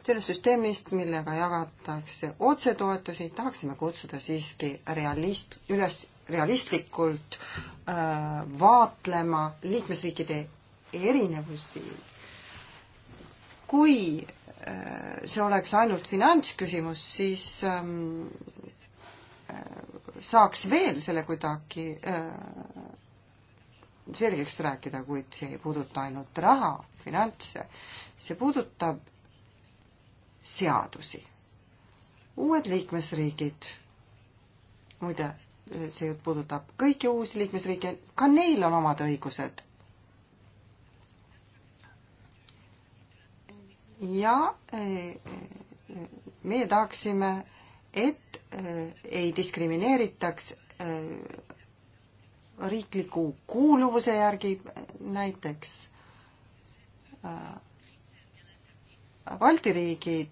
sellest süsteemist, millega jagatakse otsetoetusi, tahaksime kutsuda siiski realist, üles realistlikult äh, vaatlema liikmesriikide erinevusi. kui äh, see oleks ainult finantsküsimus, siis ähm, äh, saaks veel selle kuidagi äh, selgeks rääkida, kuid see ei puuduta ainult raha, finantse, see puudutab seadusi. uued liikmesriigid, muide see puudutab kõiki uusi liikmesriike, ka neil on omad õigused. ja eh, meie tahaksime, et eh, ei diskrimineeritaks eh, riikliku kuuluvuse järgi näiteks Balti riigid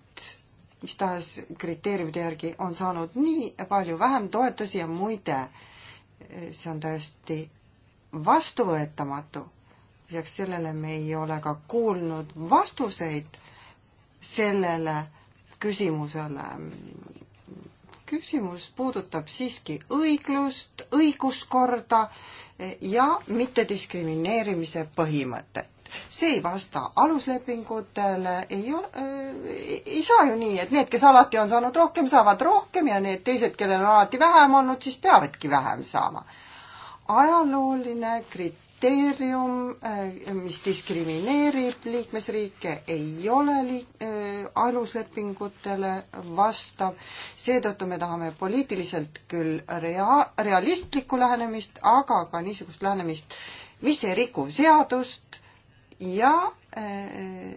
mis tahes kriteeriumide järgi on saanud nii palju vähem toetusi ja muide, see on täiesti vastuvõetamatu. lisaks sellele me ei ole ka kuulnud vastuseid sellele küsimusele. küsimus puudutab siiski õiglust, õiguskorda ja mittediskrimineerimise põhimõtet see ei vasta aluslepingutele, ei ole, äh, ei saa ju nii, et need, kes alati on saanud rohkem, saavad rohkem ja need teised, kellel on alati vähem olnud, siis peavadki vähem saama. ajalooline kriteerium, äh, mis diskrimineerib liikmesriike, ei ole liik-, äh, aluslepingutele vastav, seetõttu me tahame poliitiliselt küll rea-, realistlikku lähenemist, aga ka niisugust lähenemist, mis ei riku seadust ja eh,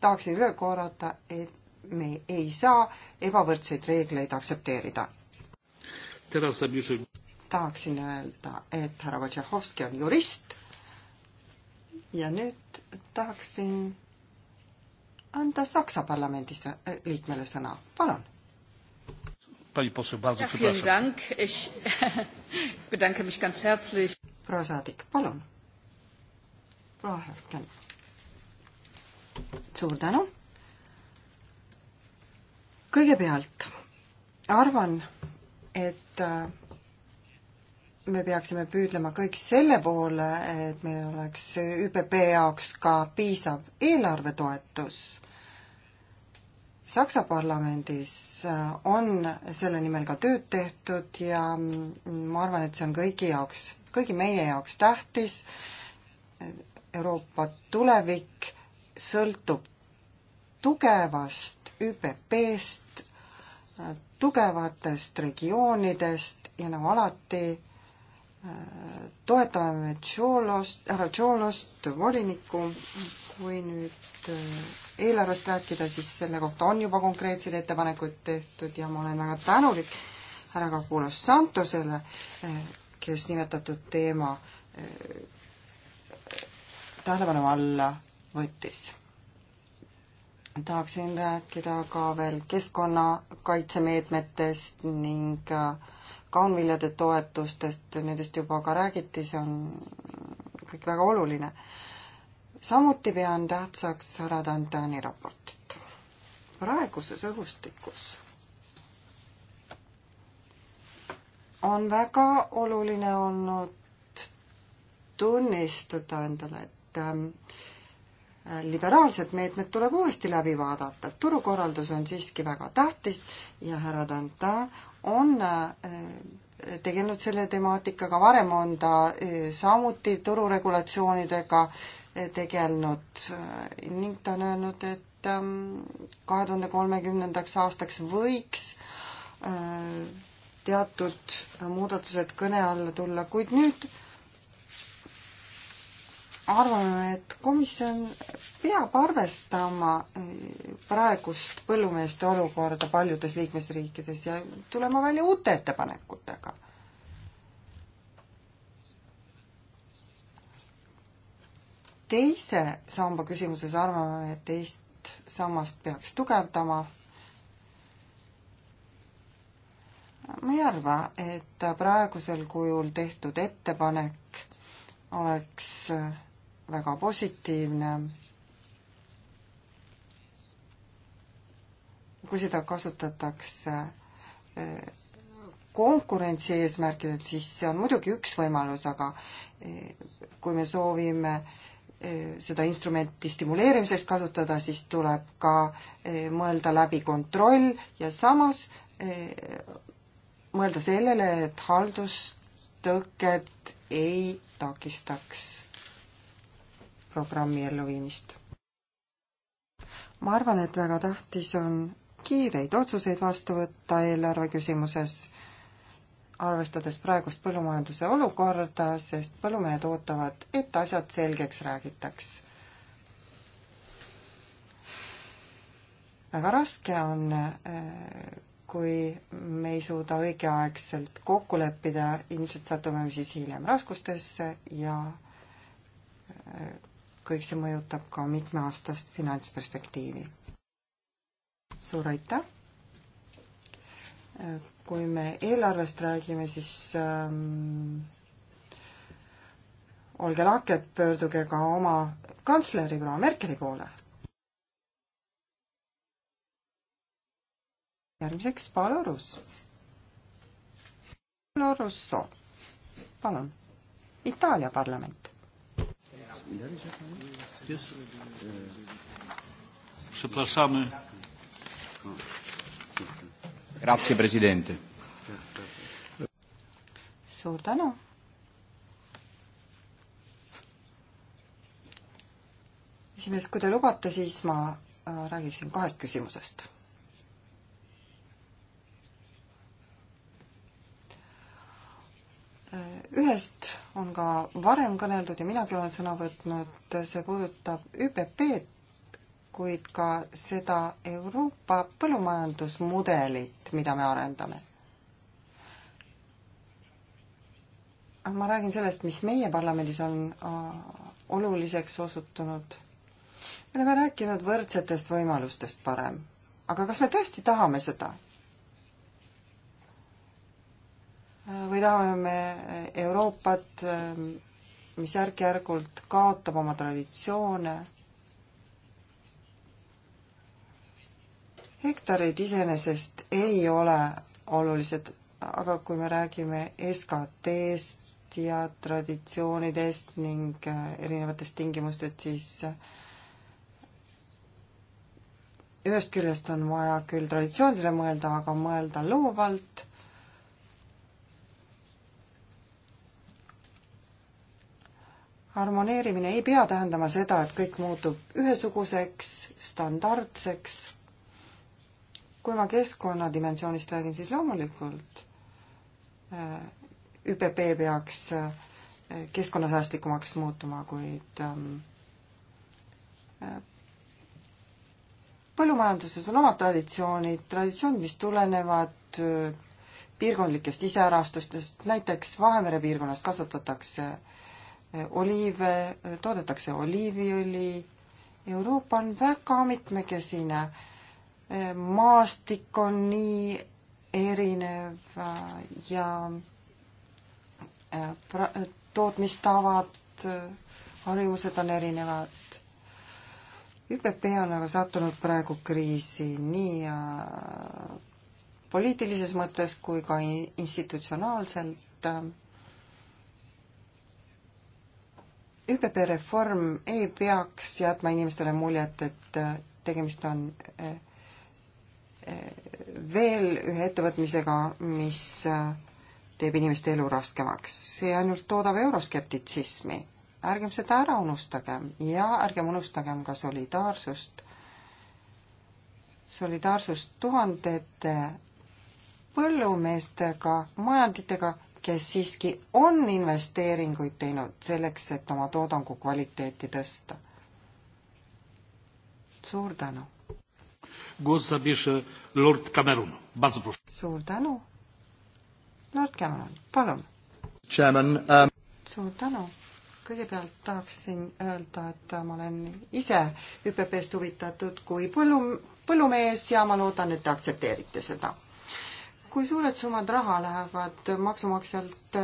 tahaksin üle korrata, et me ei saa ebavõrdseid reegleid aktsepteerida. tahaksin öelda, et härra Wojciechowski on jurist ja nüüd tahaksin anda Saksa parlamendi eh, liikmele sõna, palun. proua saadik, palun proua Höfkel. suur tänu. kõigepealt arvan, et äh, me peaksime püüdlema kõik selle poole, et meil oleks ÜPP jaoks ka piisav eelarvetoetus. Saksa parlamendis äh, on selle nimel ka tööd tehtud ja mm, ma arvan, et see on kõigi jaoks, kõigi meie jaoks tähtis. Euroopa tulevik sõltub tugevast ÜPP-st, tugevatest regioonidest ja nagu alati toetame me Tšoolost, härra Tšoolost, volinikku, kui nüüd äh, eelarvest rääkida, siis selle kohta on juba konkreetseid ettepanekuid tehtud ja ma olen väga tänulik härra Kapulas Santosele, äh, kes nimetatud teema äh, tähelepanu alla võttis tahaksin rääkida ka veel keskkonnakaitsemeetmetest ning äh, kaunviljade toetustest, nendest juba ka räägiti, see on kõik väga oluline. samuti pean tähtsaks härra Dantani raportit. praeguses õhustikus on väga oluline olnud tunnistada endale, et Äh, liberaalsed meetmed tuleb uuesti läbi vaadata, turukorraldus on siiski väga tähtis ja härra Danta on äh, tegelenud selle temaatikaga, varem on ta äh, samuti tururegulatsioonidega tegelenud ning ta on öelnud, et ähm, kahe tuhande kolmekümnendaks aastaks võiks teatud muudatused kõne alla tulla, kuid nüüd arvame, et komisjon peab arvestama eh, praegust põllumeeste olukorda paljudes liikmesriikides ja tulema välja uute ettepanekutega. teise samba küsimuses arvame, et teist sammast peaks tugevdama ma ei arva, et praegusel kujul tehtud ettepanek oleks eh, väga positiivne. kui seda kasutatakse eh, konkurentsi eesmärkidel, siis see on muidugi üks võimalus, aga eh, kui me soovime eh, seda instrumenti stimuleerimiseks kasutada, siis tuleb ka mõelda läbi kontroll ja samas mõelda sellele, et haldustõked ei takistaks programmi elluviimist. ma arvan, et väga tähtis on kiireid otsuseid vastu võtta eelarve küsimuses, arvestades praegust põllumajanduse olukorda, sest põllumehed ootavad, et asjad selgeks räägitaks. väga raske on, äh, kui me ei suuda õigeaegselt kokku leppida, ilmselt satume me siis hiljem raskustesse ja äh, kõik see mõjutab ka mitmeaastast finantsperspektiivi. suur aitäh! Äh, kui me eelarvest räägime, siis ähm, olge lahked, pöörduge ka oma kantsleri proua Merkeli poole. järgmiseks Paolo Russo. Paolo Russo, palun, Itaalia parlament. Jest? Przepraszamy. Grazie, presidente. suur tänu. esimees, kui te lubate, siis ma äh, räägiksin kahest küsimusest ühest on ka varem kõneldud ja minagi olen sõna võtnud, see puudutab ÜPP-d, kuid ka seda Euroopa põllumajandusmudelit, mida me arendame. ma räägin sellest, mis meie parlamendis on oluliseks osutunud. me oleme rääkinud võrdsetest võimalustest varem, aga kas me tõesti tahame seda? või tahame me Euroopat, mis järk-järgult kaotab oma traditsioone. hektarid iseenesest ei ole olulised, aga kui me räägime SKT-st ja traditsioonidest ning äh, erinevatest tingimustest, siis äh, ühest küljest on vaja küll traditsioonidele mõelda, aga mõelda loovalt harmoneerimine ei pea tähendama seda, et kõik muutub ühesuguseks, standardseks. kui ma keskkonnadimensioonist räägin, siis loomulikult äh, ÜPP peaks äh, keskkonnasäästlikumaks muutuma, kuid ähm, äh, põllumajanduses on omad traditsioonid, traditsioonid, mis tulenevad piirkondlikest iseärastustest, näiteks Vahemere piirkonnas kasvatatakse äh, oliive, toodetakse oliiviõli. Euroopa on väga mitmekesine. maastik on nii erinev ja äh, pra-, tootmistavad, harjumused on erinevad. ÜPP on aga sattunud praegu kriisi nii äh, poliitilises mõttes kui ka institutsionaalselt ÜPP reform ei peaks jätma inimestele muljet, et äh, tegemist on äh, äh, veel ühe ettevõtmisega, mis teeb inimeste elu raskemaks. see ainult toodab euroskeptitsismi. ärgem seda ära unustagem ja ärgem unustagem ka solidaarsust, solidaarsust tuhandete põllumeestega, majanditega, kes siiski on investeeringuid teinud selleks, et oma toodangu kvaliteeti tõsta. suur tänu. suur tänu. Lord Cameron, palun. Um... suur tänu kõigepealt tahaksin öelda, et ma olen ise ÜPP-st huvitatud kui põllu, põllumees ja ma loodan, et te aktsepteerite seda kui suured summad raha lähevad maksumaksjalt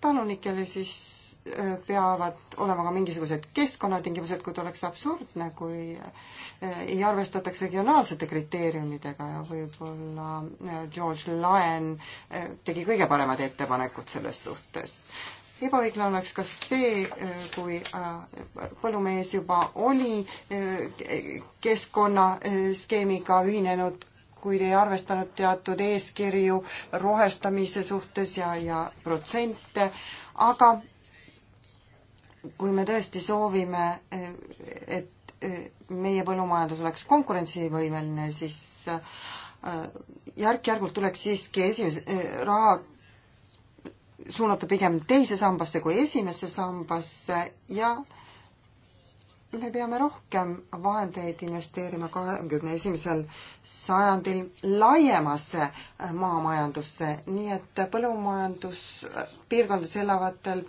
talunikele, siis äh, peavad olema ka mingisugused keskkonnatingimused, kui ta oleks absurdne, kui äh, ei arvestataks regionaalsete kriteeriumidega ja võib-olla äh, George Lyon tegi kõige paremad ettepanekud selles suhtes. ebaõiglane oleks ka see, kui põllumees juba oli keskkonnaskeemiga ühinenud, kuid ei arvestanud teatud eeskirju rohestamise suhtes ja, ja protsente, aga kui me tõesti soovime, et meie põllumajandus oleks konkurentsivõimeline, siis äh, järk-järgult tuleks siiski esimese, äh, raha suunata pigem teise sambasse kui esimesse sambasse ja äh, me peame rohkem vahendeid investeerima kahekümne esimesel sajandil laiemasse äh, maamajandusse, nii et põllumajanduspiirkondades äh, elavatel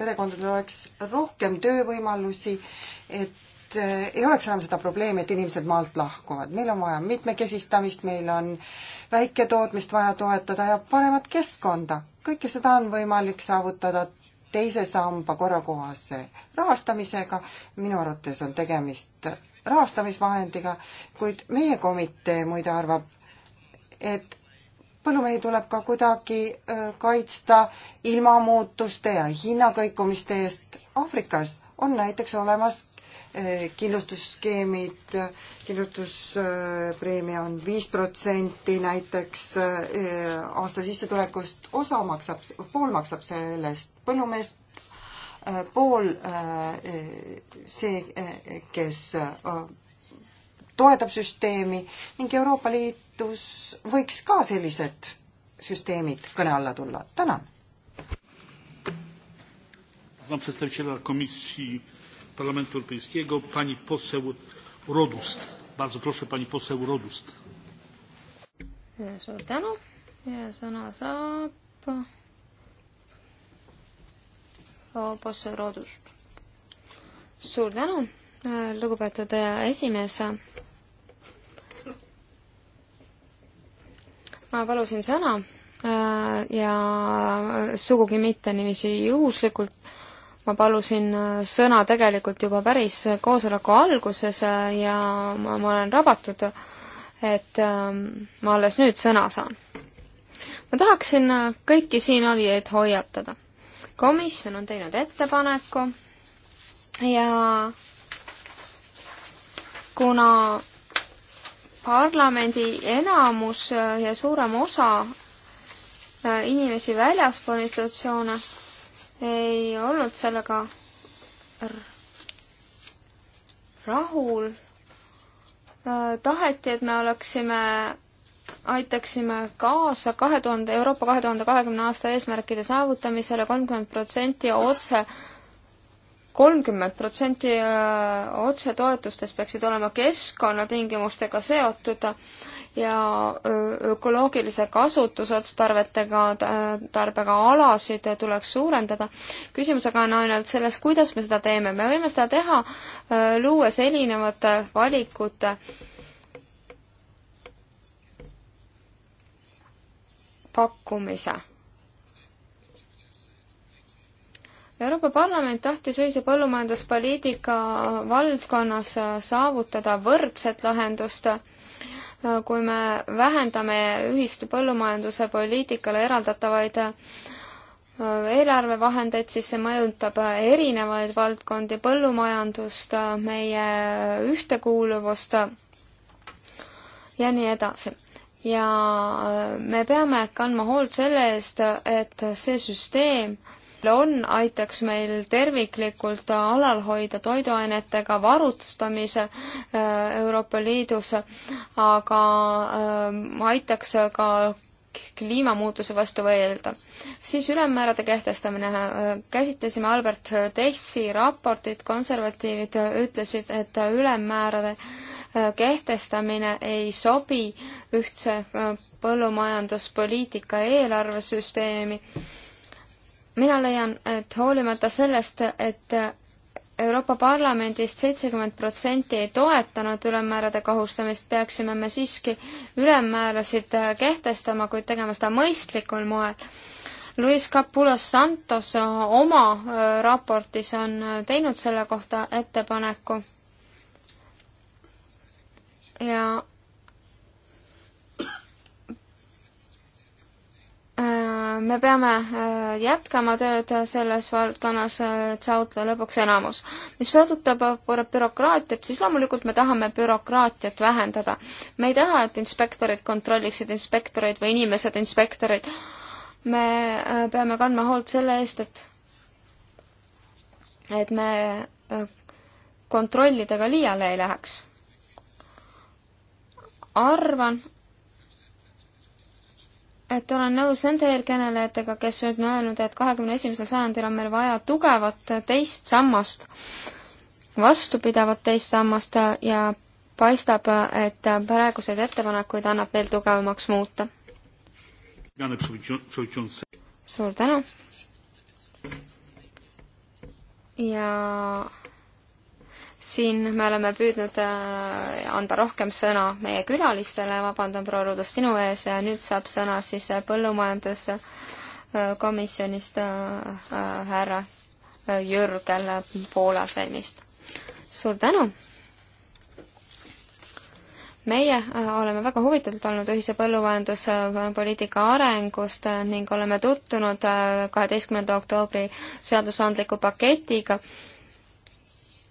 perekondadel oleks rohkem töövõimalusi, et äh, ei oleks enam seda probleemi, et inimesed maalt lahkuvad. meil on vaja mitmekesistamist, meil on väiketootmist vaja toetada ja paremat keskkonda. kõike seda on võimalik saavutada teise samba korrakohase rahastamisega, minu arvates on tegemist rahastamisvahendiga, kuid meie komitee muide arvab, et põllumehi tuleb ka kuidagi kaitsta ilmamuutuste ja hinnakõikumiste eest. Aafrikas on näiteks olemas Eh, kindlustusskeemid, kindlustuspreemia on viis protsenti näiteks eh, aasta sissetulekust, osa maksab, pool maksab sellest põllumees, eh, pool see, kes toetab süsteemi ning Euroopa Liidus võiks ka sellised süsteemid kõne alla tulla. tänan. Znam przedstawiciela komisji Parlamentu Europejskiego pani poseł Rodust. Bardzo proszę pani poseł Rodust. suur tänu ja sõna saab proua poseł Rodust. suur tänu, lugupeetud esimees. ma palusin sõna ja sugugi mitte niiviisi juhuslikult ma palusin äh, sõna tegelikult juba päris koosoleku alguses äh, ja ma, ma olen rabatud, et ähm, ma alles nüüd sõna saan. ma tahaksin äh, kõiki siinolijaid hoiatada. komisjon on teinud ettepaneku ja kuna parlamendi enamus ja suurem osa inimesi väljaspool institutsioone ei olnud sellega rahul. Äh, taheti, et me oleksime, aitaksime kaasa kahe tuhande, Euroopa kahe tuhande kahekümne aasta eesmärkide saavutamisele kolmkümmend protsenti otse kolmkümmend protsenti äh, otsetoetustest peaksid olema keskkonnatingimustega seotud ja ökoloogilise kasutusotstarvetega tarbega alasid tuleks suurendada. küsimus aga on ainult selles, kuidas me seda teeme. me võime seda teha, luues erinevate valikute pakkumise Euroopa Parlament tahtis ühise põllumajanduspoliitika valdkonnas saavutada võrdset lahendust kui me vähendame ühistu põllumajanduse poliitikale eraldatavaid äh, eelarvevahendeid, siis see mõjutab erinevaid valdkondi, põllumajandust, äh, meie ühtekuuluvust ja nii edasi. ja äh, me peame kandma hoolt selle eest, et see süsteem on, aitaks meil terviklikult alal hoida toiduainetega varustamise äh, Euroopa Liidus, aga äh, aitaks ka kliimamuutuse vastu võidelda. siis ülemmäärade kehtestamine. käsitlesime Albert Tehsi raportit, konservatiivid ütlesid, et ülemmäärade äh, kehtestamine ei sobi ühtse põllumajanduspoliitika eelarvesüsteemi mina leian, et hoolimata sellest, et Euroopa Parlamendist seitsekümmend protsenti ei toetanud ülemmäärade kohustamist, peaksime me siiski ülemmäärasid kehtestama, kuid tegema seda mõistlikul moel. Luis Capulos Santos oma äh, raportis on äh, teinud selle kohta ettepaneku ja Äh, me peame äh, jätkama tööd selles valdkonnas, äh, et saavutada lõpuks enamus. mis puudutab bürokraatiat, siis loomulikult me tahame bürokraatiat vähendada. me ei taha, et inspektorid kontrolliksid inspektoreid või inimesed inspektoreid. me peame kandma hoolt selle eest, et et me kontrollidega liiale ei läheks. arvan, et olen nõus nende eelkõnelejatega, kes on öelnud, et kahekümne esimesel sajandil on meil vaja tugevat teist sammast, vastupidavat teist sammast ja paistab, et praeguseid ettepanekuid annab veel tugevamaks muuta. suur tänu! ja siin me oleme püüdnud äh, anda rohkem sõna meie külalistele, vabandan, proua Rudus, sinu ees ja nüüd saab sõna siis äh, põllumajanduskomisjonist äh, härra Jürgel Poolasemmist. suur tänu! meie oleme väga huvitatud olnud ühise põllumajanduspoliitika arengust ning oleme tutvunud kaheteistkümnenda oktoobri seadusandliku paketiga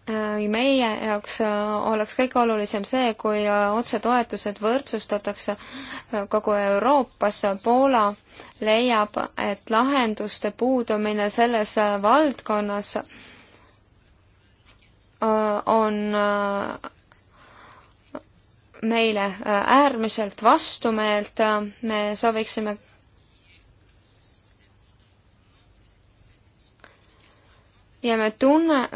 Äh, meie jaoks äh, oleks kõige olulisem see, kui äh, otsetoetused võrdsustatakse kogu Euroopas. Poola leiab, et lahenduste puudumine selles valdkonnas on meile äärmiselt vastumeelt, me sooviksime ja me tunne-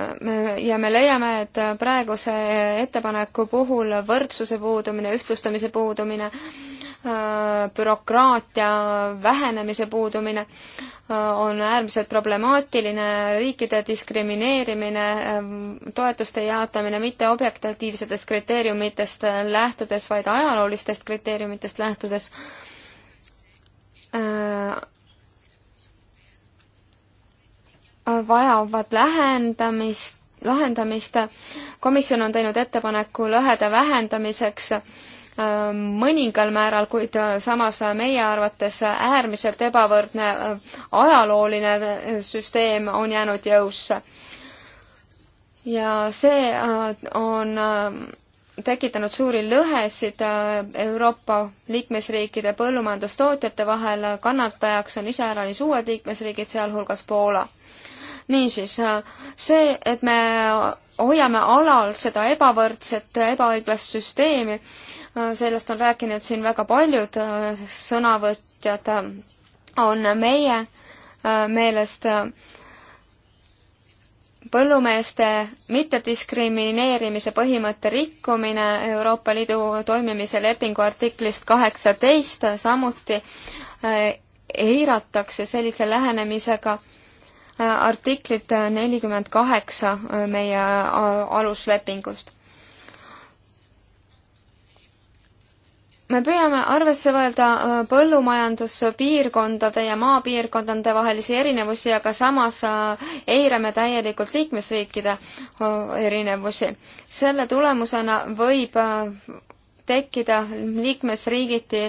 ja me leiame, et praeguse ettepaneku puhul võrdsuse puudumine, ühtlustamise puudumine, äh, bürokraatia vähenemise puudumine äh, on äärmiselt problemaatiline, riikide diskrimineerimine, äh, toetuste jaotamine mitte objektiivsetest kriteeriumitest lähtudes, vaid ajaloolistest kriteeriumitest lähtudes vajavad lähendamist, lahendamist. komisjon on teinud ettepaneku lõhede vähendamiseks äh, mõningal määral, kuid äh, samas meie arvates äärmiselt ebavõrdne äh, ajalooline süsteem on jäänud jõusse. ja see on tekitanud suuri lõhesid Euroopa liikmesriikide põllumajandustootjate vahel, kannatajaks on iseäranis uued liikmesriigid, sealhulgas Poola niisiis, äh, see, et me hoiame alal seda ebavõrdset, ebaõiglast süsteemi, äh, sellest on rääkinud siin väga paljud äh, sõnavõtjad, on meie meelest põllumeeste mittediskrimineerimise põhimõtte rikkumine Euroopa Liidu toimimise lepingu artiklist kaheksateist, samuti eiratakse sellise lähenemisega äh, artiklit nelikümmend kaheksa äh, meie äh, aluslepingust. me püüame arvesse võelda äh, põllumajanduspiirkondade ja maapiirkondade vahelisi erinevusi, aga samas eirame täielikult liikmesriikide erinevusi. selle tulemusena võib tekkida liikmesriigiti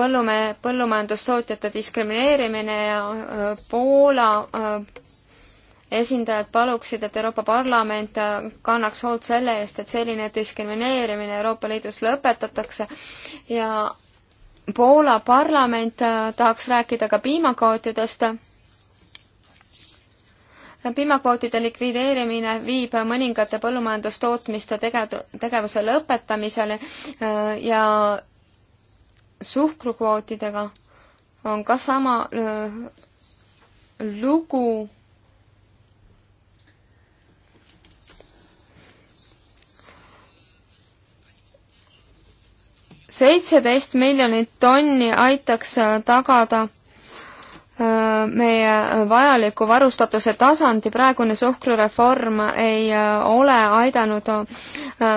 põllume-, põllumajandustootjate diskrimineerimine ja Poola esindajad paluksid, et Euroopa Parlament kannaks hoolt selle eest, et selline diskrimineerimine Euroopa Liidus lõpetatakse ja Poola parlament tahaks rääkida ka piimakvootidest. piimakvootide likvideerimine viib mõningate põllumajandustootmiste tege-, tegevuse lõpetamisele ja suhkrukvootidega on ka sama lugu. seitseteist miljonit tonni aitaks tagada meie vajaliku varustatuse tasandi, praegune suhkrureform ei ole aidanud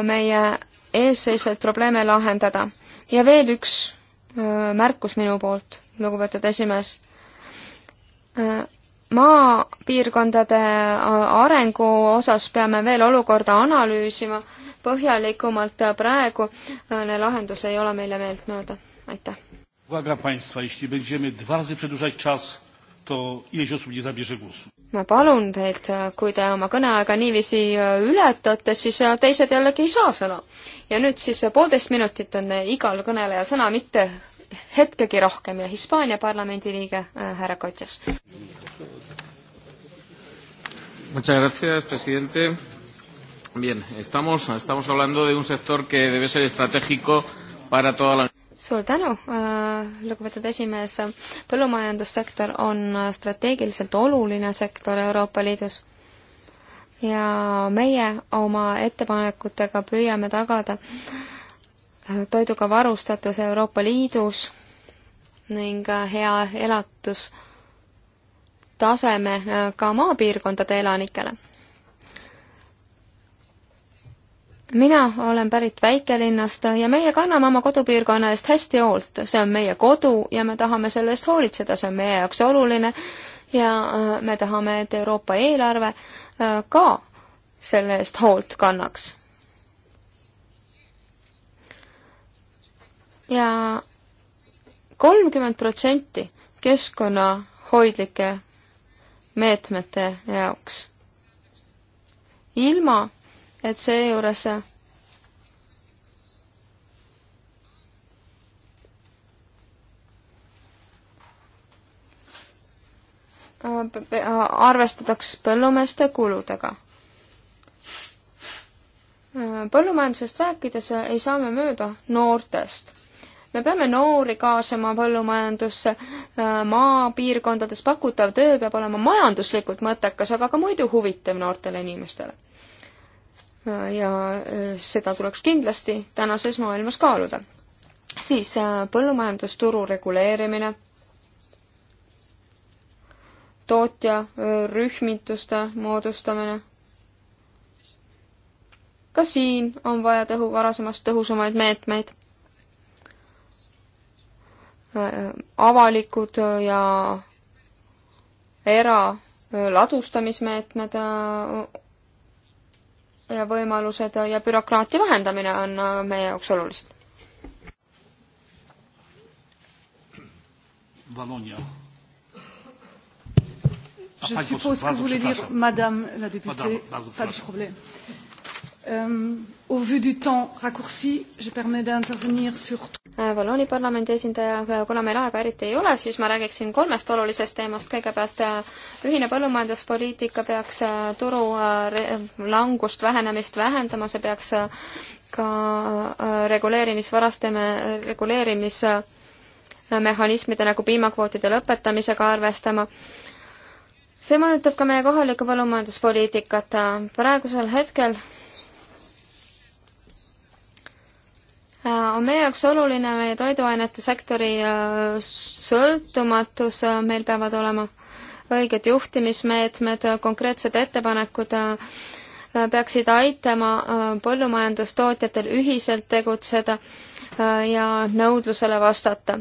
meie eesseisvaid probleeme lahendada. ja veel üks märkus minu poolt, lugupeetud esimees. maapiirkondade arengu osas peame veel olukorda analüüsima põhjalikumalt praegu, lahendus ei ole meile meeltmööda, aitäh. Uwaga Państwa, jeśli będziemy dwa razy przedłużać czas, to ileś osób nie zabierze głosu ma palun teilt, äh, kui te oma kõneaega niiviisi äh, ületate, siis äh, teised jällegi ei saa sõna. ja nüüd siis poolteist minutit on igal kõneleja sõna, mitte hetkegi rohkem ja Hispaania parlamendi liige härra Kotjas. Muchas gracias, presidente. Bien, estamos, estamos hablando de un sector que debe ser estratégico para toda la suur tänu, äh, lugupeetud esimees. põllumajandussektor on strateegiliselt oluline sektor Euroopa Liidus ja meie oma ettepanekutega püüame tagada äh, toiduga varustatus Euroopa Liidus ning äh, hea elatustaseme ka maapiirkondade elanikele mina olen pärit väikelinnast ja meie kanname oma kodupiirkonna eest hästi hoolt, see on meie kodu ja me tahame selle eest hoolitseda, see on meie jaoks oluline ja äh, me tahame, et Euroopa eelarve äh, ka selle eest hoolt kannaks. ja kolmkümmend protsenti keskkonnahoidlike meetmete jaoks ilma et seejuures arvestataks põllumeeste kuludega. põllumajandusest rääkides ei saa me mööda noortest. me peame noori kaasama põllumajandusse, maapiirkondades pakutav töö peab olema majanduslikult mõttekas, aga ka muidu huvitav noortele inimestele ja äh, seda tuleks kindlasti tänases maailmas kaaluda. siis äh, põllumajandusturu reguleerimine, tootjarühmituste äh, moodustamine. ka siin on vaja tõhu, varasemast tõhusamaid meetmeid. avalikud ja eraladustamismeetmed ja võimalused ja bürokraatia vähendamine on äh, meie jaoks olulised. Valonia. Je suppose que vous voulez dire Madame la députée, pas de problème. Euh, au vu du temps raccourci, je permets d'intervenir sur... Äh, Valooni parlamendi esindaja, äh, kuna meil aega eriti ei ole, siis ma räägiksin kolmest olulisest teemast. kõigepealt äh, ühine põllumajanduspoliitika peaks turu langust, vähenemist vähendama, see peaks ka reguleerimisvarasteme, reguleerimismehhanismide nagu piimakvootide lõpetamisega arvestama see mõjutab ka meie kohalikku põllumajanduspoliitikat. praegusel hetkel Äh, on meie jaoks oluline meie toiduainete sektori äh, sõltumatus, äh, meil peavad olema õiged juhtimismeetmed, konkreetsed ettepanekud peaksid aitama põllumajandustootjatel ühiselt tegutseda ja nõudlusele vastata.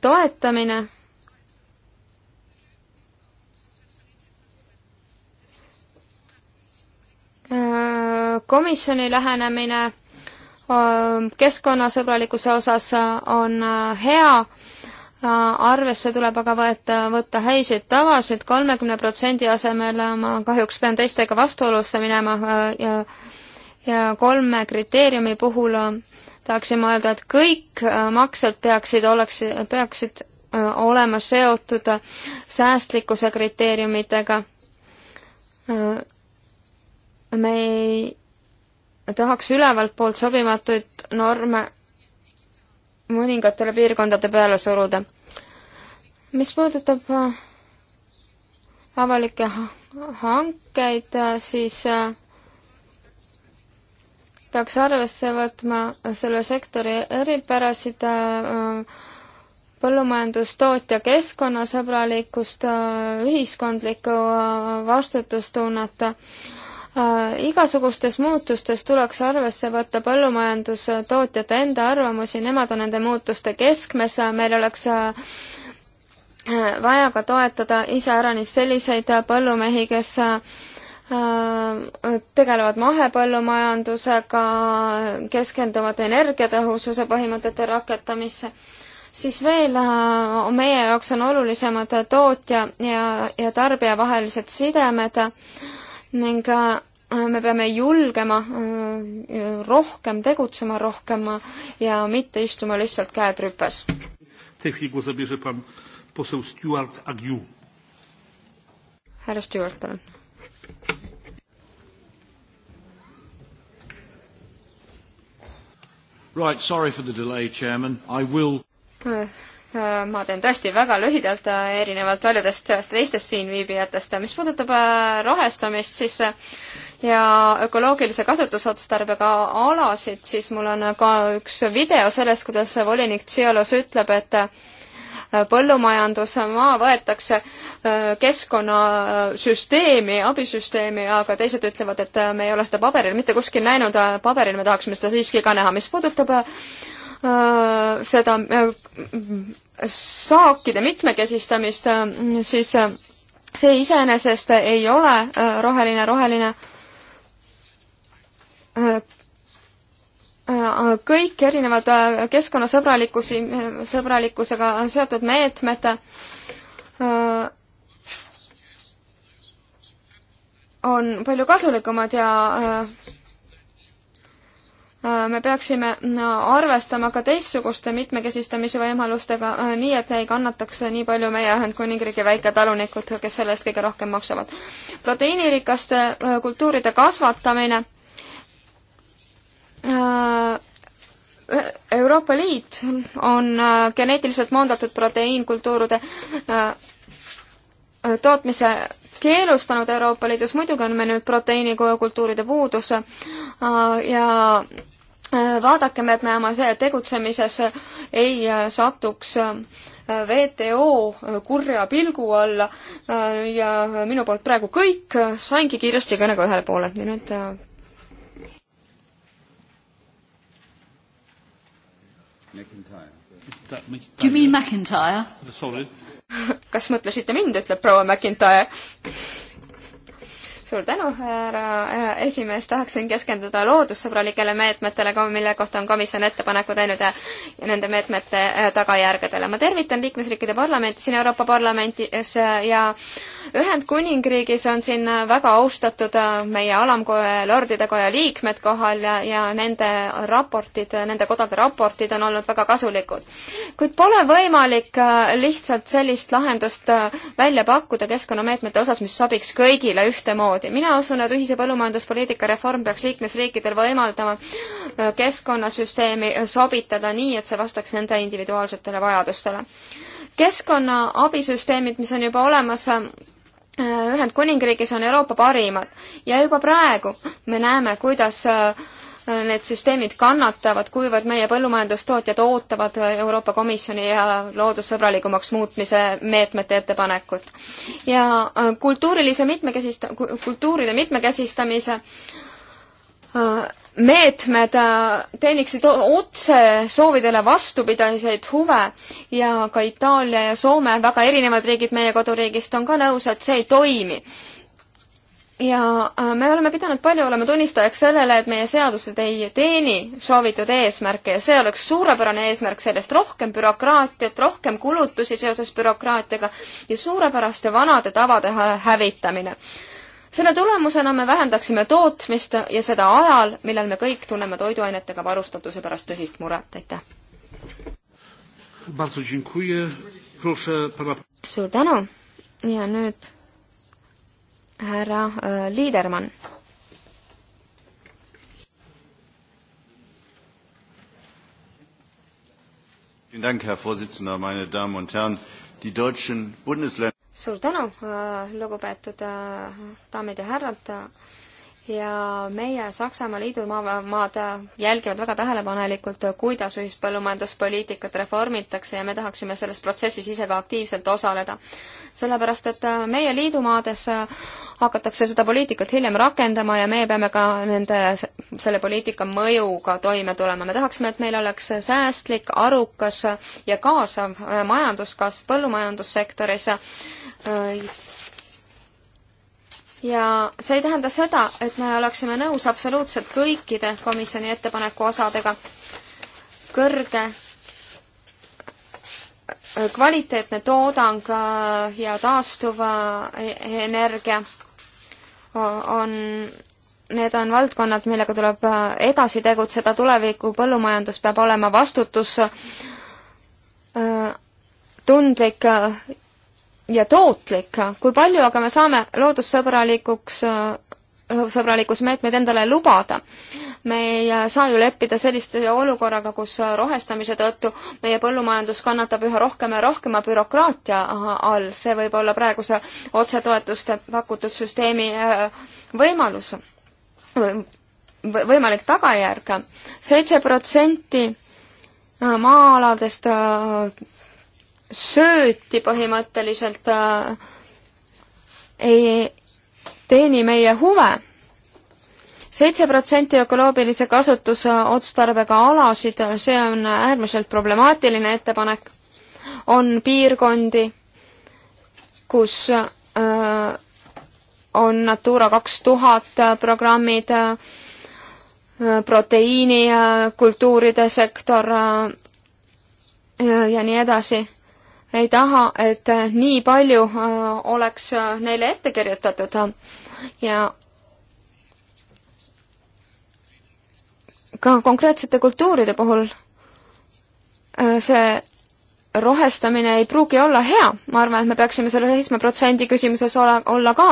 toetamine komisjoni lähenemine keskkonnasõbralikkuse osas äh, on äh, hea, äh, arvesse tuleb aga võeta, võtta häiseid tavasid, kolmekümne protsendi asemel ma kahjuks pean teistega vastuolusse minema ja, ja kolme kriteeriumi puhul tahaksin ma öelda, et kõik maksed peaksid, oleks, peaksid olema seotud säästlikkuse kriteeriumitega. me ei tahaks ülevalt poolt sobimatuid norme mõningatele piirkondade peale suruda. mis puudutab äh, avalikke hankeid, äh, siis äh, peaks arvesse võtma selle sektori eripärasid, põllumajandustootja keskkonnasõbralikkust, ühiskondlikku vastutustunnet Äh, igasugustes muutustes tuleks arvesse võtta põllumajandustootjate enda arvamusi, nemad on nende muutuste keskmes, meil oleks äh, vaja ka toetada iseäranis selliseid põllumehi, kes äh, tegelevad mahepõllumajandusega, keskenduvad energiatõhususe põhimõtete rakendamisse siis veel on meie jaoks on olulisemad tootja ja, ja tarbija vahelised sidemed ning äh, me peame julgema äh, rohkem tegutsema, rohkem ja mitte istuma lihtsalt käed rüpes. härra Stewart, palun. Right, sorry for the delay, chairman, I will. Äh, Äh, ma teen tõesti väga lühidalt, äh, erinevalt paljudest äh, teistest siinviibijatest. mis puudutab rohestamist, siis ja ökoloogilise kasutusotstarbega alasid, siis mul on ka üks video sellest, kuidas volinik Tšiolos ütleb, et põllumajandusmaa võetakse keskkonnasüsteemi, abisüsteemi, aga teised ütlevad, et me ei ole seda paberil mitte kuskil näinud, paberil me tahaksime seda siiski ka näha. mis puudutab seda saakide mitmekesistamist, siis see iseenesest ei ole äh, roheline, roheline äh, äh, kõik erinevad keskkonnasõbralikkusi, sõbralikkusega seotud meetmed on palju kasulikumad ja Äh, me peaksime äh, arvestama ka teistsuguste mitmekesistamise võimalustega, äh, nii et ei kannataks nii palju meie Ühendkuningriigi väiketalunikud, kes selle eest kõige rohkem maksavad. proteiinirikaste kultuuride kasvatamine Euroopa Liit on geneetiliselt moondatud proteiinkultuuride tootmise keelustanud Euroopa Liidus, muidugi on meil nüüd proteiinikultuuride puudus ja Äh, vaadakem, et me oma tegutsemises ei äh, satuks äh, WTO kurja pilgu alla ja minu poolt praegu kõik, saingi kiiresti kõnega ühele poole ja nüüd Do you mean McIntyre? kas mõtlesite mind, ütleb proua McIntyre suur tänu, härra äh, esimees, tahaksin keskenduda loodussõbralikele meetmetele, mille kohta on komisjon ettepaneku teinud ja, ja nende meetmete äh, tagajärgedele. ma tervitan liikmesriikide parlamenti siin Euroopa Parlamentis äh, ja Ühendkuningriigis on siin väga austatud meie alamkoja ja lordide koja liikmed kohal ja, ja nende raportid, nende kodade raportid on olnud väga kasulikud. kuid pole võimalik lihtsalt sellist lahendust välja pakkuda keskkonnameetmete osas, mis sobiks kõigile ühtemoodi samamoodi. mina usun, et ühise põllumajanduspoliitika reform peaks liikmesriikidel võimaldama äh, keskkonnasüsteemi äh, sobitada nii, et see vastaks nende individuaalsetele vajadustele. keskkonna abisüsteemid, mis on juba olemas, äh, Ühendkuningriigis on Euroopa parimad ja juba praegu me näeme, kuidas äh, need süsteemid kannatavad, kuivõrd meie põllumajandustootjad ootavad Euroopa Komisjoni ja loodussõbralikumaks muutmise meetmete ettepanekut. ja äh, kultuurilise mitmekesist-, kultuuride mitmekesistamise äh, meetmed äh, teeniksid otse soovidele vastupidaseid huve ja ka Itaalia ja Soome, väga erinevad riigid meie koduriigist, on ka nõus, et see ei toimi ja äh, me oleme pidanud palju olema tunnistajaks sellele, et meie seadused ei teeni soovitud eesmärke ja see oleks suurepärane eesmärk sellest, rohkem bürokraatiat, rohkem kulutusi seoses bürokraatiaga ja suurepäraste vanade tavade hävitamine. selle tulemusena me vähendaksime tootmist ja seda ajal, millal me kõik tunneme toiduainetega varustatuse pärast tõsist muret, aitäh! suur tänu ja nüüd härra äh, Liidermann. suur tänu, äh, lugupeetud äh, daamid ja härrad ja meie Saksamaa liidumaad jälgivad väga tähelepanelikult, kuidas ühist põllumajanduspoliitikat reformitakse ja me tahaksime selles protsessis ise ka aktiivselt osaleda. sellepärast, et meie liidumaades hakatakse seda poliitikat hiljem rakendama ja meie peame ka nende, selle poliitika mõjuga toime tulema. me tahaksime, et meil oleks säästlik, arukas ja kaasav majanduskasv põllumajandussektoris ja see ei tähenda seda, et me oleksime nõus absoluutselt kõikide komisjoni ettepaneku osadega. kõrge äh, kvaliteetne toodang äh, ja taastuva äh, e-, energia on, need on valdkonnad, millega tuleb edasi tegutseda, tuleviku põllumajandus peab olema vastutus tundlik ja tootlik. kui palju aga me saame loodussõbralikuks sõbralikus meetmeid endale lubada. me ei saa ju leppida selliste olukorraga, kus rohestamise tõttu meie põllumajandus kannatab üha rohkem ja rohkem bürokraatia all, see võib olla praeguse otsetoetuste pakutud süsteemi äh, võimalus, võimalik tagajärg. seitse protsenti äh, maa-aladest äh, sööti põhimõtteliselt äh, ei teeni meie huve. seitse protsenti ökoloogilise kasutusotstarbega alasid, see on äärmiselt problemaatiline ettepanek. on piirkondi, kus öö, äh, on Natura kaks tuhat programmid, äh, proteiinikultuuride sektor ja nii edasi ei taha, et äh, nii palju äh, oleks äh, neile ette kirjutatud ja ka konkreetsete kultuuride puhul see rohestamine ei pruugi olla hea, ma arvan, et me peaksime selle seitsme protsendi küsimuses ole, olla ka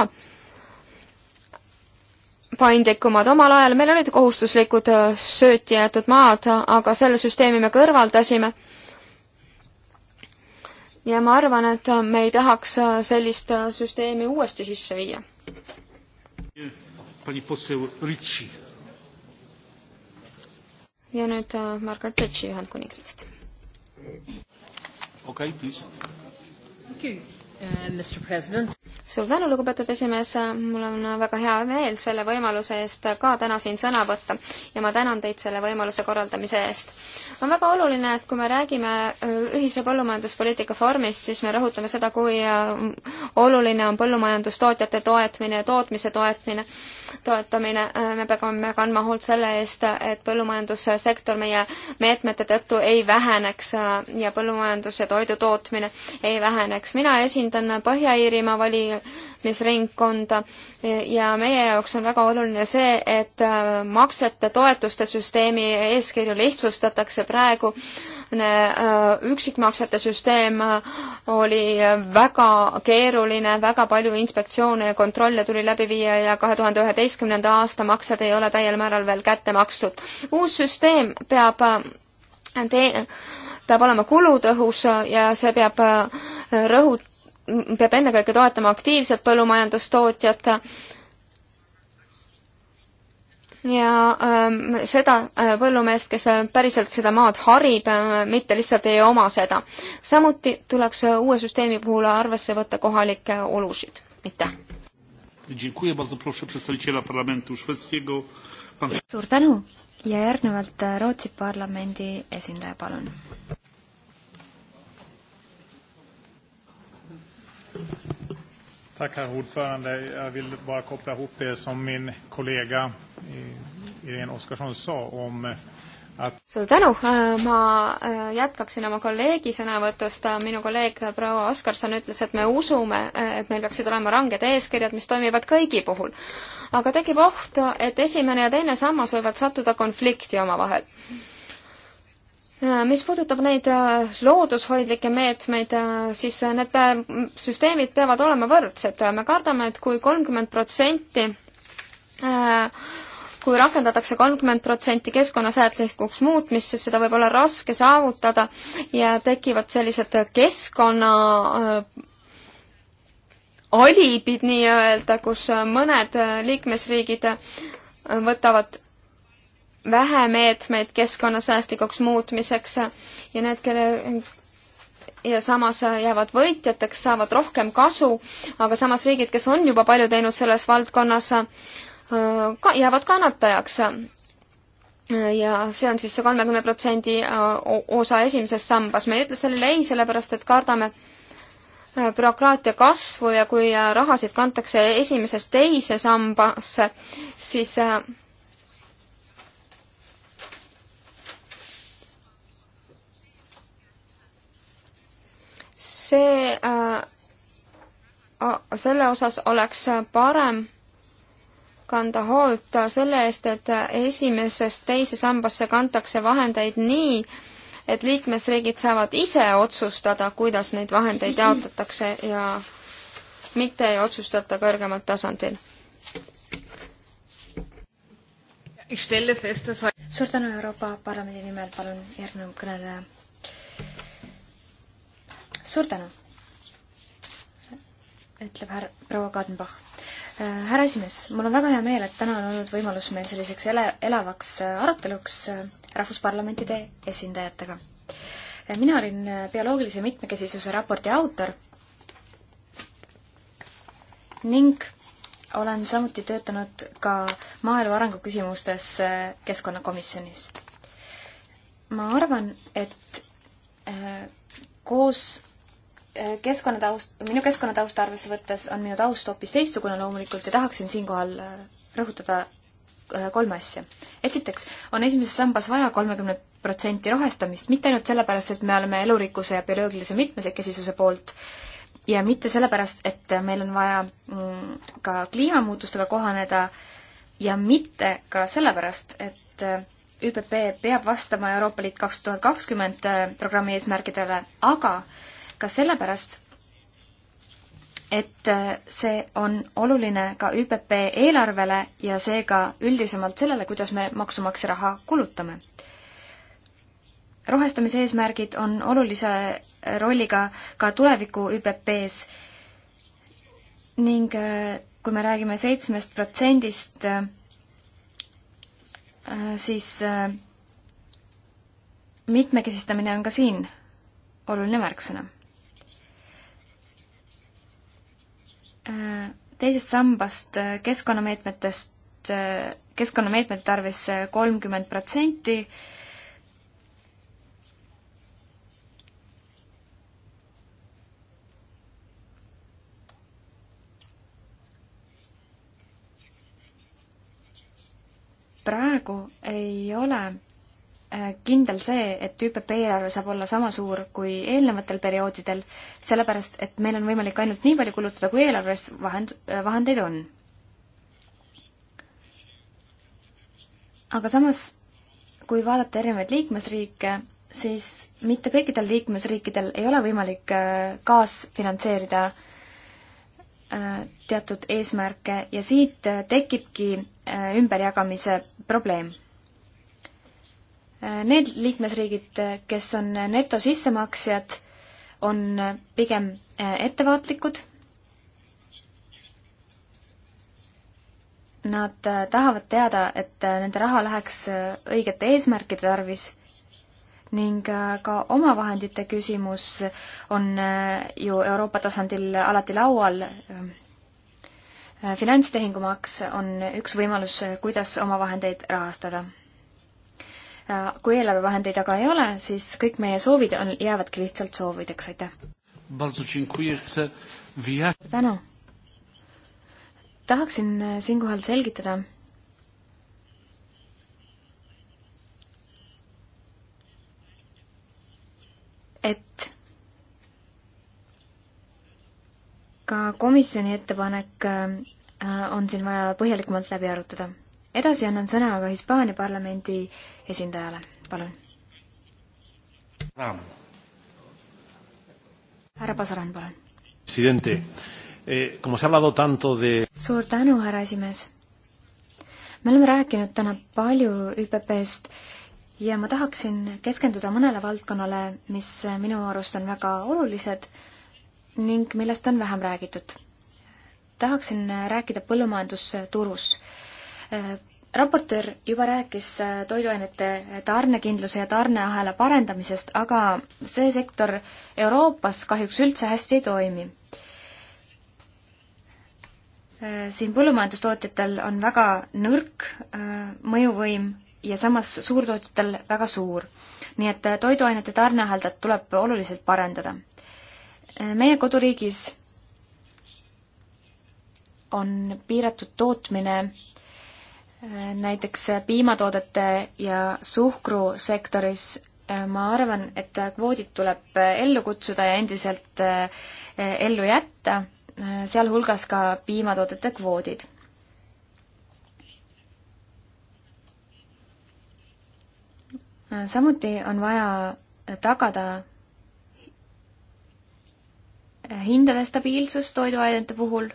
paindlikumad, omal ajal meil olid kohustuslikud sööti jäetud maad, aga selle süsteemi me kõrvaldasime ja ma arvan, et me ei tahaks äh, sellist äh, süsteemi uuesti sisse viia. ja nüüd äh, Margaret Ritchie Ühendkuningriigist. okei okay,, please suur tänu, lugupeetud esimees, mul on väga hea meel selle võimaluse eest ka täna siin sõna võtta ja ma tänan teid selle võimaluse korraldamise eest. on väga oluline, et kui me räägime äh, ühise põllumajanduspoliitika vormist, siis me rõhutame seda, kui äh, oluline on põllumajandustootjate toetmine ja tootmise toetmine toetamine, äh, me peame kandma hoolt selle eest, et põllumajandussektor meie meetmete tõttu ei väheneks äh, ja põllumajandus ja toidutootmine ei väheneks. mina esindan Põhja-Iirimaa valimisringkonda äh, ja meie jaoks on väga oluline see, et maksete toetuste süsteemi eeskirju lihtsustatakse praegu äh, Äh, üksikmaksete süsteem äh, oli äh, väga keeruline, väga palju inspektsioone ja kontrolle tuli läbi viia ja kahe tuhande üheteistkümnenda aasta maksed ei ole täiel määral veel kätte makstud. uus süsteem peab tee-, peab olema kulutõhus ja see peab rõhut-, peab ennekõike toetama aktiivset põllumajandustootjat ja äh, seda äh, põllumeest, kes äh, päriselt seda maad harib äh,, mitte lihtsalt ei oma seda. samuti tuleks äh, uue süsteemi puhul arvesse võtta kohalikke olusid. aitäh! suur tänu ja järgnevalt äh, Rootsi parlamendi esindaja, palun! Tack, herr ordförande. Jag vill bara koppla ihop det som min kollega Irene Oskarsson sa om eh, at... suur tänu, äh, ma äh, jätkaksin oma kolleegi sõnavõtust, äh, minu kolleeg proua Oskarson ütles, et me usume, et meil peaksid olema ranged eeskirjad, mis toimivad kõigi puhul. aga tekib oht, et esimene ja teine sammas võivad sattuda konflikti omavahel Äh, mis puudutab neid äh, loodushoidlikke meetmeid, äh, siis need süsteemid peavad olema võrdsed. me kardame, et kui kolmkümmend protsenti kui rakendatakse kolmkümmend protsenti keskkonnasäätlikuks muutmist, siis seda võib olla raske saavutada ja tekivad sellised keskkonna alibid nii-öelda, kus mõned liikmesriigid võtavad vähe meetmeid keskkonnasäästlikuks muutmiseks ja need, kelle ja samas jäävad võitjateks, saavad rohkem kasu, aga samas riigid, kes on juba palju teinud selles valdkonnas, ka jäävad kannatajaks. ja see on siis see kolmekümne protsendi äh, osa esimeses sambas. me ei ütle sellele ei, sellepärast et kardame äh, bürokraatia kasvu ja kui äh, rahasid kantakse esimesest teise sambasse, siis see äh,, selle osas oleks parem kanda hoolt selle eest, et esimesest teise sambasse kantakse vahendeid nii, et liikmesriigid saavad ise otsustada, kuidas neid vahendeid jaotatakse ja mitte ei otsustata kõrgemal tasandil. suur tänu Euroopa Parlamendi nimel, palun järgnev kõneleja suur tänu, ütleb härra, proua Kadenbach. Äh, härra esimees, mul on väga hea meel, et täna on olnud võimalus meil selliseks ele-, elavaks äh, aruteluks äh, rahvusparlamentide esindajatega. mina olin bioloogilise mitmekesisuse raporti autor ning olen samuti töötanud ka maaelu arengu küsimustes keskkonnakomisjonis. ma arvan, et koos keskkonnataust, minu keskkonnatausta arvesse võttes on minu taust hoopis teistsugune loomulikult ja tahaksin siinkohal äh, rõhutada äh, kolme asja. esiteks on esimeses sambas vaja kolmekümne protsenti rohestamist, mitte ainult sellepärast, et me oleme elurikkuse ja bioloogilise mitmesekesisuse poolt, ja mitte sellepärast, et meil on vaja mm, ka kliimamuutustega kohaneda ja mitte ka sellepärast, et äh, ÜPP peab vastama Euroopa Liit kaks tuhat kakskümmend programmi eesmärkidele, aga äh, ka sellepärast, et see on oluline ka ÜPP eelarvele ja seega üldisemalt sellele, kuidas me maksumaksja raha kulutame. rohestamise eesmärgid on olulise rolliga ka tuleviku ÜPP-s ning äh, kui me räägime seitsmest protsendist, äh, siis äh, mitmekesistamine on ka siin oluline märksõna teisest sambast äh, keskkonnameetmetest, äh, keskkonnameetmete tarvis äh, kolmkümmend protsenti, praegu ei ole Äh, kindel see, et ÜPP eelarve saab olla sama suur kui eelnevatel perioodidel, sellepärast et meil on võimalik ainult nii palju kulutada, kui eelarves vahend, äh, vahendeid on. aga samas, kui vaadata erinevaid liikmesriike, siis mitte kõikidel liikmesriikidel ei ole võimalik äh, kaasfinantseerida teatud eesmärke ja siit tekibki ümberjagamise probleem Need liikmesriigid, kes on netosissemaksjad, on pigem eh, ettevaatlikud. Nad eh, tahavad teada, et eh, nende raha läheks õigete eesmärkide tarvis ning ka omavahendite küsimus on ju Euroopa tasandil alati laual finantstehingumaks on üks võimalus, kuidas oma vahendeid rahastada kui eelarvevahendeid aga ei ole, siis kõik meie soovid on, jäävadki lihtsalt soovideks, aitäh! tänu! tahaksin e, siinkohal selgitada, et ka komisjoni ettepanek e, on siin vaja põhjalikumalt läbi arutada edasi annan sõna aga Hispaania parlamendi esindajale, palun. härra Pasaran, palun. Eh, de... suur tänu, härra esimees. me oleme rääkinud täna palju ÜPP-st ja ma tahaksin keskenduda mõnele valdkonnale, mis minu arust on väga olulised ning millest on vähem räägitud. tahaksin rääkida põllumajandusturust raportöör juba rääkis äh, toiduainete tarnekindluse ja tarneahela parendamisest, aga see sektor Euroopas kahjuks üldse hästi ei toimi. Äh, siin põllumajandustootjatel on väga nõrk äh, mõjuvõim ja samas suurtootjatel väga suur. nii et toiduainete tarneaheldat tuleb oluliselt parendada. meie koduriigis on piiratud tootmine näiteks piimatoodete ja suhkrusektoris äh, ma arvan, et kvoodid tuleb äh, ellu kutsuda ja endiselt äh, ellu jätta, sealhulgas ka piimatoodete kvoodid. samuti on vaja tagada hindade stabiilsus toiduainete puhul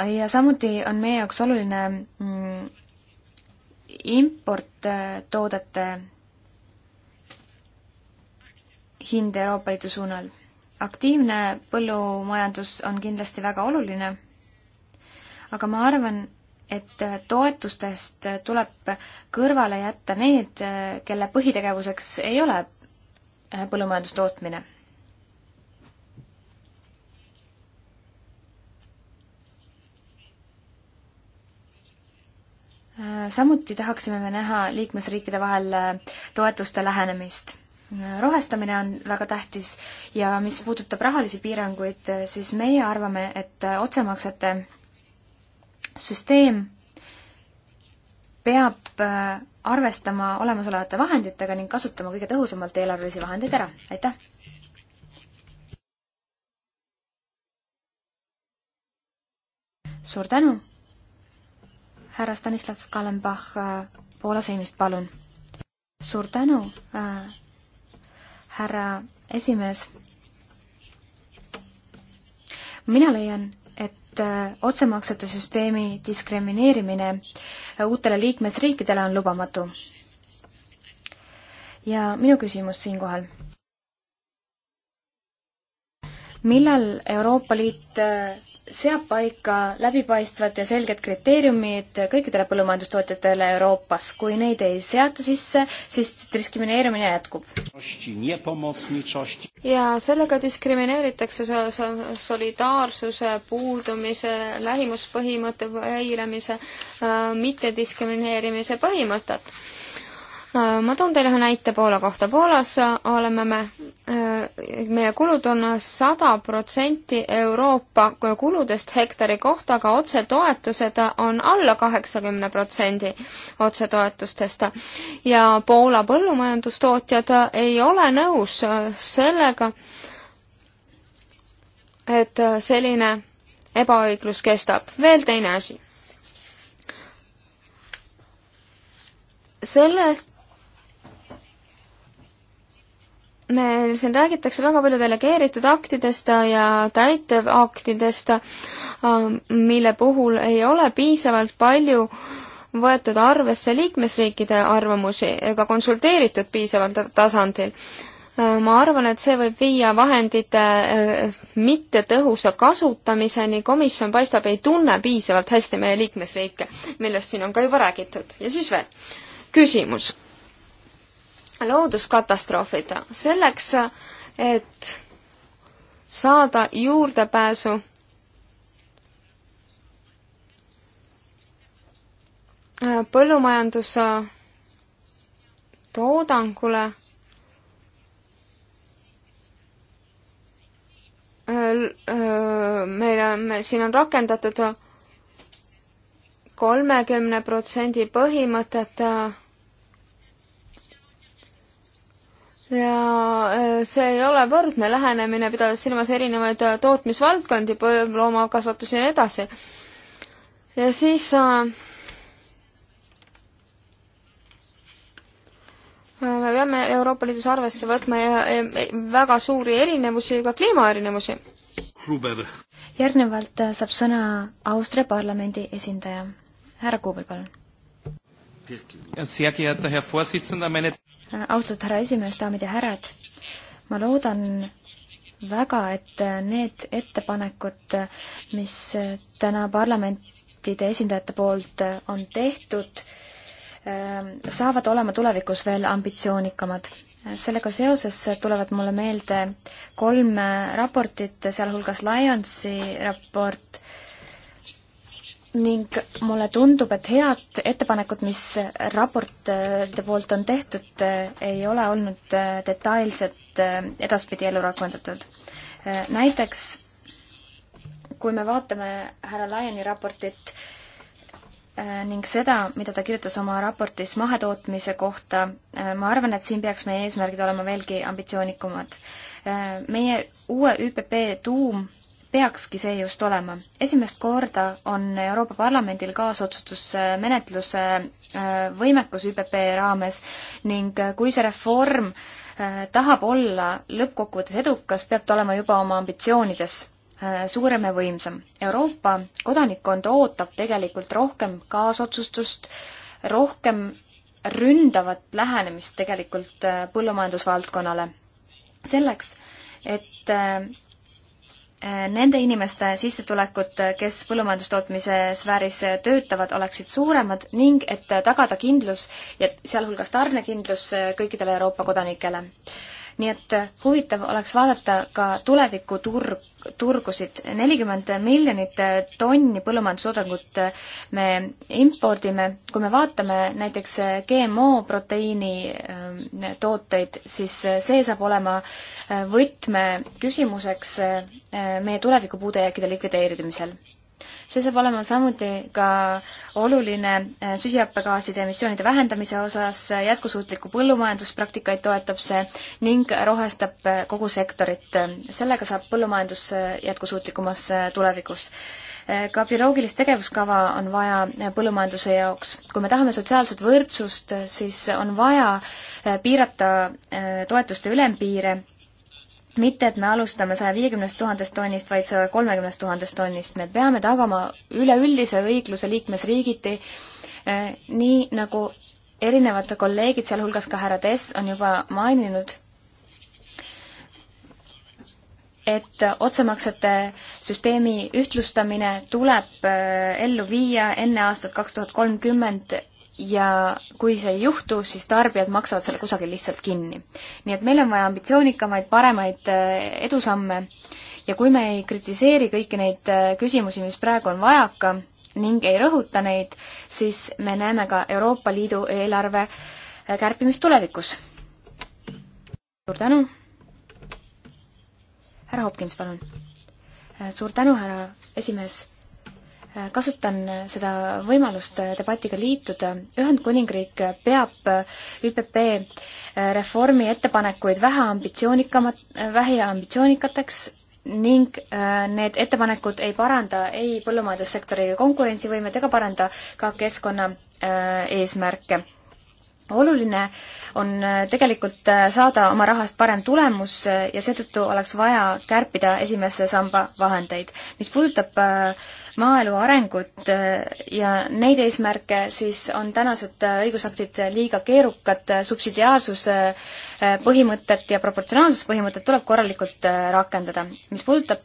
ja samuti on meie jaoks oluline mm, importtoodete äh, hind Euroopa Liidu suunal. aktiivne põllumajandus on kindlasti väga oluline, aga ma arvan, et äh, toetustest äh, tuleb kõrvale jätta need, kelle põhitegevuseks ei ole põllumajandustootmine samuti tahaksime me näha liikmesriikide vahel äh, toetuste lähenemist. rohestamine on väga tähtis ja mis puudutab rahalisi piiranguid, äh, siis meie arvame, et äh, otsemaksete süsteem peab arvestama olemasolevate vahenditega ning kasutama kõige tõhusamalt eelarvelisi vahendeid ära. aitäh! suur tänu! härra Stanislav Kallenbach äh, Poola seimist, palun. suur tänu, äh, härra esimees. mina leian, et äh, otsemaksete süsteemi diskrimineerimine uutele liikmesriikidele on lubamatu. ja minu küsimus siinkohal. millal Euroopa Liit seab paika läbipaistvad ja selged kriteeriumid kõikidele põllumajandustootjatele Euroopas. kui neid ei seata sisse, siis diskrimineerimine jätkub. ja sellega diskrimineeritakse solidaarsuse puudumise, lähimuspõhimõtte eiramise, äh, mittediskrimineerimise põhimõtet Äh, ma toon teile ühe näite Poola kohta. Poolas äh, oleme me, äh, meie kulud on sada protsenti Euroopa kuludest hektari kohta, aga otsetoetused on alla kaheksakümne protsendi otsetoetustest. ja Poola põllumajandustootjad ei ole nõus sellega, et selline ebaõiglus kestab. veel teine asi sellest me siin räägitakse väga palju delegeeritud aktidest ja täitevaktidest, ähm, mille puhul ei ole piisavalt palju võetud arvesse liikmesriikide arvamusi ega konsulteeritud piisaval tasandil. Äh, ma arvan, et see võib viia vahendite äh, mittetõhusa kasutamiseni, komisjon paistab, ei tunne piisavalt hästi meie liikmesriike, millest siin on ka juba räägitud. ja siis veel küsimus looduskatastroofid. selleks, et saada juurdepääsu põllumajandustoodangule meil on, siin on rakendatud kolmekümne protsendi põhimõtet ja äh, see ei ole võrdne lähenemine, pidades silmas erinevaid äh, tootmisvaldkondi, loomakasvatusi ja nii edasi. ja siis äh, me peame Euroopa Liidus arvesse võtma ja, ja väga suuri erinevusi, ka kliimaerinevusi. järgnevalt saab sõna Austria parlamendi esindaja. härra Kuubel, palun austatud härra esimees, daamid ja härrad, ma loodan väga, et need ettepanekud, mis täna parlamentide esindajate poolt on tehtud, ähm, saavad olema tulevikus veel ambitsioonikamad. sellega seoses tulevad mulle meelde kolm raportit, sealhulgas Lionsi raport, ning mulle tundub, et head ettepanekud, mis raportööride poolt on tehtud, ei ole olnud äh, detailselt äh, edaspidi ellu rakendatud. Äh, näiteks kui me vaatame härra Laiani raportit ning seda, mida ta kirjutas oma raportis mahetootmise kohta, ma arvan, et siin peaks meie eesmärgid olema veelgi ambitsioonikumad. meie uue ÜPP tuum peakski see just olema. esimest korda on Euroopa Parlamendil kaasotsustusmenetluse äh, võimekus ÜPP raames ning äh, kui see reform äh, tahab olla lõppkokkuvõttes edukas, peab ta olema juba oma ambitsioonides suurem ja võimsam. Euroopa kodanikkond ootab tegelikult rohkem kaasotsustust, rohkem ründavat lähenemist tegelikult põllumajandusvaldkonnale. selleks, et nende inimeste sissetulekud, kes põllumajandustootmise sfääris töötavad, oleksid suuremad ning et tagada kindlus ja sealhulgas tarnekindlus kõikidele Euroopa kodanikele nii et äh, huvitav oleks vaadata ka tulevikuturg, turgusid. nelikümmend miljonit äh, tonni põllumajandustoodangut äh, me impordime. kui me vaatame näiteks GMO-proteiini ähm, tooteid, siis see saab olema võtmeküsimuseks meie tulevikupuudujääkide likvideerimisel see saab olema samuti ka oluline äh, süsihappegaaside emissioonide vähendamise osas, äh, jätkusuutlikku põllumajanduspraktikaid toetab see ning rohestab äh, kogu sektorit. sellega saab põllumajandus jätkusuutlikumas tulevikus ka bioloogilist tegevuskava on vaja põllumajanduse jaoks. kui me tahame sotsiaalset võrdsust, siis on vaja piirata toetuste ülempiire mitte, et me alustame saja viiekümnest tuhandest tonnist, vaid saja kolmekümnest tuhandest tonnist. me peame tagama üleüldise õigluse liikmesriigiti, eh, nii nagu erinevad kolleegid, sealhulgas ka härra Tess, on juba maininud, et otsemaksete süsteemi ühtlustamine tuleb eh, ellu viia enne aastat kaks tuhat kolmkümmend ja kui see ei juhtu, siis tarbijad maksavad selle kusagil lihtsalt kinni. nii et meil on vaja ambitsioonikamaid, paremaid äh, edusamme ja kui me ei kritiseeri kõiki neid äh, küsimusi, mis praegu on vajaka, ning ei rõhuta neid, siis me näeme ka Euroopa Liidu eelarve äh, kärpimist tulevikus. suur tänu! härra Hopkins, palun! suur tänu, härra esimees kasutan seda võimalust debatiga liituda. Ühendkuningriik peab ÜPP reformi ettepanekuid vähe ambitsioonikamad, vähe ambitsioonikateks ning äh, need ettepanekud ei paranda ei põllumajandussektori konkurentsivõimet ega paranda ka keskkonna äh, eesmärke oluline on äh, tegelikult äh, saada oma rahast parem tulemus äh, ja seetõttu oleks vaja kärpida esimese samba vahendeid. mis puudutab maaelu arengut ja neid eesmärke, siis on tänased õigusaktid liiga keerukad, subsidiaarsuse põhimõtet ja proportsionaalsuspõhimõtet tuleb korralikult rakendada. mis puudutab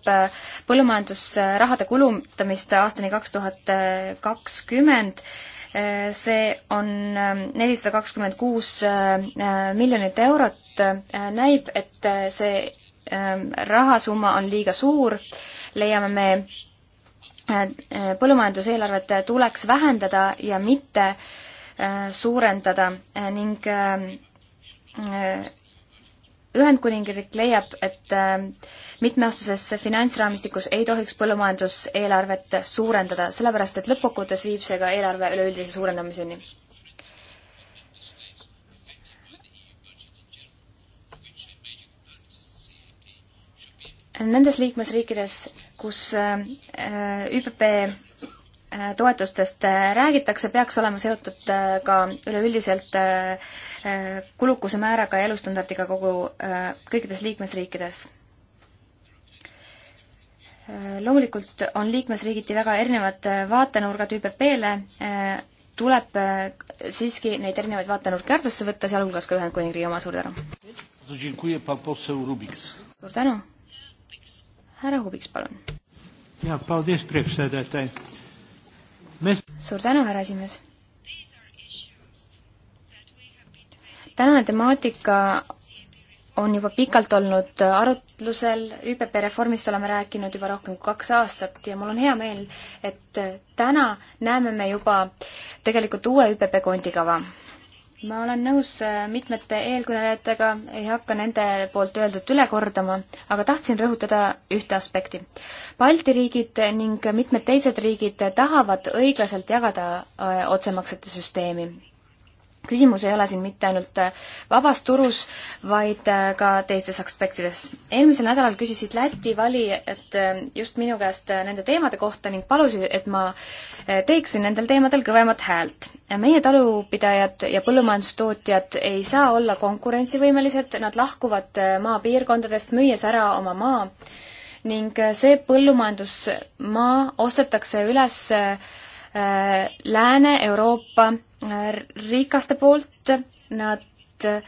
põllumajandusrahade kulutamist aastani kaks tuhat kakskümmend, see on ähm, nelisada kakskümmend kuus äh, äh, miljonit eurot, äh, näib, et see ähm, rahasumma on liiga suur, leiame me põllumajanduseelarvet tuleks vähendada ja mitte suurendada ning ähm, Ühendkuningriik leiab, et äh, mitmeaastases finantsraamistikus ei tohiks põllumajanduseelarvet suurendada, sellepärast et lõppkokkuvõttes viib see ka eelarve üleüldise suurendamiseni. Nendes liikmesriikides, kus äh, äh, ÜPP Äh, toetustest äh, räägitakse, peaks olema seotud äh, ka üleüldiselt kulukuse määraga ja elustandardiga kogu, kõikides liikmesriikides. loomulikult on liikmesriigiti väga erinevad vaatenurgad ÜPP-le, tuleb siiski neid erinevaid vaatenurki arvesse võtta, sealhulgas ka Ühendkuningriigi oma, suur tänu! suur tänu! härra Hubiks, palun! jah, paldies, preksõdetaja! suur tänu, härra esimees. tänane temaatika on juba pikalt olnud arutlusel, ÜPP reformist oleme rääkinud juba rohkem kui kaks aastat ja mul on hea meel, et täna näeme me juba tegelikult uue ÜPP kondikava ma olen nõus äh, mitmete eelkõnelejatega, ei hakka nende poolt öeldut üle kordama, aga tahtsin rõhutada ühte aspekti. Balti riigid ning mitmed teised riigid tahavad õiglaselt jagada äh, otsemaksete süsteemi küsimus ei ole siin mitte ainult äh, vabas turus, vaid äh, ka teistes aspektides. eelmisel nädalal küsisid Läti valijad äh, just minu käest nende teemade kohta ning palusid, et ma teeksin nendel teemadel kõvemat häält. meie talupidajad ja põllumajandustootjad ei saa olla konkurentsivõimelised, nad lahkuvad maapiirkondadest, müües ära oma maa ning see põllumajandusmaa ostetakse üles Lääne-Euroopa rikaste poolt, nad äh,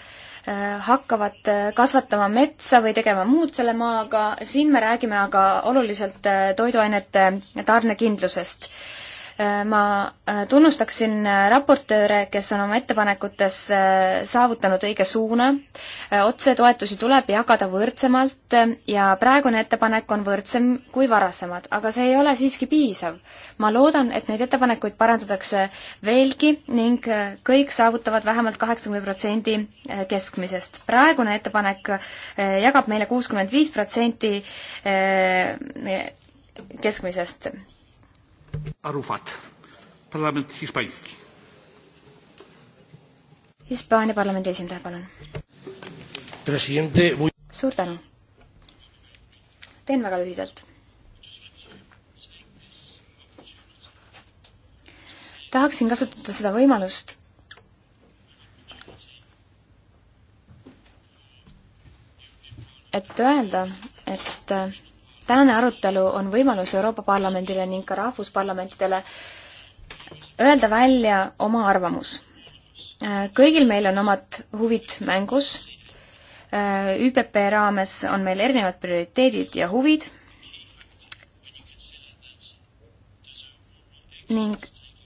hakkavad äh, kasvatama metsa või tegema muud selle maaga, siin me räägime aga oluliselt äh, toiduainete tarnekindlusest. Äh, ma äh, tunnustaksin äh, raportööre, kes on oma ettepanekutes saavutanud õige suuna. otsetoetusi tuleb jagada võrdsemalt ja praegune ettepanek on võrdsem kui varasemad, aga see ei ole siiski piisav. ma loodan, et neid ettepanekuid parandatakse veelgi ning kõik saavutavad vähemalt kaheksakümne protsendi keskmisest. praegune ettepanek jagab meile kuuskümmend viis protsenti keskmisest Arufat, parlament Hispaanski. Hispaania parlamendi esindaja, palun. Muy... suur tänu. teen väga lühidalt. tahaksin kasutada seda võimalust, et öelda, et tänane arutelu on võimalus Euroopa Parlamendile ning ka rahvusparlamentidele öelda välja oma arvamus. kõigil meil on omad huvid mängus. ÜPP raames on meil erinevad prioriteedid ja huvid ning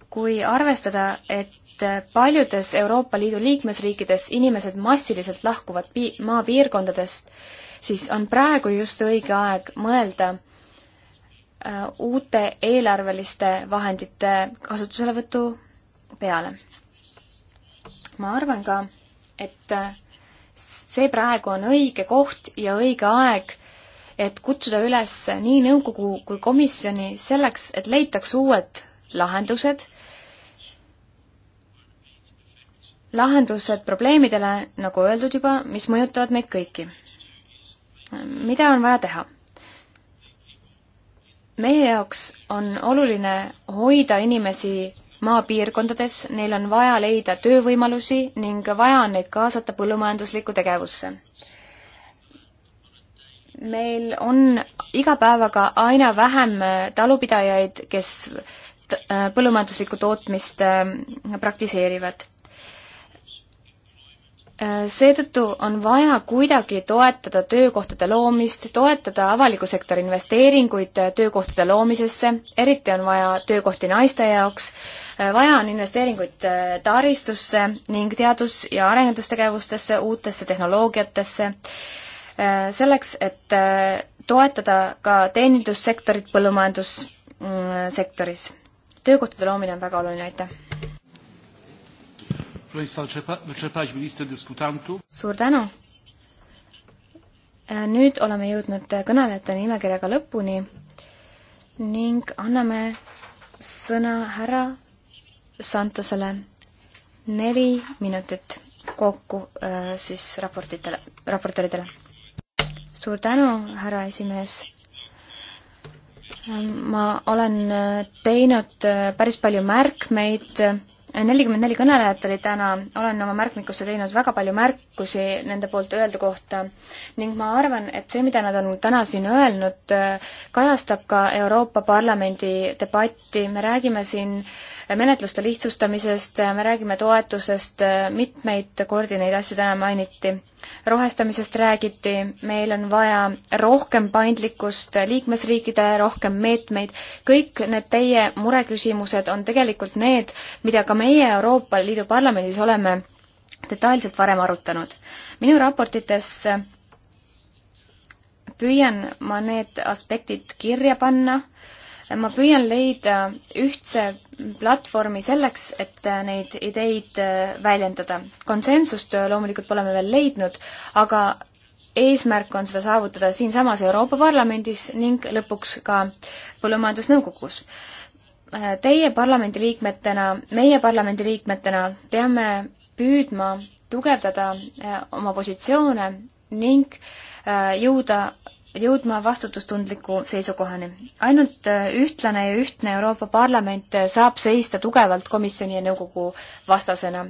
kui arvestada, et paljudes Euroopa Liidu liikmesriikides inimesed massiliselt lahkuvad pi-, maapiirkondadest siis on praegu just õige aeg mõelda äh, uute eelarveliste vahendite kasutuselevõtu peale. ma arvan ka, et äh, see praegu on õige koht ja õige aeg, et kutsuda üles nii nõukogu kui komisjoni selleks, et leitaks uued lahendused, lahendused probleemidele, nagu öeldud juba, mis mõjutavad meid kõiki mida on vaja teha? meie jaoks on oluline hoida inimesi maapiirkondades, neil on vaja leida töövõimalusi ning vaja on neid kaasata põllumajanduslikku tegevusse. meil on iga päevaga aina vähem talupidajaid, kes äh, põllumajanduslikku tootmist äh, praktiseerivad Äh, seetõttu on vaja kuidagi toetada töökohtade loomist, toetada avaliku sektori investeeringuid äh, töökohtade loomisesse, eriti on vaja töökohti naiste jaoks, äh, vaja on investeeringuid taristusse ning teadus- ja arendustegevustesse, uutesse tehnoloogiatesse, selleks, et toetada ka teenindussektorit põllumajandussektoris. töökohtade loomine on väga oluline, aitäh! suur tänu! E, nüüd oleme jõudnud kõnelejate nimekirjaga lõpuni ning anname sõna härra Santosele neli minutit kokku e, siis raportitele, raportööridele. suur tänu, härra esimees. E, ma olen teinud päris palju märkmeid nelikümmend neli kõnelejat oli täna, olen oma märkmikusse teinud väga palju märkusi nende poolt öeldu kohta ning ma arvan, et see, mida nad on täna siin öelnud, kajastab ka Euroopa Parlamendi debatti, me räägime siin äh, menetluste lihtsustamisest, me räägime toetusest, mitmeid kordi neid asju täna mainiti. rohestamisest räägiti, meil on vaja rohkem paindlikkust liikmesriikidele, rohkem meetmeid, kõik need teie mureküsimused on tegelikult need, mida ka meie Euroopa Liidu Parlamendis oleme detailselt varem arutanud. minu raportites püüan ma need aspektid kirja panna, ma püüan leida ühtse platvormi selleks, et äh, neid ideid äh, väljendada. konsensust äh, loomulikult pole me veel leidnud, aga eesmärk on seda saavutada siinsamas Euroopa Parlamendis ning lõpuks ka Põllumajandusnõukogus. Teie parlamendiliikmetena, meie parlamendiliikmetena peame püüdma tugevdada oma positsioone ning jõuda jõudma vastutustundliku seisukohani. ainult äh, ühtlane ja ühtne Euroopa Parlament äh, saab seista tugevalt komisjoni ja nõukogu vastasena.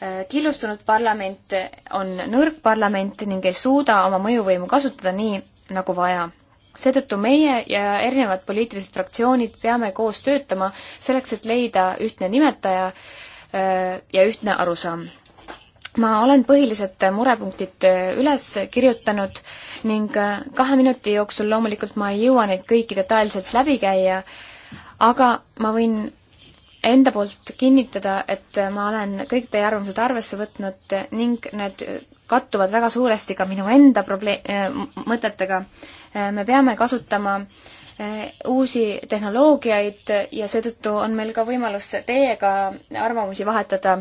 Äh, killustunud parlament on nõrk parlament ning ei suuda oma mõjuvõimu kasutada nii, nagu vaja seetõttu meie ja erinevad poliitilised fraktsioonid peame koos töötama selleks, et leida ühtne nimetaja ja ühtne arusaam ma olen põhilised murepunktid äh, üles kirjutanud ning äh, kahe minuti jooksul loomulikult ma ei jõua neid kõiki detailselt läbi käia, aga ma võin enda poolt kinnitada, et äh, ma olen kõik teie arvamused arvesse võtnud ning need kattuvad väga suuresti ka minu enda probleem, mõtetega. me peame kasutama uusi tehnoloogiaid ja seetõttu on meil ka võimalus teiega arvamusi vahetada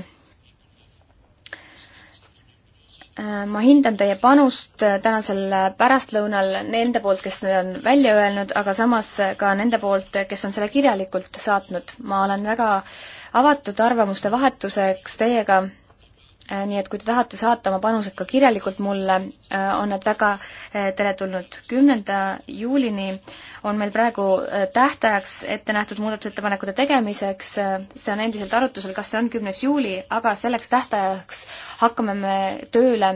Äh, ma hindan teie panust äh, tänasel äh, pärastlõunal nende poolt, kes on välja öelnud, aga samas ka nende poolt, kes on selle kirjalikult saatnud. ma olen väga avatud arvamuste vahetuseks teiega Äh, nii et kui te tahate saata oma panused ka kirjalikult mulle, äh, on need väga äh, teretulnud. kümnenda juulini on meil praegu tähtajaks ette nähtud muudatusettepanekute tegemiseks, see on endiselt arutusel, kas see on kümnes juuli, aga selleks tähtajaks hakkame me tööle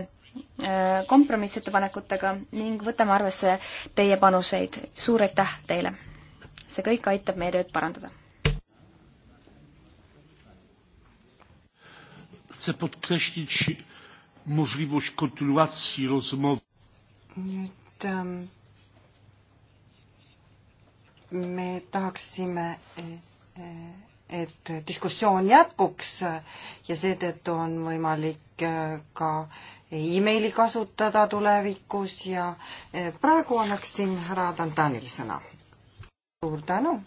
kompromissettepanekutega ning võtame arvesse teie panuseid. suur aitäh teile! see kõik aitab meie tööd parandada Chcę podkreślić możliwość kontynuacji rozmowy. Nüüd ähm, me tahaksime, e, e, et diskussioon jätkuks ja seetõttu on võimalik e, ka emaili kasutada tulevikus ja praegu annaksin härra Dantanil sõna. suur tänu!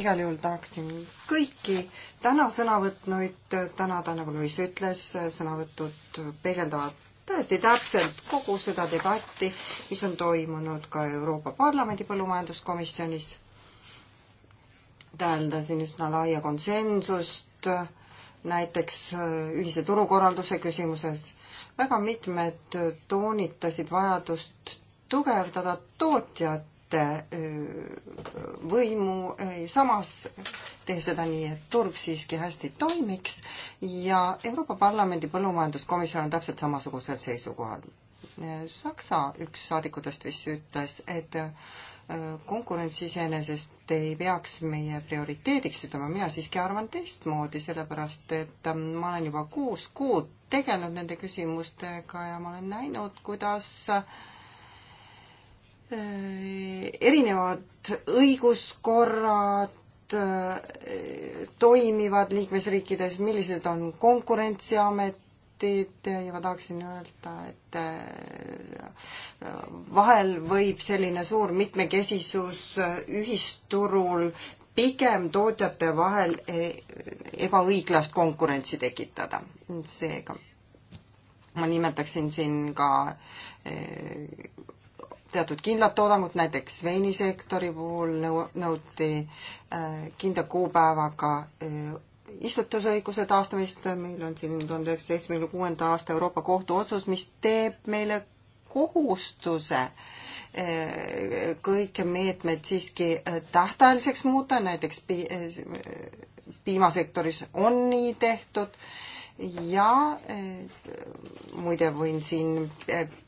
igal juhul tahaksin kõiki täna sõna võtnuid tänada, nagu Luis ütles, sõnavõtud peegeldavad täiesti täpselt kogu seda debatti, mis on toimunud ka Euroopa Parlamendi põllumajanduskomisjonis. täheldasin üsna laia konsensust näiteks äh, ühise turukorralduse küsimuses. väga mitmed toonitasid vajadust tugevdada tootjat võimu, samas teha seda nii, et turg siiski hästi toimiks ja Euroopa Parlamendi põllumajanduskomisjon on täpselt samasugusel seisukohal. Saksa üks saadikutest vist ütles, et konkurents iseenesest ei peaks meie prioriteediks ütlema, mina siiski arvan teistmoodi, sellepärast et ma olen juba kuus kuud tegelenud nende küsimustega ja ma olen näinud, kuidas äh, Äh, erinevad õiguskorrad äh, toimivad liikmesriikides, millised on konkurentsiametid ja ma tahaksin öelda, et äh, vahel võib selline suur mitmekesisus ühisturul pigem tootjate vahel e, ebaõiglast konkurentsi tekitada. seega ma nimetaksin siin ka teatud kindlat toodangut, näiteks veinisektori puhul nõu-, nõuti äh, kindla kuupäevaga äh, istutusõiguse taastamist, meil on siin tuhande üheksasaja seitsmekümne kuuenda aasta Euroopa Kohtu otsus, mis teeb meile kohustuse äh, kõiki meetmeid siiski tähtajaliseks muuta, näiteks pi-, piimasektoris on nii tehtud ja muide võin siin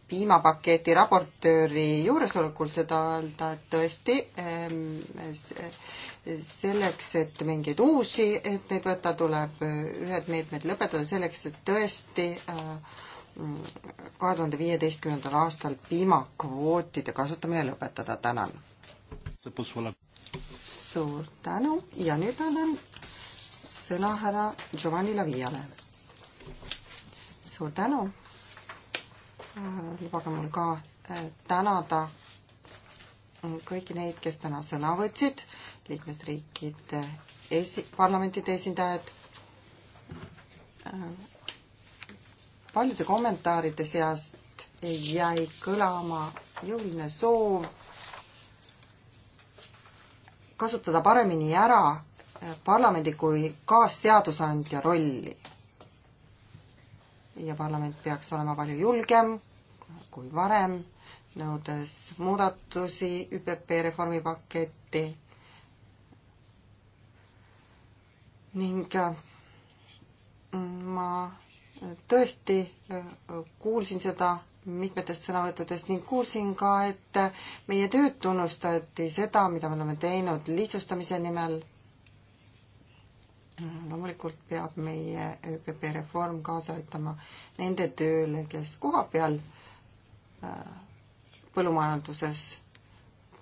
piimapaketi raportööri juuresolekul seda öelda, et tõesti ehm, selleks, et mingeid uusi, et neid võtta, tuleb äh, ühed meetmed lõpetada selleks, et tõesti äh, kahe tuhande viieteistkümnendal aastal piimakvootide kasutamine lõpetada, tänan. suur tänu ja nüüd annan sõna härra Giovanni Laviale. suur tänu lubage äh, mul ka äh, tänada äh, kõiki neid, kes täna sõna võtsid, liikmesriikide esi-, parlamentide esindajad. paljude kommentaaride seast jäi kõlama jõuline soov kasutada paremini ära parlamendi kui kaasseadusandja rolli. ja parlament peaks olema palju julgem kui varem, nõudes muudatusi ÜPP reformipaketti ning äh, ma tõesti äh, kuulsin seda mitmetest sõnavõttudest ning kuulsin ka, et meie tööd tunnustati, seda, mida me oleme teinud lihtsustamise nimel. loomulikult peab meie ÜPP reform kaasa aitama nende tööle, kes koha peal äh, Äh, põllumajanduses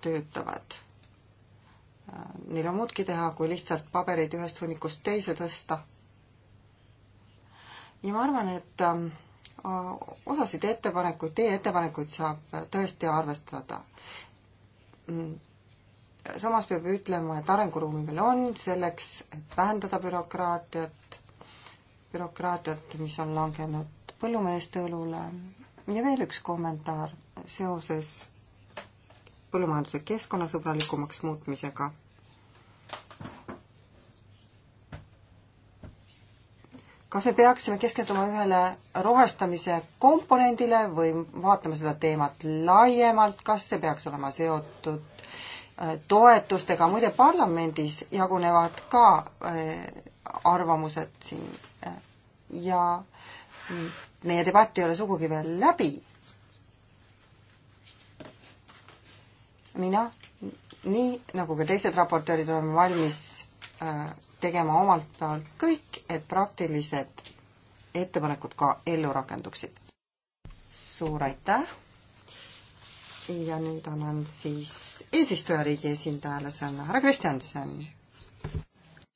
töötavad. Äh, neil on muudki teha, kui lihtsalt pabereid ühest hunnikust teise tõsta. ja ma arvan, et ähm, osasid ettepanekuid, teie ettepanekuid saab tõesti arvestada. Mm, samas peab ütlema, et arenguruumi meil on selleks, et vähendada bürokraatiat, bürokraatiat, mis on langenud põllumeeste õlule, ja veel üks kommentaar seoses põllumajanduse keskkonnasõbralikumaks muutmisega. kas me peaksime keskenduma ühele rohestamise komponendile või vaatame seda teemat laiemalt, kas see peaks olema seotud äh, toetustega, muide parlamendis jagunevad ka äh, arvamused siin äh, ja mm, meie debatt ei ole sugugi veel läbi. mina, nii nagu ka teised raportöörid, olen valmis äh, tegema omalt poolt kõik, et praktilised ettepanekud ka ellu rakenduksid. suur aitäh! ja nüüd annan siis eesistujariigi esindajale sõna, härra Kristjanson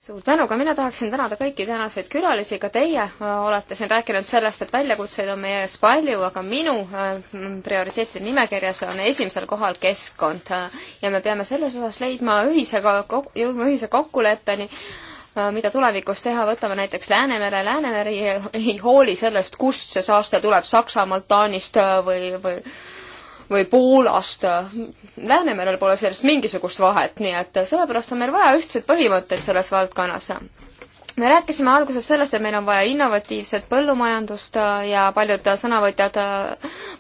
suur tänu, ka mina tahaksin tänada kõiki tänaseid külalisi, ka teie äh, olete siin rääkinud sellest, et väljakutseid on meie ees palju, aga minu äh, prioriteetide nimekirjas on esimesel kohal keskkond äh, ja me peame selles osas leidma ühise, jõudma ühise kokkuleppeni, mida tulevikus teha, võtame näiteks Läänemere, Läänemeri ei hooli sellest, kust see saaste tuleb, Saksamaalt, Taanist või, või või Poolast. Läänemerel pole sellest mingisugust vahet, nii et sellepärast on meil vaja ühtseid põhimõtteid selles valdkonnas me rääkisime alguses sellest, et meil on vaja innovatiivset põllumajandust ja paljud sõnavõtjad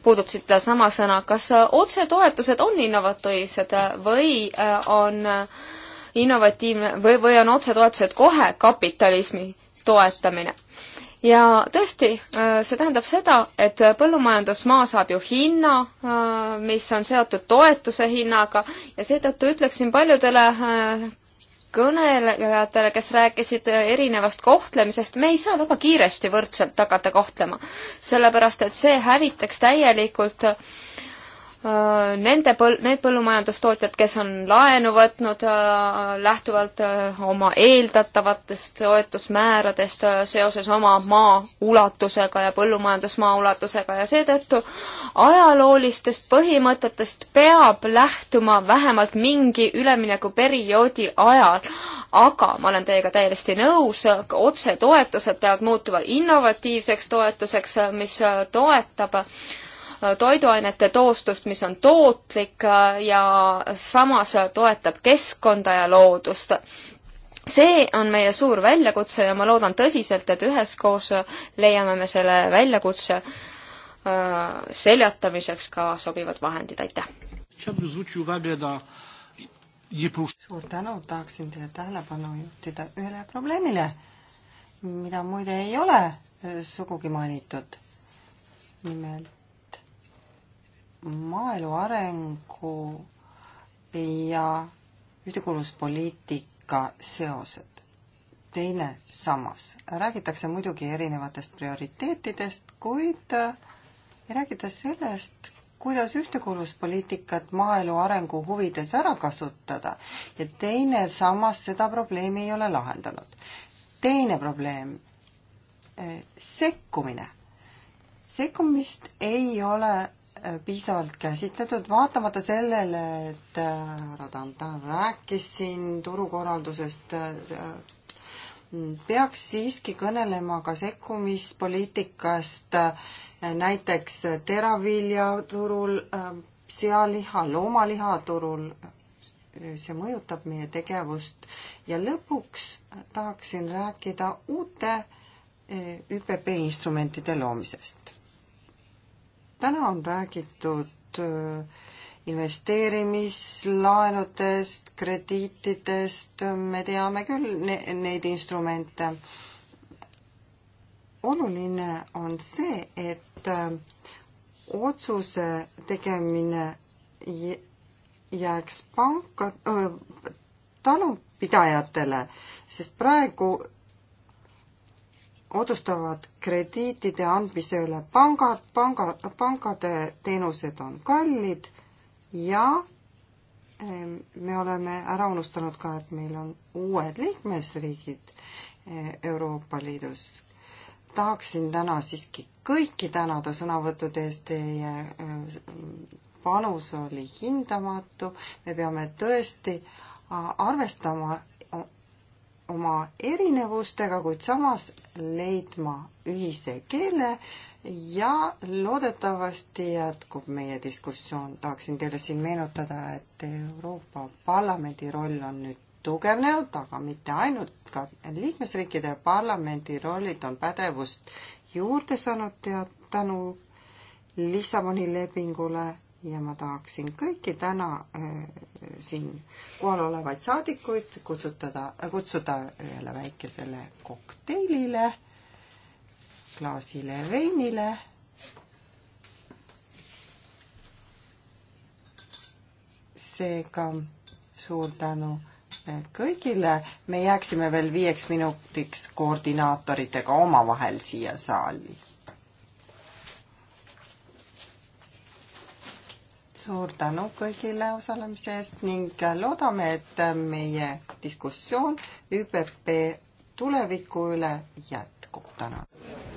puudutasid sedasama sõna. kas otsetoetused on innovatiivsed või on innovatiivne või, või on otsetoetused kohe kapitalismi toetamine? ja tõesti, äh, see tähendab seda, et põllumajandusmaa saab ju hinna, äh, mis on seotud toetuse hinnaga ja seetõttu ütleksin paljudele äh, kõnelejatele, kes rääkisid erinevast kohtlemisest, me ei saa väga kiiresti võrdselt hakata kohtlema, sellepärast et see hävitaks täielikult äh, Äh, nende põl-, need põllumajandustootjad, kes on laenu võtnud äh, lähtuvalt äh, oma eeldatavatest toetusmääradest seoses oma maa ulatusega ja põllumajandusmaa ulatusega ja seetõttu ajaloolistest põhimõtetest peab lähtuma vähemalt mingi üleminekuperioodi ajal. aga ma olen teiega täiesti nõus, otsetoetused peavad muutuma innovatiivseks toetuseks, mis toetab äh, toiduainete toostust, mis on tootlik äh, ja samas toetab keskkonda ja loodust see on meie suur väljakutse ja ma loodan tõsiselt, et üheskoos leiame me selle väljakutse äh, seljatamiseks ka sobivad vahendid, aitäh! suur tänu, tahaksin teie tähelepanu juhtida ühele probleemile, mida muide ei ole e, sugugi mainitud. nimelt maaelu arengu ja ühtekuuluvuspoliitika seosed. teine sammas, räägitakse muidugi erinevatest prioriteetidest, kuid äh, ei räägita sellest, kuidas ühtekuuluvuspoliitikat maaelu arengu huvides ära kasutada ja teine sammas seda probleemi ei ole lahendanud. teine probleem, äh, sekkumine. sekkumist ei ole piisavalt käsitletud, vaatamata sellele, et äh, härra Tantan rääkis siin turukorraldusest, äh, peaks siiski kõnelema ka sekkumispoliitikast äh, näiteks teraviljaturul, sealiha, loomalihaturul, see mõjutab meie tegevust ja lõpuks tahaksin rääkida uute ÜPP instrumentide loomisest täna on räägitud äh, investeerimislaenudest, krediitidest, me teame küll ne neid instrumente. oluline on see, et äh, otsuse tegemine jääks panka äh,, talupidajatele, sest praegu otsustavad krediitide andmise üle pangad, panga, pankade teenused on kallid ja ehm, me oleme ära unustanud ka, et meil on uued liikmesriigid eh, Euroopa Liidus. tahaksin täna siiski kõiki tänada sõnavõttude eest, teie eh, panus oli hindamatu, me peame tõesti arvestama oma erinevustega, kuid samas leidma ühise keele ja loodetavasti jätkub meie diskussioon. tahaksin teile siin meenutada, et Euroopa Parlamendi roll on nüüd tugevnenud, aga mitte ainult, ka liikmesriikide parlamendi rollid on pädevust juurde saanud tead tänu Lissaboni lepingule ja ma tahaksin kõiki täna äh, siin kohal olevaid saadikuid kutsutada, kutsuda ühele väikesele kokteilile, klaasile veinile. seega suur tänu äh, kõigile, me jääksime veel viieks minutiks koordinaatoritega omavahel siia saali suur tänu kõigile osalemise eest ning loodame, et meie diskussioon ÜPP tuleviku üle jätkub. tänan!